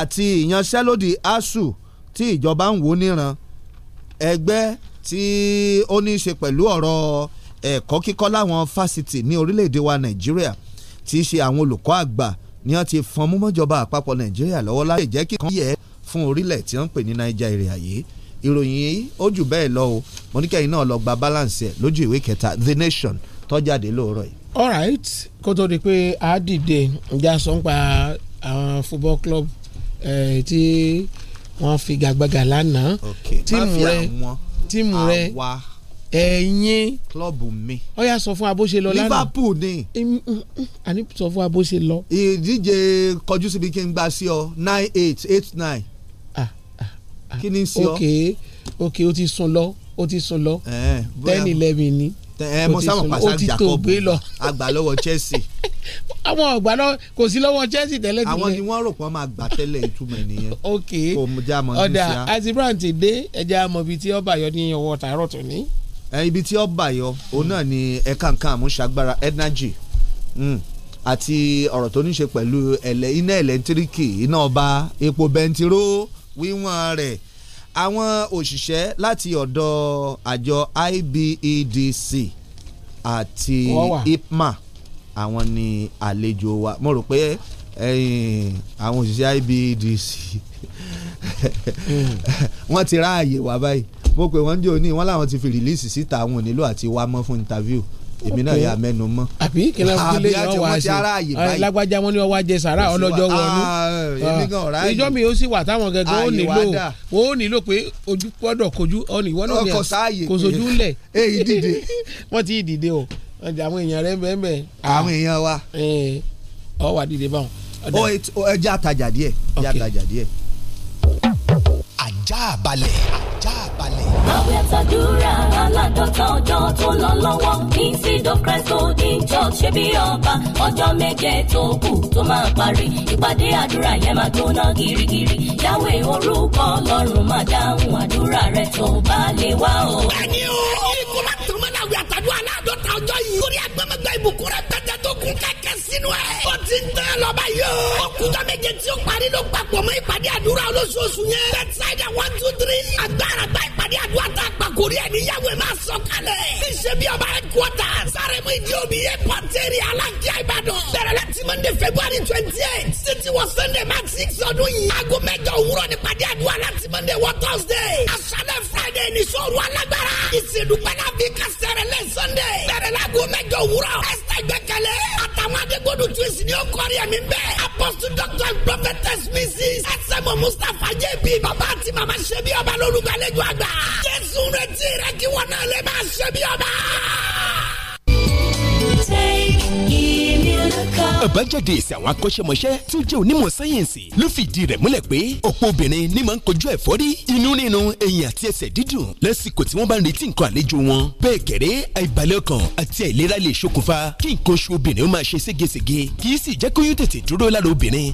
àti ìyanṣẹ́lódì ASUU tí ìjọba ń wò níran ẹgbẹ́ tí ó ní í ṣe pẹ̀lú ọ̀rọ̀ ẹ̀kọ́ kíkọ́ láwọn fásitì ní orílẹ̀-èdè wa Nàìjíríà tí í ṣe àwọn olùkọ́ àgbà ni wọ́n ti fọn mú mọ́jọba àpapọ̀ Nàìjíríà lọ́wọ́ láti jẹ́ kí kan yẹ fún orílẹ̀ tí wọ́n ń pè ní Nàìjíríà yìí ìròyìn yìí ó jù bẹ́ẹ̀ lọ o mo ní kẹ́yìn náà lọ gba balance ẹ̀ lójú ìwé kẹta The Nation tó jáde lóòrọ̀ yìí. all right kó tó di pé a dìde ìjà sọ àwọn football club eh, tí wọ́n fi gàgbàgà lánàá tíìmù rẹ tíìmù rẹ ẹ̀yin klọ́ọ̀bù mi. ó yá sọ fún abóṣe lọ lánàá Liverpool ni. àní mm, mm, mm, sọ fún abóṣe lọ. ìdíje kọjú síbi kí n gba sí ọ nine eight eight nine. Ah, ah, ah. kí ni sí ọ. ok ok o ti sùn lọ o ti sùn lọ eh, ten eleven ni ẹ mọ pàṣẹ Jacob àgbà Chelsea. [LAUGHS] àwọn ọgbà kò sí lọ́wọ́ Chelsea tẹ́lẹ̀ tẹ́lẹ̀. àwọn ni wọ́n rò pé wọ́n máa gbà tẹ́lẹ̀ ìtumọ̀ nìyẹn. [LAUGHS] ok ọ̀dà àti dé ẹja àmọ́ tí ọba yọ ní ọwọ́ tààrọ̀ tó ní. ibi tí ọba yọ òun náà ni ẹ̀ka nǹkan àmúṣagbára energy hmm. àti ọ̀rọ̀ tó ní ṣe pẹ̀lú iná ẹ̀lẹ́ntíríkì iná ọba epo bẹntiró wíwọ́n rẹ̀ àwọn òṣìṣẹ́ láti ọ̀dọ̀ àjọ IBEDC àti IPMA àwọn ni àlejò wa mo rò pé àwọn òṣìṣẹ́ IBEDC hmm. [LAUGHS] wọ́n ti ráàyè wá báyìí mo pè wọ́n jẹ́ òní wọ́n láwọn ti fi rìlíìsì síta àwọn ò nílò àti wá mọ́ fún interview èmi náà yà mẹ́nu mọ́. àbí kílá kílé yẹn wá ṣe lágbájá wọn ni wọn wá jẹ sàrà ọlọ́jọ́ wọnú ah, ah. ìjọ mi ó sì wà táwọn gẹ́gẹ́ ó nílò ó nílò pé ojú gbọ́dọ̀ kojú ọ̀nì ìwọ náà kò sojú ńlẹ̀ [LAUGHS] [LAUGHS] wọ́n ti dìde o àwọn èèyàn rẹ̀ ń ah. àwọn èèyàn wa. Eh, ọ wà dìde báwọn. ó oh, oh, ẹja àtajà díẹ̀ ẹja àtajà díẹ̀ ajá balẹ̀ ajá balẹ̀. àwẹ̀ tàdúrà aládọ́ta ọjọ́ tó lọ lọ́wọ́ ní sídọ̀ kẹ́sọ̀ ní church ṣe bí ọba ọjọ́ méje tó kù tó máa parí ìpàdé àdúrà yẹn máa gbóná girigiri yàwé orúkọ ọlọ́run máa dáhùn àdúrà rẹ tó bá lè wá o. ẹni o ikú lọ́jọ́ yìí. torí agbẹ́mọ̀gbẹ́ ìbùkún rẹ̀ pẹ́tẹ́ tó kún kẹ́kẹ́ sínú ẹ̀. ó ti ń tẹ́ lọ́ba yìí. ọkùnjọ méje tí ó parí ló papọ̀ mọ́ ìpàdé àdúrà olóṣooṣù yẹn. bedside one two three. agbára gba ìpàdé àdúrà tá a pa kórí ẹ̀ níyàwó ẹ̀ máa sọ kalẹ̀. iṣẹ́ bí ọba ẹ̀kọ́tà sáremu ìdí omi ẹ̀ pọ́ńtẹ́rì alákíá ìbàdàn. bẹ̀rẹ̀ láti monday february twenty eight títí wọ sunday march six ọdún yìí. aago mẹ́jọ òwúrọ̀ ní ìpàdé àdúrà láti monday wọ thursday. aṣálẹ̀ friday ní sọ́ọ̀rù alágbára. ìsìndùpẹ́ náà fi kásẹ̀rẹ̀ lẹ́ sunday. bẹ̀rẹ̀ láago mẹ́jọ òwúrọ̀. ẹsẹ̀ ìgbẹ́kẹ̀lé. àtàwọn adégbòdù twins ni ó kọrin ẹ̀mí bẹ́ẹ̀. apọ́sù dr prophetess mrs ẹsẹ̀mọ̀ mustapha jẹ́bi bàbá àti mama ṣe bí ọba lórúkọ àlejò àgbà. jésù retí rẹ kí wọn náà lè máa ṣe ọba. àbájáde èsì àwọn akọ́ṣẹ́mọṣẹ́ tí jẹ́ onímọ̀ sáyẹ́ǹsì ló fìdí rẹ̀ múlẹ̀ pé ọ̀pọ̀ obìnrin ní máa ń kojú ẹ̀fọ́rí inú nínú ẹ̀yìn àti ẹsẹ̀ dídùn lásìkò tí wọ́n bá ń retí nǹkan àlejò wọn bẹ́ẹ̀ kẹ̀rẹ́ àìbalẹ̀ ọkàn àti àìlera lè ṣokùnfà kí nǹkan oṣù obìnrin ó máa ṣe ségesège kì í sì jẹ́ kó tètè dúró lára obìnrin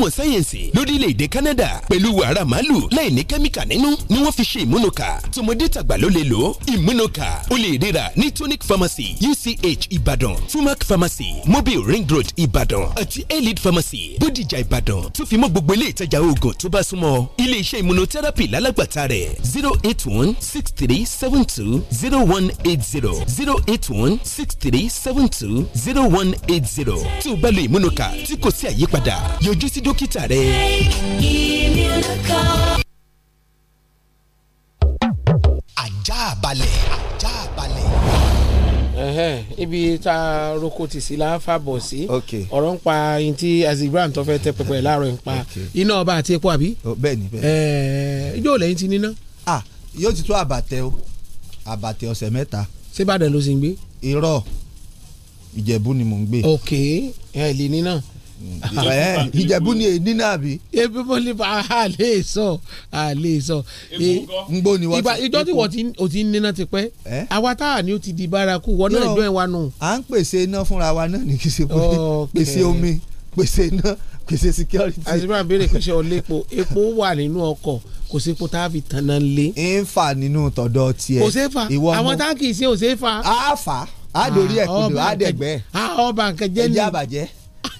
onímọ̀ sáyẹ̀nsì lórílẹ̀‐èdè Canada pẹ̀lú wàrà màálù láì ní kẹ́míkà nínú ni wọ́n fi ṣe ìmúnuka tọmọdé tàgbà ló lè lò ó ìmúnuka ó lè ríra ní tonic pharmacy UCH Ìbàdàn Fumac pharmacy mobile ring road Ìbàdàn àti elite pharmacy Bódìjà Ìbàdàn tó fi mọ́ gbogbo ilé ìtajà oògùn tó bá súnmọ́ ilé iṣẹ́ immunotherapy lálágbàtà rẹ̀ zero eight one six three seven two zero one eight zero zero eight one six three seven two zero one eight zero tí o bá lo ìmúnuka tí kò sí àyípadà yọjú sí dókítà dókítà rẹ. ajá balẹ̀ ajá balẹ̀ ibi tá a roko tì sí láǹfà bọ̀ sí ọ̀rọ̀ ń pa yín tí azigran tó fẹ́ tẹ pẹpẹ láàárọ̀ ń pa iná ọba àti epo àbí. Oh, bẹ́ẹ̀ni bẹ́ẹ̀ni. yóò lẹ́yìn ti níná. ah yóò ti tó àbàtẹ o àbàtẹ ọ̀sẹ̀ mẹ́ta. ṣébàdàn ló sì ń gbé. irọ́ ìjẹ̀bú ni mò ń gbé. ok ẹ lè níná ìjẹ̀bú ah, eh, ni èyí nínú àbí. ebi mo ní a lè sọ a lè sọ. Eh, ngbó ni wọ́n ti. ìjọ tí wọ́n ti níná ti pẹ́ eh? àwa táwa ni ó ti di baraku. wọ́n náà ìjọ ìwà nù. à ń pèsè iná fúnra wa náà ní kìí ṣe pèsè omi pèsè iná pèsè security. àṣìbá béèrè pèsè ọ̀lẹ́po epo wà nínú ọkọ̀ kò sí epo tá a fi tanná lé. ń fà nínú tọ̀dọ̀ tiẹ̀. kò sí fa àwọn táǹkì ṣe ò sí fa. a fà á dorí ẹ̀kúndùn á dẹ̀gbẹ́. a ah, ah, jẹ́ àbàjẹ́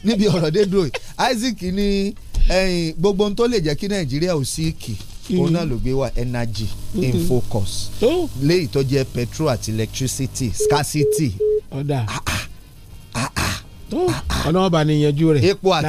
níbi ọ̀rọ̀ dé dúró Isaac ní gbogbo ohun tó lè jẹ́ kí Nàìjíríà ò sí ìkì òun náà ló gbé wá energy in focus léyìí tó jẹ́ petrol àti electricity scarcity. ọ̀dà ah, ah, ah, ọlọ́wọ́n bá ní yanjú rẹ̀. epo àti.